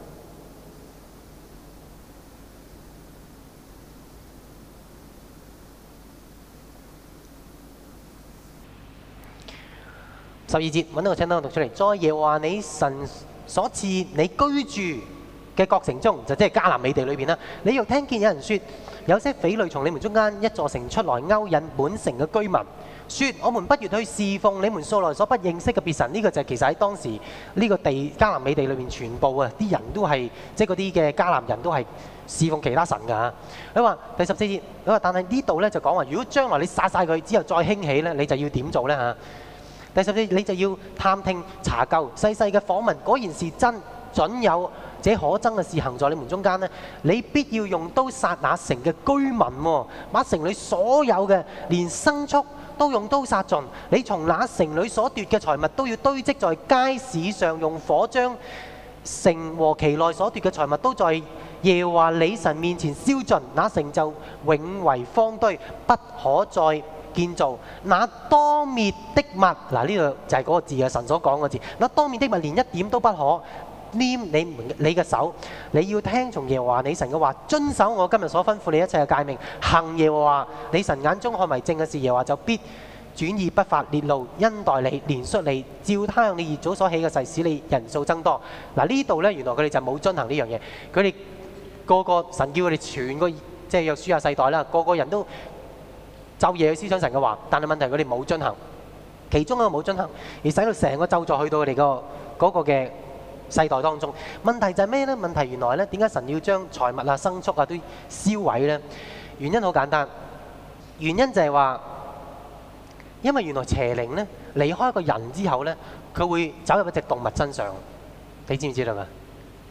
十二節揾到個簽單，等我讀出嚟。在耶和華你神所賜你居住嘅各城中，就即係迦南美地裏邊啦。你又聽見有人說，有些匪類從你們中間一座城出來勾引本城嘅居民，説我們不如去侍奉你們素來所不認識嘅別神。呢個就其實喺當時呢個地迦南美地裏面全部啊啲人都係即係嗰啲嘅迦南人都係侍奉其他神㗎嚇。你話第十四節，你話但係呢度咧就講話，如果將來你殺曬佢之後再興起咧，你就要點做咧嚇？第十四，你就要探聽查究細細嘅訪問，果然是真，準有這可憎嘅事行在你們中間呢？你必要用刀殺那城嘅居民，把城裏所有嘅連牲畜都用刀殺盡。你從那城裏所奪嘅財物都要堆積在街市上，用火將城和其內所奪嘅財物都在耶和華你神面前燒盡。那城就永為荒堆，不可再，建造那當滅的物，嗱呢個就係嗰個字呀，神所講個字。那當滅的物連一點都不可粘你你嘅手。你要聽從耶和華你神嘅話，遵守我今日所吩咐你一切嘅誡命。行耶和華你神眼中看為正嘅事，耶和華就必轉意不發烈怒，恩待你，憐恤你，照他向你列祖所起嘅誓，使你人數增多。嗱呢度呢，原來佢哋就冇遵行呢樣嘢。佢哋個個神叫佢哋全個，即係約書亞世代啦，個個人都。晝夜去思想神嘅話，但係問題佢哋冇進行，其中一個冇進行，而使到成個咒作去到佢哋個嗰個嘅世代當中。問題就係咩呢？問題原來呢，點解神要將財物啊、牲畜啊都燒毀呢？原因好簡單，原因就係話，因為原來邪靈呢，離開一個人之後呢，佢會走入一隻動物身上。你知唔知道啊？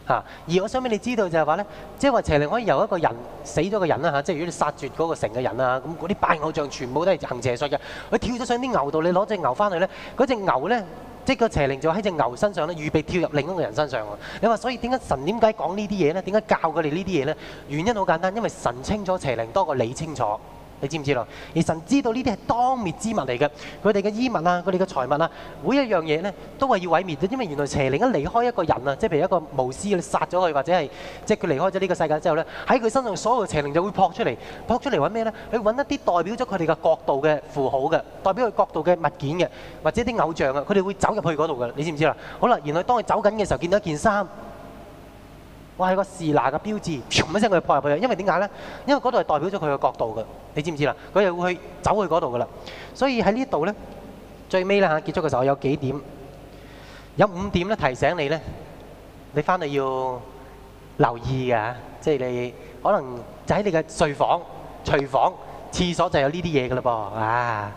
嚇、啊！而我想俾你知道就係話咧，即係話邪靈可以由一個人死咗嘅人啦嚇，即係如果你殺絕嗰個城嘅人啊，咁嗰啲拜偶像全部都係行邪術嘅，佢跳咗上啲牛度，你攞隻牛翻去咧，嗰隻牛咧，即係個邪靈就喺隻牛身上咧，預備跳入另一個人身上喎。你話所以點解神點解講這些呢啲嘢咧？點解教佢哋呢啲嘢咧？原因好簡單，因為神清楚邪靈多過你清楚。你知唔知咯？而神知道呢啲係當滅之物嚟嘅，佢哋嘅衣物啊，佢哋嘅財物啊，每一樣嘢咧都係要毀滅。因為原來邪靈一離開一個人啊，即係譬如一個巫師你殺咗佢，或者係即係佢離開咗呢個世界之後咧，喺佢身上所有嘅邪靈就會撲出嚟，撲出嚟揾咩咧？佢揾一啲代表咗佢哋嘅角度嘅符號嘅，代表佢角度嘅物件嘅，或者啲偶像啊，佢哋會走入去嗰度嘅。你知唔知啦？好啦，原來當佢走緊嘅時候，見到一件衫。我係個是拿嘅標誌，一聲佢就破入去，因為點解咧？因為嗰度係代表咗佢嘅角度嘅，你知唔知啦？佢就會去走去嗰度嘅啦。所以喺呢度咧，最尾啦嚇，結束嘅時候有幾點，有五點咧提醒你咧，你翻嚟要留意嘅嚇，即係你可能就喺你嘅睡房、廚房、廁所就有呢啲嘢嘅嘞噃啊！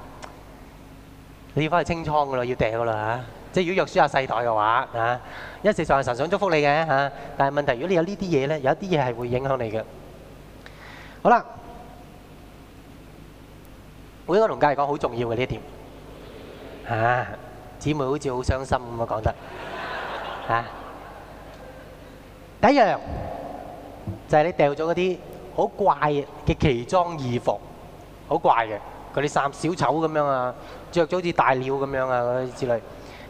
你要翻去清倉嘅嘞，要掟嘅嘞嚇。即係如果約書亞世代嘅話啊，一時上係神想祝福你嘅嚇，但係問題如果你有呢啲嘢咧，有一啲嘢係會影響你嘅。好啦，我應該同家嚟講好重要嘅呢一點嚇，姊妹好似好傷心咁啊講得嚇。第一樣就係你掉咗嗰啲好怪嘅奇裝異服，好怪嘅嗰啲衫，小丑咁樣啊，著咗好似大鳥咁樣啊嗰啲之類。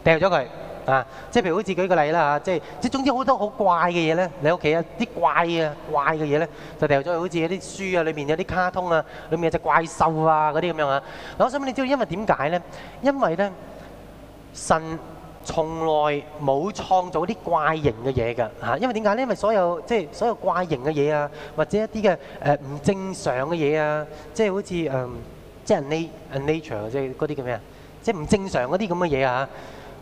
掉咗佢啊！即係譬如好似舉個例啦嚇，即係即係總之好多好怪嘅嘢咧。你屋企啊，啲怪啊、怪嘅嘢咧，就掉咗。好似有啲書啊，裏面有啲卡通啊，裏面有隻怪獸啊，嗰啲咁樣啊。嗱，我想問你知道因為點解咧？因為咧，神從來冇創造啲怪形嘅嘢㗎嚇。因為點解咧？因為所有即係所有怪形嘅嘢啊，或者一啲嘅誒唔正常嘅嘢啊，即係好似誒即係 nature nature 即係嗰啲叫咩啊？即係唔正常嗰啲咁嘅嘢啊嚇。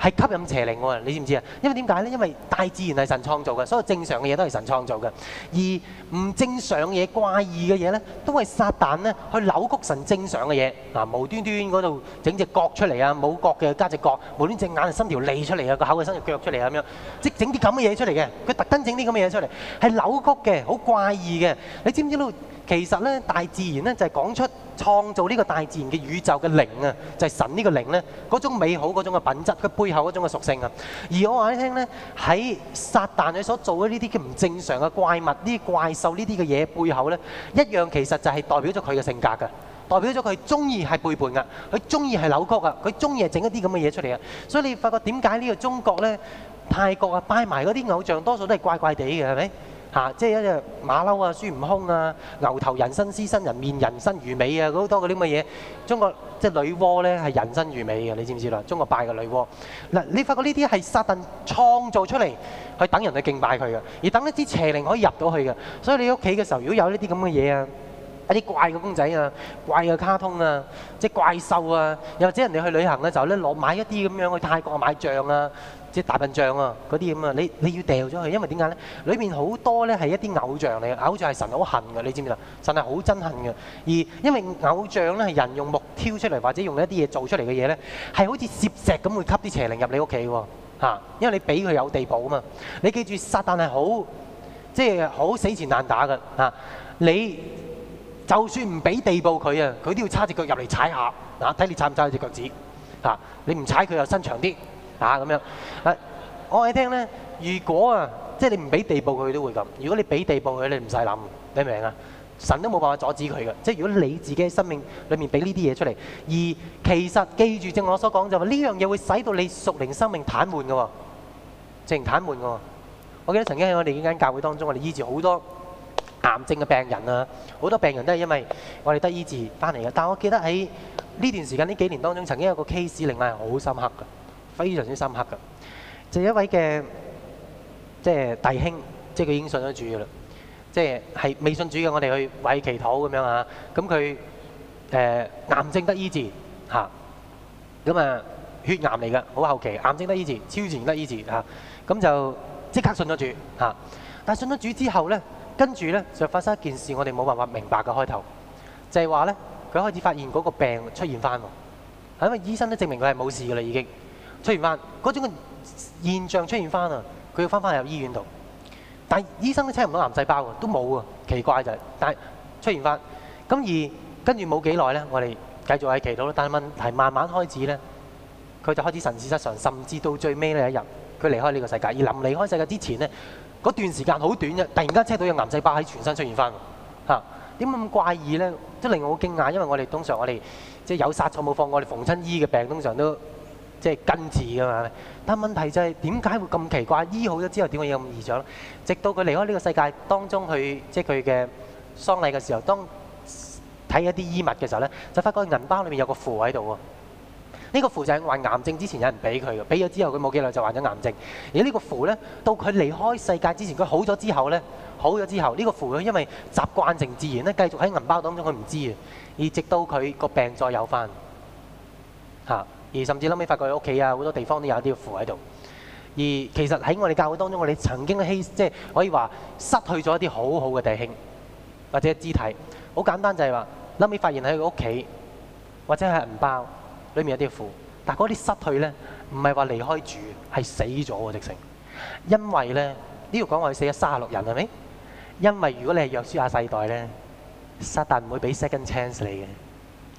係吸引邪靈喎，你知唔知啊？因為點解呢？因為大自然係神創造嘅，所有正常嘅嘢都係神創造嘅。而唔正常嘢、怪異嘅嘢呢，都係撒旦呢去扭曲神正常嘅嘢。嗱，無端端嗰度整隻角出嚟啊，冇角嘅加隻角；無端隻眼啊，伸條脷出嚟啊，個口啊伸隻腳出嚟啊，咁樣即係整啲咁嘅嘢出嚟嘅。佢特登整啲咁嘅嘢出嚟，係扭曲嘅，好怪異嘅。你知唔知道？其實咧，大自然咧就係講出創造呢個大自然嘅宇宙嘅靈啊，就係神呢個靈咧，嗰種美好嗰種嘅品質，佢背後嗰種嘅屬性啊。而我話你聽咧，喺撒旦佢所做嘅呢啲嘅唔正常嘅怪物、呢啲怪獸、呢啲嘅嘢背後咧，一樣其實就係代表咗佢嘅性格噶，代表咗佢中意係背叛噶，佢中意係扭曲噶，佢中意係整一啲咁嘅嘢出嚟啊。所以你發覺點解呢個中國咧、泰國啊，拜埋嗰啲偶像多數都係怪怪地嘅，係咪？嚇、啊！即係一隻馬騮啊、孫悟空啊、牛頭人身、獅身人面、人身魚尾啊，好多嗰啲咁嘅嘢。中國即係女媧咧係人身魚尾嘅，你知唔知啦？中國拜嘅女媧。嗱，你發覺呢啲係撒旦創造出嚟，去等人去敬拜佢嘅，而等一啲邪靈可以入到去嘅。所以你屋企嘅時候如果有呢啲咁嘅嘢啊，一啲怪嘅公仔啊、怪嘅卡通啊、即係怪獸啊，又或者人哋去旅行嘅時候咧攞買一啲咁樣去泰國買像啊。即係大笨象啊，嗰啲咁啊，你你要掉咗佢，因為點解咧？裏面好多咧係一啲偶像嚟嘅，偶像係神好恨嘅，你知唔知啊？神係好憎恨嘅。而因為偶像咧係人用木挑出嚟，或者用一啲嘢做出嚟嘅嘢咧，係好似攝石咁會吸啲邪靈入你屋企喎嚇。因為你俾佢有地步啊嘛。你記住，撒旦係好即係好死纏難打死纏爛打嘅嚇、啊。你就算唔俾地步佢啊，佢都要叉隻腳入嚟踩下嗱，睇你踩唔踩佢隻腳趾嚇、啊。你唔踩佢又伸長啲。嚇、啊、咁樣啊！我話你聽咧，如果啊，即係你唔俾地步佢都會咁。如果你俾地步佢，你唔使諗，你明啊？神都冇辦法阻止佢㗎。即係如果你自己喺生命裡面俾呢啲嘢出嚟，而其實記住，正如我所講，就話呢樣嘢會使到你屬靈生命癱瘓㗎喎，正癱瘓㗎。我記得曾經喺我哋呢間教會當中，我哋醫治好多癌症嘅病人啊，好多病人都係因為我哋得醫治翻嚟嘅。但我記得喺呢段時間呢幾年當中，曾經有個 case 令我係好深刻㗎。非常之深刻噶，就是、一位嘅即係弟兄，即係佢已經信咗主噶啦，即係係未信主嘅，我哋去為祈禱咁樣啊。咁佢誒癌症得醫治嚇，咁啊血癌嚟噶，好後期，癌症得醫治，超自然得醫治嚇，咁、啊、就即刻信咗主嚇、啊。但係信咗主之後咧，跟住咧就發生一件事，我哋冇辦法明白嘅開頭，就係話咧佢開始發現嗰個病出現翻喎，因為醫生都證明佢係冇事噶啦，已經。出現翻嗰種嘅現象出現翻啊！佢要翻翻入醫院度，但係醫生都測唔到癌細胞喎，都冇啊！奇怪就係，但係出現翻。咁而跟住冇幾耐咧，我哋繼續喺祈禱咯。但係問題慢慢開始咧，佢就開始神志失常，甚至到最尾呢一日，佢離開呢個世界。而臨離開世界之前咧，嗰段時間好短啫，突然間測到有癌細胞喺全身出現翻。嚇，點解咁怪異咧？即係令我好驚訝，因為我哋通常我哋即係有殺錯冇放過，我哋逢親醫嘅病通常都。即係根治㗎嘛，但係問題就係點解會咁奇怪？醫好咗之後點會有咁異常咧？直到佢離開呢個世界當中去，即係佢嘅喪禮嘅時候，當睇一啲衣物嘅時候咧，就發覺銀包裏面有個符喺度喎。呢個符就係患癌症之前有人俾佢嘅，俾咗之後佢冇幾耐就患咗癌症。而呢個符咧，到佢離開世界之前，佢好咗之後咧，好咗之後呢個符，因為習慣性自然咧，繼續喺銀包當中佢唔知嘅，而直到佢個病再有翻，嚇、啊。而甚至後尾發覺佢屋企啊，好多地方都有啲符喺度。而其實喺我哋教會當中，我哋曾經希，即係可以話失去咗一啲好好嘅弟兄或者肢體。好簡單就係話，後尾發現喺佢屋企或者係銀包裡面有啲符。但係嗰啲失去咧，唔係話離開住，係死咗喎直情，因為咧呢條講話死咗卅六人係咪？因為如果你係約書亞世代咧，撒旦唔會俾 Second Chance 你嘅。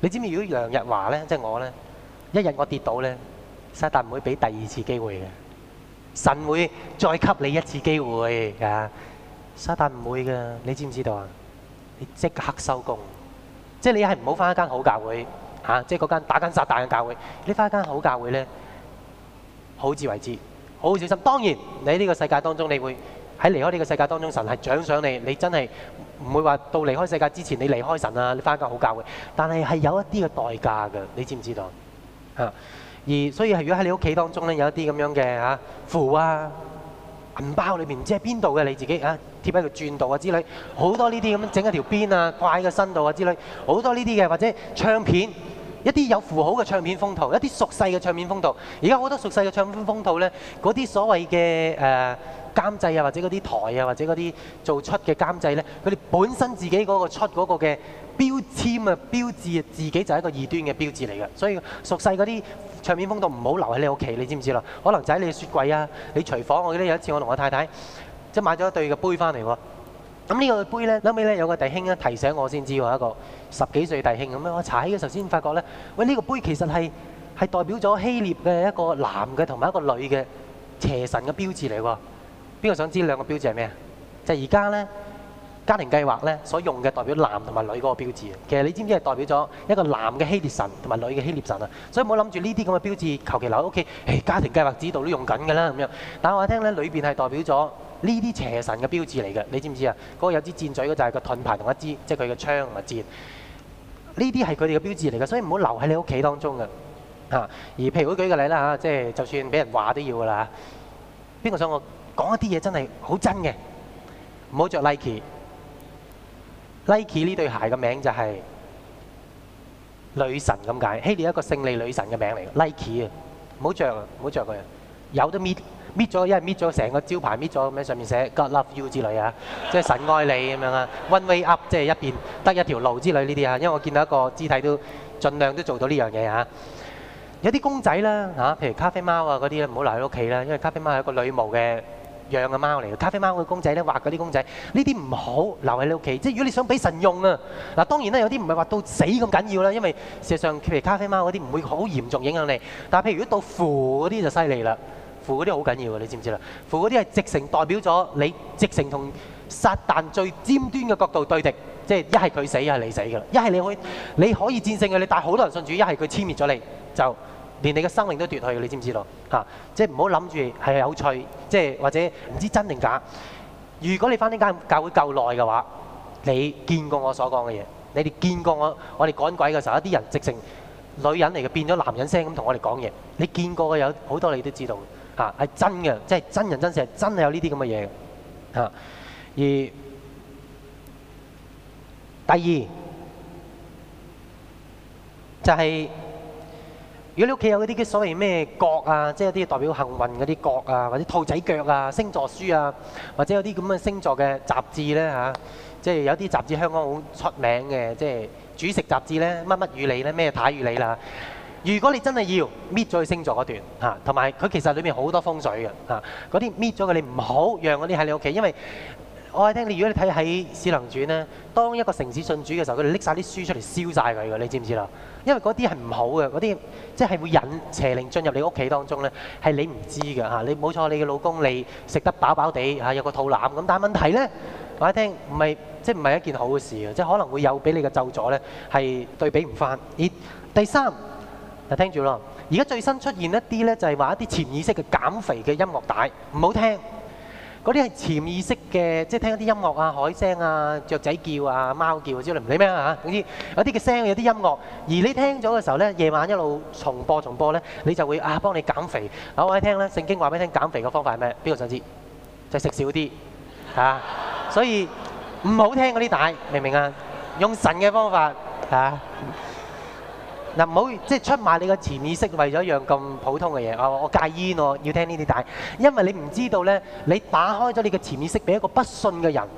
你知唔知如果楊日華咧，即係我咧？一日我跌倒咧，撒旦唔會俾第二次機會嘅，神會再給你一次機會啊！撒旦唔會噶，你知唔知道啊？你即刻收工，即係你係唔好翻一間好教會吓，啊，即係嗰間打緊撒旦嘅教會。你翻一間好教會咧，好自為之，好，好小心。當然，你喺呢個世界當中，你會喺離開呢個世界當中，神係獎賞你。你真係唔會話到離開世界之前，你離開神啊！你翻一間好教會，但係係有一啲嘅代價噶，你知唔知道啊！而所以係，如果喺你屋企當中咧，有一啲咁樣嘅嚇、啊、符啊、銀包裏面，唔知喺邊度嘅你自己啊貼喺個轉度啊之類，好多呢啲咁樣整一條邊啊、掛喺身度啊之類，好多呢啲嘅，或者唱片、一啲有符號嘅唱片風圖、一啲熟悉嘅唱片風圖。而家好多熟悉嘅唱片風圖咧，嗰啲所謂嘅誒、呃、監製啊，或者嗰啲台啊，或者嗰啲做出嘅監製咧，佢哋本身自己嗰個出嗰個嘅。標籤啊，標誌啊，自己就係一個異端嘅標誌嚟嘅，所以俗世嗰啲唱片封套唔好留喺你屋企，你知唔知啦？可能就喺你嘅雪櫃啊，你廚房，我記得有一次我同我太太即係買咗一對嘅杯翻嚟喎，咁呢個杯呢，後尾呢有個弟兄咧，提醒我先知喎，一個十幾歲嘅弟兄咁樣，我踩嘅時候先發覺呢，喂呢、呢個杯其實係係代表咗希臘嘅一個男嘅同埋一個女嘅邪神嘅標誌嚟喎。邊個想知道兩個標誌係咩啊？就係而家呢。家庭計劃咧所用嘅代表男同埋女嗰個標誌，其實你知唔知係代表咗一個男嘅希臘神同埋女嘅希臘神啊？所以唔好諗住呢啲咁嘅標誌，求其留喺屋企。誒，家庭計劃指導都用緊㗎啦，咁樣。但我一聽咧，裏邊係代表咗呢啲邪神嘅標誌嚟嘅，你知唔知啊？嗰、那個有支箭嘴嘅就係個盾牌同一支，即係佢嘅槍同埋箭。呢啲係佢哋嘅標誌嚟嘅，所以唔好留喺你屋企當中㗎。嚇、啊！而譬如我舉個例啦嚇，即係就算俾人話都要㗎啦嚇。邊個想我講一啲嘢真係好真嘅？唔好着 Nike。Nike 呢對鞋嘅名就係女神咁解，希臘一個勝利女神嘅名嚟嘅 Nike 啊，唔好著啊，唔好著佢。有得搣搣咗，因為搣咗成個招牌，搣咗咁喺上面寫 God Love You 之類啊，即係神愛你咁樣啊，One Way Up 即係一邊得一條路之類呢啲啊，因為我見到一個肢體都盡量都做到呢樣嘢啊。有啲公仔啦吓，譬如咖啡貓啊嗰啲，唔好留喺屋企啦，因為咖啡貓係一個女巫嘅。養嘅貓嚟嘅咖啡貓嘅公仔咧，畫嗰啲公仔，呢啲唔好留喺你屋企。即係如果你想俾神用啊，嗱當然啦，有啲唔係話到死咁緊要啦，因為事實上譬如咖啡貓嗰啲唔會好嚴重影響你。但係譬如如果到符嗰啲就犀利啦，符嗰啲好緊要喎，你知唔知啦？符嗰啲係直成代表咗你直成同撒旦最尖端嘅角度對敵，即係一係佢死，一係你死嘅啦。一係你可以你可以戰勝佢，你但係好多人信主，一係佢殲滅咗你就，連你嘅生命都奪去，你知唔知道？嚇、啊！即係唔好諗住係有趣，即係或者唔知真定假。如果你翻呢間教會夠耐嘅話，你見過我所講嘅嘢，你哋見過我我哋趕鬼嘅時候，一啲人直情女人嚟嘅變咗男人聲咁同我哋講嘢。你見過嘅有好多，你都知道嚇，係、啊、真嘅，即係真人真事，真係有呢啲咁嘅嘢嚇。而第二就係、是。如果你屋企有嗰啲嘅所謂咩角啊，即係有啲代表幸運嗰啲角啊，或者兔仔腳啊、星座書啊，或者有啲咁嘅星座嘅雜誌咧嚇、啊，即係有啲雜誌香港好出名嘅，即係主食雜誌咧乜乜與你咧咩太與你啦。如果你真係要搣咗去星座嗰段嚇，同埋佢其實裏面好多風水嘅嚇，嗰啲搣咗嘅你唔好讓嗰啲喺你屋企，因為。我話你聽，如果你睇喺《史龍傳》咧，當一個城市信主嘅時候，佢哋拎曬啲書出嚟燒曬佢嘅，你知唔知啦？因為嗰啲係唔好嘅，嗰啲即係會引邪靈進入你屋企當中咧，係你唔知嘅嚇。你冇錯，你嘅老公你食得飽飽地嚇，有個肚腩咁，但係問題咧，我話你聽唔係即係唔係一件好嘅事啊，即係可能會有俾你嘅咒詛咧，係對比唔翻。而第三，嗱聽住咯，而家最新出現一啲咧，就係話一啲潛意識嘅減肥嘅音樂帶，唔好聽。嗰啲係潛意識嘅，即係聽啲音樂啊、海聲啊、雀仔叫啊、貓叫啊之類，唔理咩啊嚇。總之有啲嘅聲，有啲音樂。而你聽咗嘅時候咧，夜晚一路重播重播咧，你就會啊幫你減肥。我講你聽咧，聖經話俾你聽，減肥嘅方法係咩？邊個想知？就食少啲嚇。所以唔好聽嗰啲帶，明唔明啊？用神嘅方法嚇。嗱，唔好即係出賣你個潛意識，為咗一樣咁普通嘅嘢。我我戒煙喎，要聽呢啲帶，因為你唔知道咧，你打開咗你嘅潛意識俾一個不信嘅人，而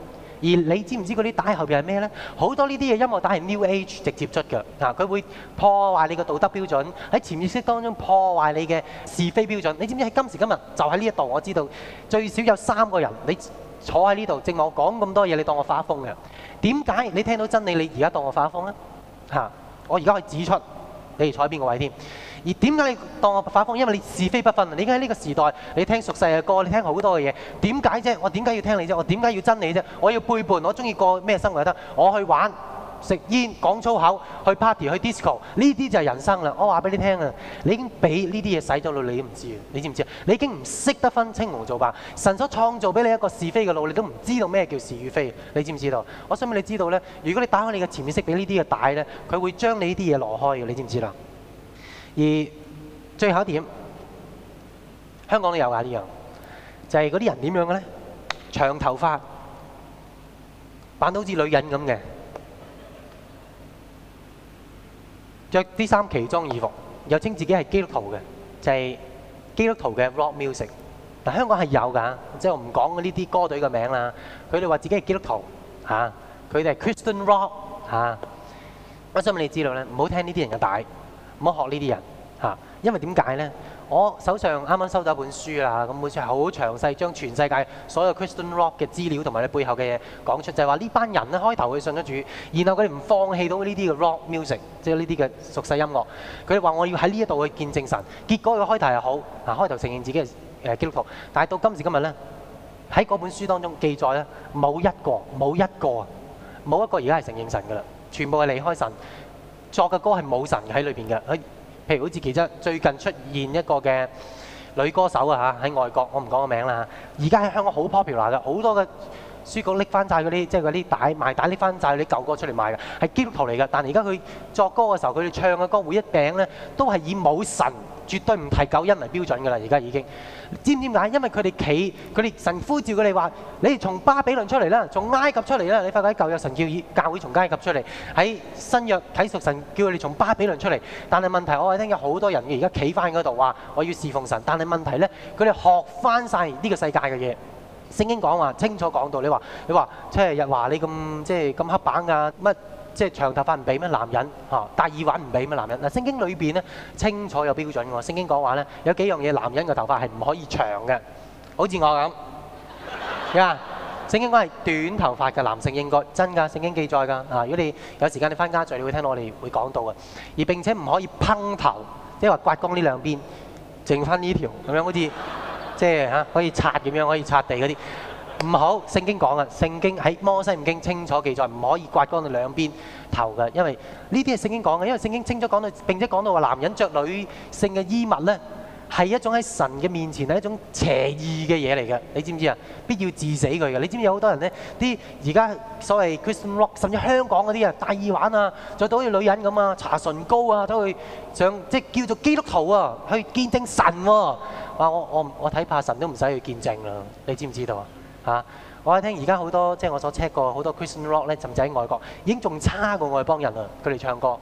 你知唔知嗰啲帶後邊係咩咧？好多呢啲嘢音樂帶係 New Age 直接出嘅，啊，佢會破壞你嘅道德標準，喺潛意識當中破壞你嘅是非標準。你知唔知喺今時今日就喺呢一度，我知道最少有三個人你坐喺呢度，正我講咁多嘢，你當我發瘋嘅？點解你聽到真理你而家當我發瘋咧？嚇！我而家可以指出。你哋坐喺邊個位添？而點解你當我反方？因為你是非不分。你而家喺呢個時代，你聽熟悉嘅歌，你聽好多嘅嘢。點解啫？我點解要聽你啫？我點解要憎你啫？我要背叛。我中意過咩生活得？我去玩。食煙、講粗口、去 party、去 disco，呢啲就係人生啦！我話俾你聽啊，你已經俾呢啲嘢洗咗腦，你都唔知。你知唔知啊？你已經唔識得分青紅皂白。神所創造俾你一個是非嘅腦，你都唔知道咩叫是與非。你知唔知道？我想問你知道呢，如果你打開你嘅潛意識俾呢啲嘅帶呢，佢會將你呢啲嘢挪開嘅。你知唔知啦？而最後一點，香港都有啊呢樣，就係嗰啲人點樣嘅呢？長頭髮，扮到好似女人咁嘅。着啲衫奇裝異服，又稱自己係基督徒嘅，就係、是、基督徒嘅 rock music。嗱，香港係有㗎，即我唔講呢啲歌隊嘅名啦。佢哋話自己係基督徒，嚇、啊，佢哋係 Christian rock，嚇、啊。我想問你知道啦，唔好聽呢啲人嘅帶，唔好學呢啲人，嚇、啊，因為點解咧？我手上啱啱收咗一本書啦，咁本書係好詳細，將全世界所有 Christian Rock 嘅資料同埋你背後嘅嘢講出，就係話呢班人咧，開頭佢信咗主，然後佢哋唔放棄到呢啲嘅 Rock Music，即係呢啲嘅俗世音樂。佢哋話我要喺呢一度去見證神，結果佢開頭係好，嗱、啊、開頭承認自己係誒、呃、基督徒，但係到今時今日咧，喺嗰本書當中記載咧，冇一個、冇一個、冇一個而家係承認神嘅啦，全部係離開神作嘅歌係冇神喺裏邊嘅。譬如好似其實最近出現一個嘅女歌手啊嚇喺外國，我唔講個名啦。而家喺香港好 popular 噶，好多嘅書局拎翻曬嗰啲，即係嗰啲帶賣帶拎翻曬啲舊歌出嚟賣嘅，係基督徒嚟嘅。但係而家佢作歌嘅時候，佢哋唱嘅歌每一餅咧，都係以冇神絕對唔提九音為標準㗎啦。而家已經。知唔知解？因為佢哋企，佢哋神呼召佢哋話：你哋從巴比倫出嚟啦，從埃及出嚟啦。你發覺喺舊約神叫教,教會從埃及出嚟，喺新約睇屬神叫佢哋從巴比倫出嚟。但係問題，我係聽到有好多人而家企翻嗰度話：我要侍奉神。但係問題咧，佢哋學翻晒呢個世界嘅嘢。聖經講話清楚講到，你話你話即係日話你咁即係咁刻板㗎、啊、乜？什麼即係長頭髮唔俾咩男人？嚇，戴耳環唔俾咩男人？嗱，聖經裏邊咧清楚有標準喎。聖經講話咧有幾樣嘢，男人嘅頭髮係唔可以長嘅，好似我咁。啊， 聖經講係短頭髮嘅男性應該是真㗎，聖經記載㗎。啊，如果你有時間你翻家聚，你會聽到我哋會講到嘅。而並且唔可以拚頭，即係話刮光呢兩邊，剩翻呢條咁樣，好似即係嚇可以擦咁樣，可以擦地嗰啲。唔好聖經講啊！聖經喺摩西五經清楚記載，唔可以刮乾到兩邊頭嘅，因為呢啲係聖經講嘅。因為聖經清楚講到，並且講到話男人著女性嘅衣物咧，係一種喺神嘅面前係一種邪異嘅嘢嚟嘅。你知唔知啊？必要致死佢嘅。你知唔知有好多人咧？啲而家所謂 Christmas 甚至香港嗰啲啊，戴耳環啊，著到好似女人咁啊，搽唇膏啊，都去上即係叫做基督徒啊，去見證神喎。話我我我睇怕神都唔使去見證啦。你知唔知道啊？啊！我聽而家好多，即係我所 check 過好多 Christian Rock 咧，甚至喺外國已經仲差、啊、差過外邦人啊！佢哋唱歌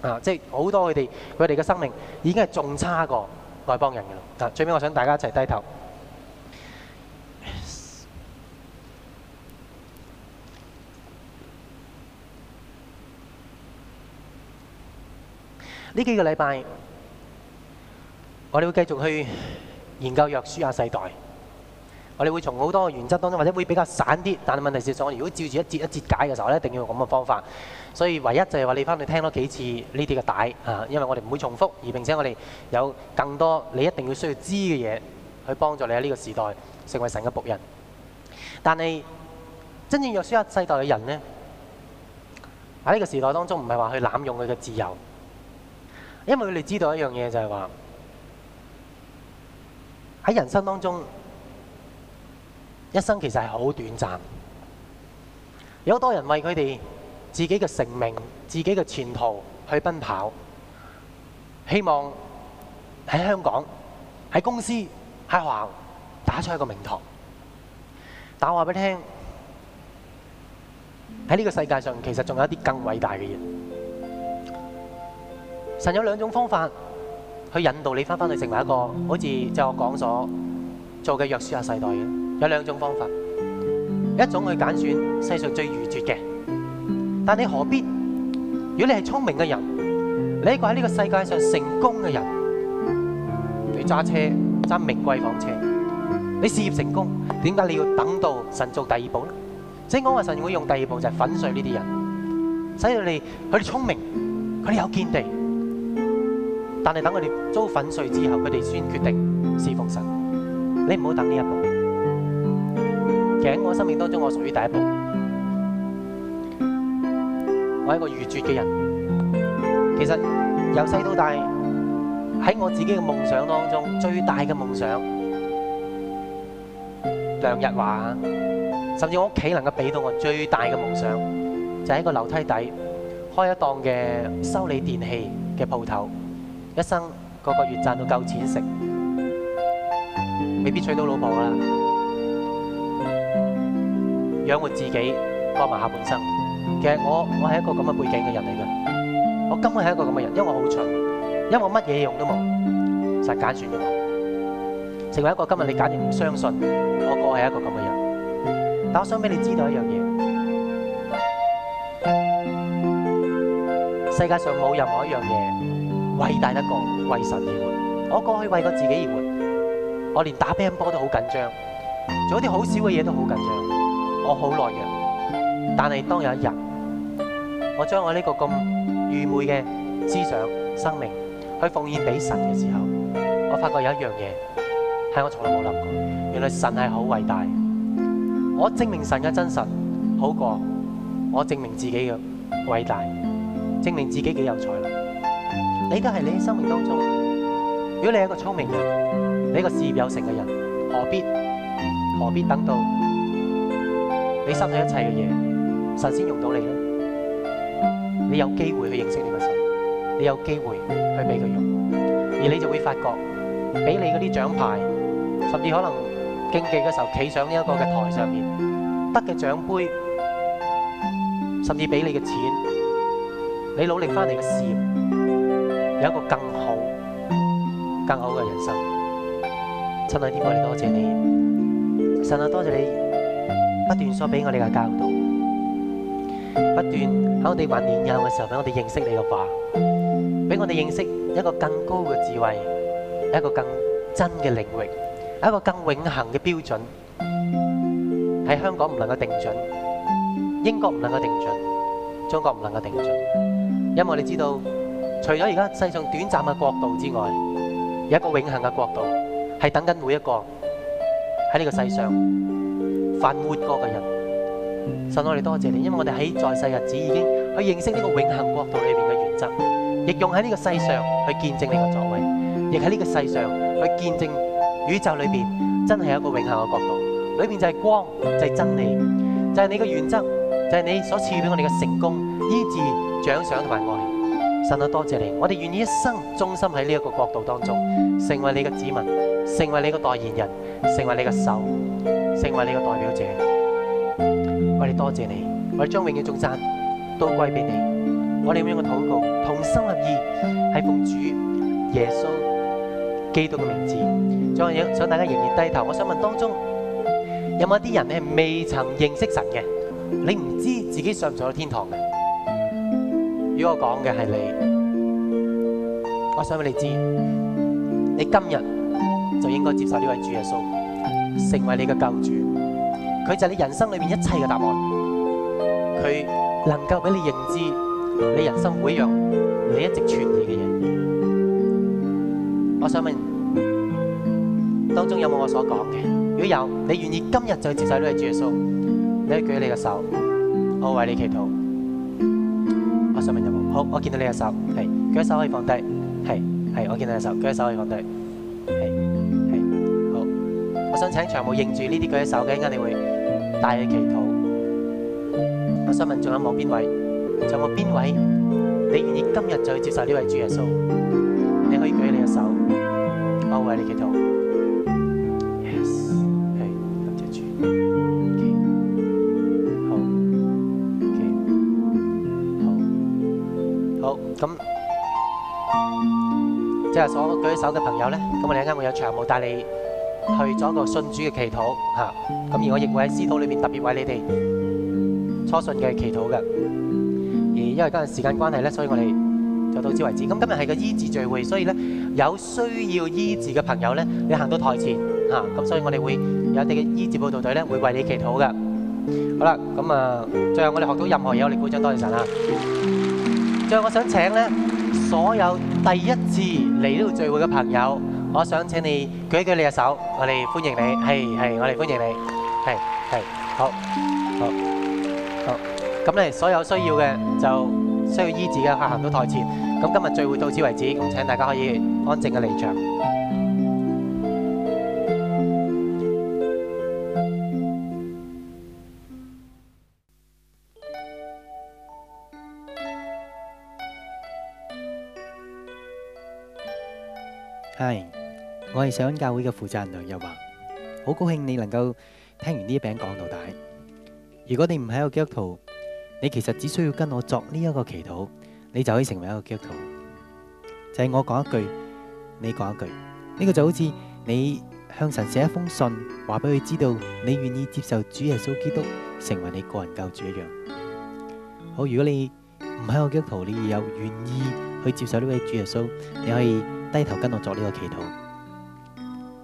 啊，即係好多佢哋，佢哋嘅生命已經係仲差過外邦人嘅啦。嗱，最尾我想大家一齊低頭。呢、yes. 幾個禮拜，我哋會繼續去研究約書亞、啊、世代。我哋會從好多個原則當中，或者會比較散啲。但係問題是，我如果照住一節一節解嘅時候，一定要用咁嘅方法。所以唯一就係話你翻去聽多幾次呢啲嘅帶啊，因為我哋唔會重複，而並且我哋有更多你一定要需要知嘅嘢，去幫助你喺呢個時代成為神嘅僕人。但係真正若於呢個世代嘅人呢，喺呢個時代當中唔係話去濫用佢嘅自由，因為佢哋知道一樣嘢就係話喺人生當中。一生其實係好短暫，有好多人為佢哋自己嘅成名、自己嘅前途去奔跑，希望喺香港、喺公司、喺學校打出一個名堂。但我話俾你聽，喺呢個世界上其實仲有一啲更偉大嘅嘢。神有兩種方法去引導你翻返去成為一個、嗯、好似就我講咗做嘅約書亞世代嘅。有兩種方法，一種去揀選世上最愚拙嘅，但你何必？如果你係聰明嘅人，你一個喺呢個世界上成功嘅人，你揸車揸名貴房車，你事業成功，點解你要等到神做第二步呢？即係講話神會用第二步就係、是、粉碎呢啲人，使到你佢哋聰明，佢哋有見地，但係等佢哋遭粉碎之後，佢哋先決定侍奉神。你唔好等呢一步。喺我生命當中，我屬於第一步。我係一個愚拙嘅人。其實由細到大，喺我自己嘅夢想當中，最大嘅夢想，梁日華，甚至我屋企能夠俾到我最大嘅夢想，就係一個樓梯底開一檔嘅修理電器嘅鋪頭，一生個個月賺到夠錢食，未必娶到老婆㗎啦。養活自己過埋下半生，其實我我係一個咁嘅背景嘅人嚟嘅，我根本係一個咁嘅人，因為我好蠢，因為我乜嘢用都冇，實揀選咗我成為一個今日你假定唔相信我過係一個咁嘅人，但我想俾你知道一樣嘢，世界上冇任何一樣嘢偉大得過為神而活，我過去為我自己而活，我連打乒乓波都好緊張，做一啲好少嘅嘢都好緊張。我好懦弱，但係當有一日，我將我呢個咁愚昧嘅思想、生命去奉獻俾神嘅時候，我發覺有一樣嘢係我從來冇諗過，原來神係好偉大。我證明神嘅真實，好過我證明自己嘅偉大，證明自己幾有才能。你都係你喺生命當中，如果你係一個聰明人，你一個事業有成嘅人，何必何必等到？你失去一切嘅嘢，神先用到你咧。你有機會去認識你嘅神，你有機會去俾佢用，而你就會發覺，俾你嗰啲獎牌，甚至可能競技嘅時候企上呢一個嘅台上面得嘅獎杯，甚至俾你嘅錢，你努力翻嚟嘅事業，有一個更好、更好嘅人生。親愛的天父，我哋多謝你，神啊，多謝你。不斷所俾我哋嘅教導，不斷喺我哋還年幼嘅時候，俾我哋認識你嘅話，俾我哋認識一個更高嘅智慧，一個更真嘅領域，一個更永恆嘅標準。喺香港唔能夠定準，英國唔能夠定準，中國唔能夠定準，因為你知道，除咗而家世上短暫嘅國度之外，有一個永恆嘅國度，係等緊每一個喺呢個世上活活過嘅人，神，我哋多謝你，因為我哋喺在，在世日子已經去認識呢個永恆國度裏邊嘅原則，亦用喺呢個世上去見證你嘅作為，亦喺呢個世上去見證宇宙裏邊真係有一個永恆嘅國度，裏面就係光，就係、是、真理，就係、是、你嘅原則，就係、是、你所賜俾我哋嘅成功、醫治、獎賞同埋愛。神啊，多謝你！我哋願意一生忠心喺呢一個國度當中，成為你嘅子民，成為你嘅代言人，成為你嘅手，成為你嘅代表者。我哋多謝你，我哋將永遠頌讚都歸俾你。我哋咁樣嘅禱告，同心合意，係奉主耶穌基督嘅名字。再有，想大家仍然低頭，我想問當中有冇一啲人係未曾認識神嘅？你唔知自己上唔上到天堂嘅？如果我講嘅係你，我想畀你知，你今日就應該接受呢位主耶穌，成為你嘅救主。佢就係你人生裏面一切嘅答案。佢能夠俾你認知你人生每一樣你一直存疑嘅嘢。我想問當中有冇我所講嘅？如果有，你願意今日就去接受呢位主耶穌，你舉起你嘅手，我為你祈禱。好，我見到你隻手，係舉隻手可以放低，係係，我見到你隻手，舉隻手可以放低，係係，好，我想請場務認住呢啲舉隻手嘅，陣間你會帶你祈禱。我想問，仲有冇邊位？仲有冇邊位？你願意今日就去接受呢位主耶穌？你可以舉起你隻手，我為你祈禱。咁即係所舉手嘅朋友咧，咁我哋一間會有長務帶你去咗個信主嘅祈禱嚇，咁而我亦會喺私土裏面特別為你哋初信嘅祈禱嘅。而因為今日時間關係咧，所以我哋就到此為止。咁今日係個醫治聚會，所以咧有需要醫治嘅朋友咧，你行到台前嚇，咁所以我哋會有一啲嘅醫治佈道隊咧會為你祈禱嘅。好啦，咁啊，最後我哋學到任何嘢，我哋鼓掌多謝神啊！我想請呢所有第一次嚟呢度聚會嘅朋友，我想請你舉一舉你嘅手，我哋歡迎你，係係，我哋歡迎你，係係，好好好，咁你所有需要嘅就需要醫治嘅，行到台前。咁今日聚會到此為止，咁請大家可以安靜嘅離場。我係上教會嘅負責人梁又華，好高興你能夠聽完呢一餅講道帶。如果你唔係一個基督徒，你其實只需要跟我作呢一個祈禱，你就可以成為一個基督徒。就係我講一句，你講一句，呢個就好似你向神寫一封信，話俾佢知道你願意接受主耶穌基督成為你個人救主一樣。好，如果你唔係一個基督徒，你又願意去接受呢位主耶穌，你可以低頭跟我作呢個祈禱。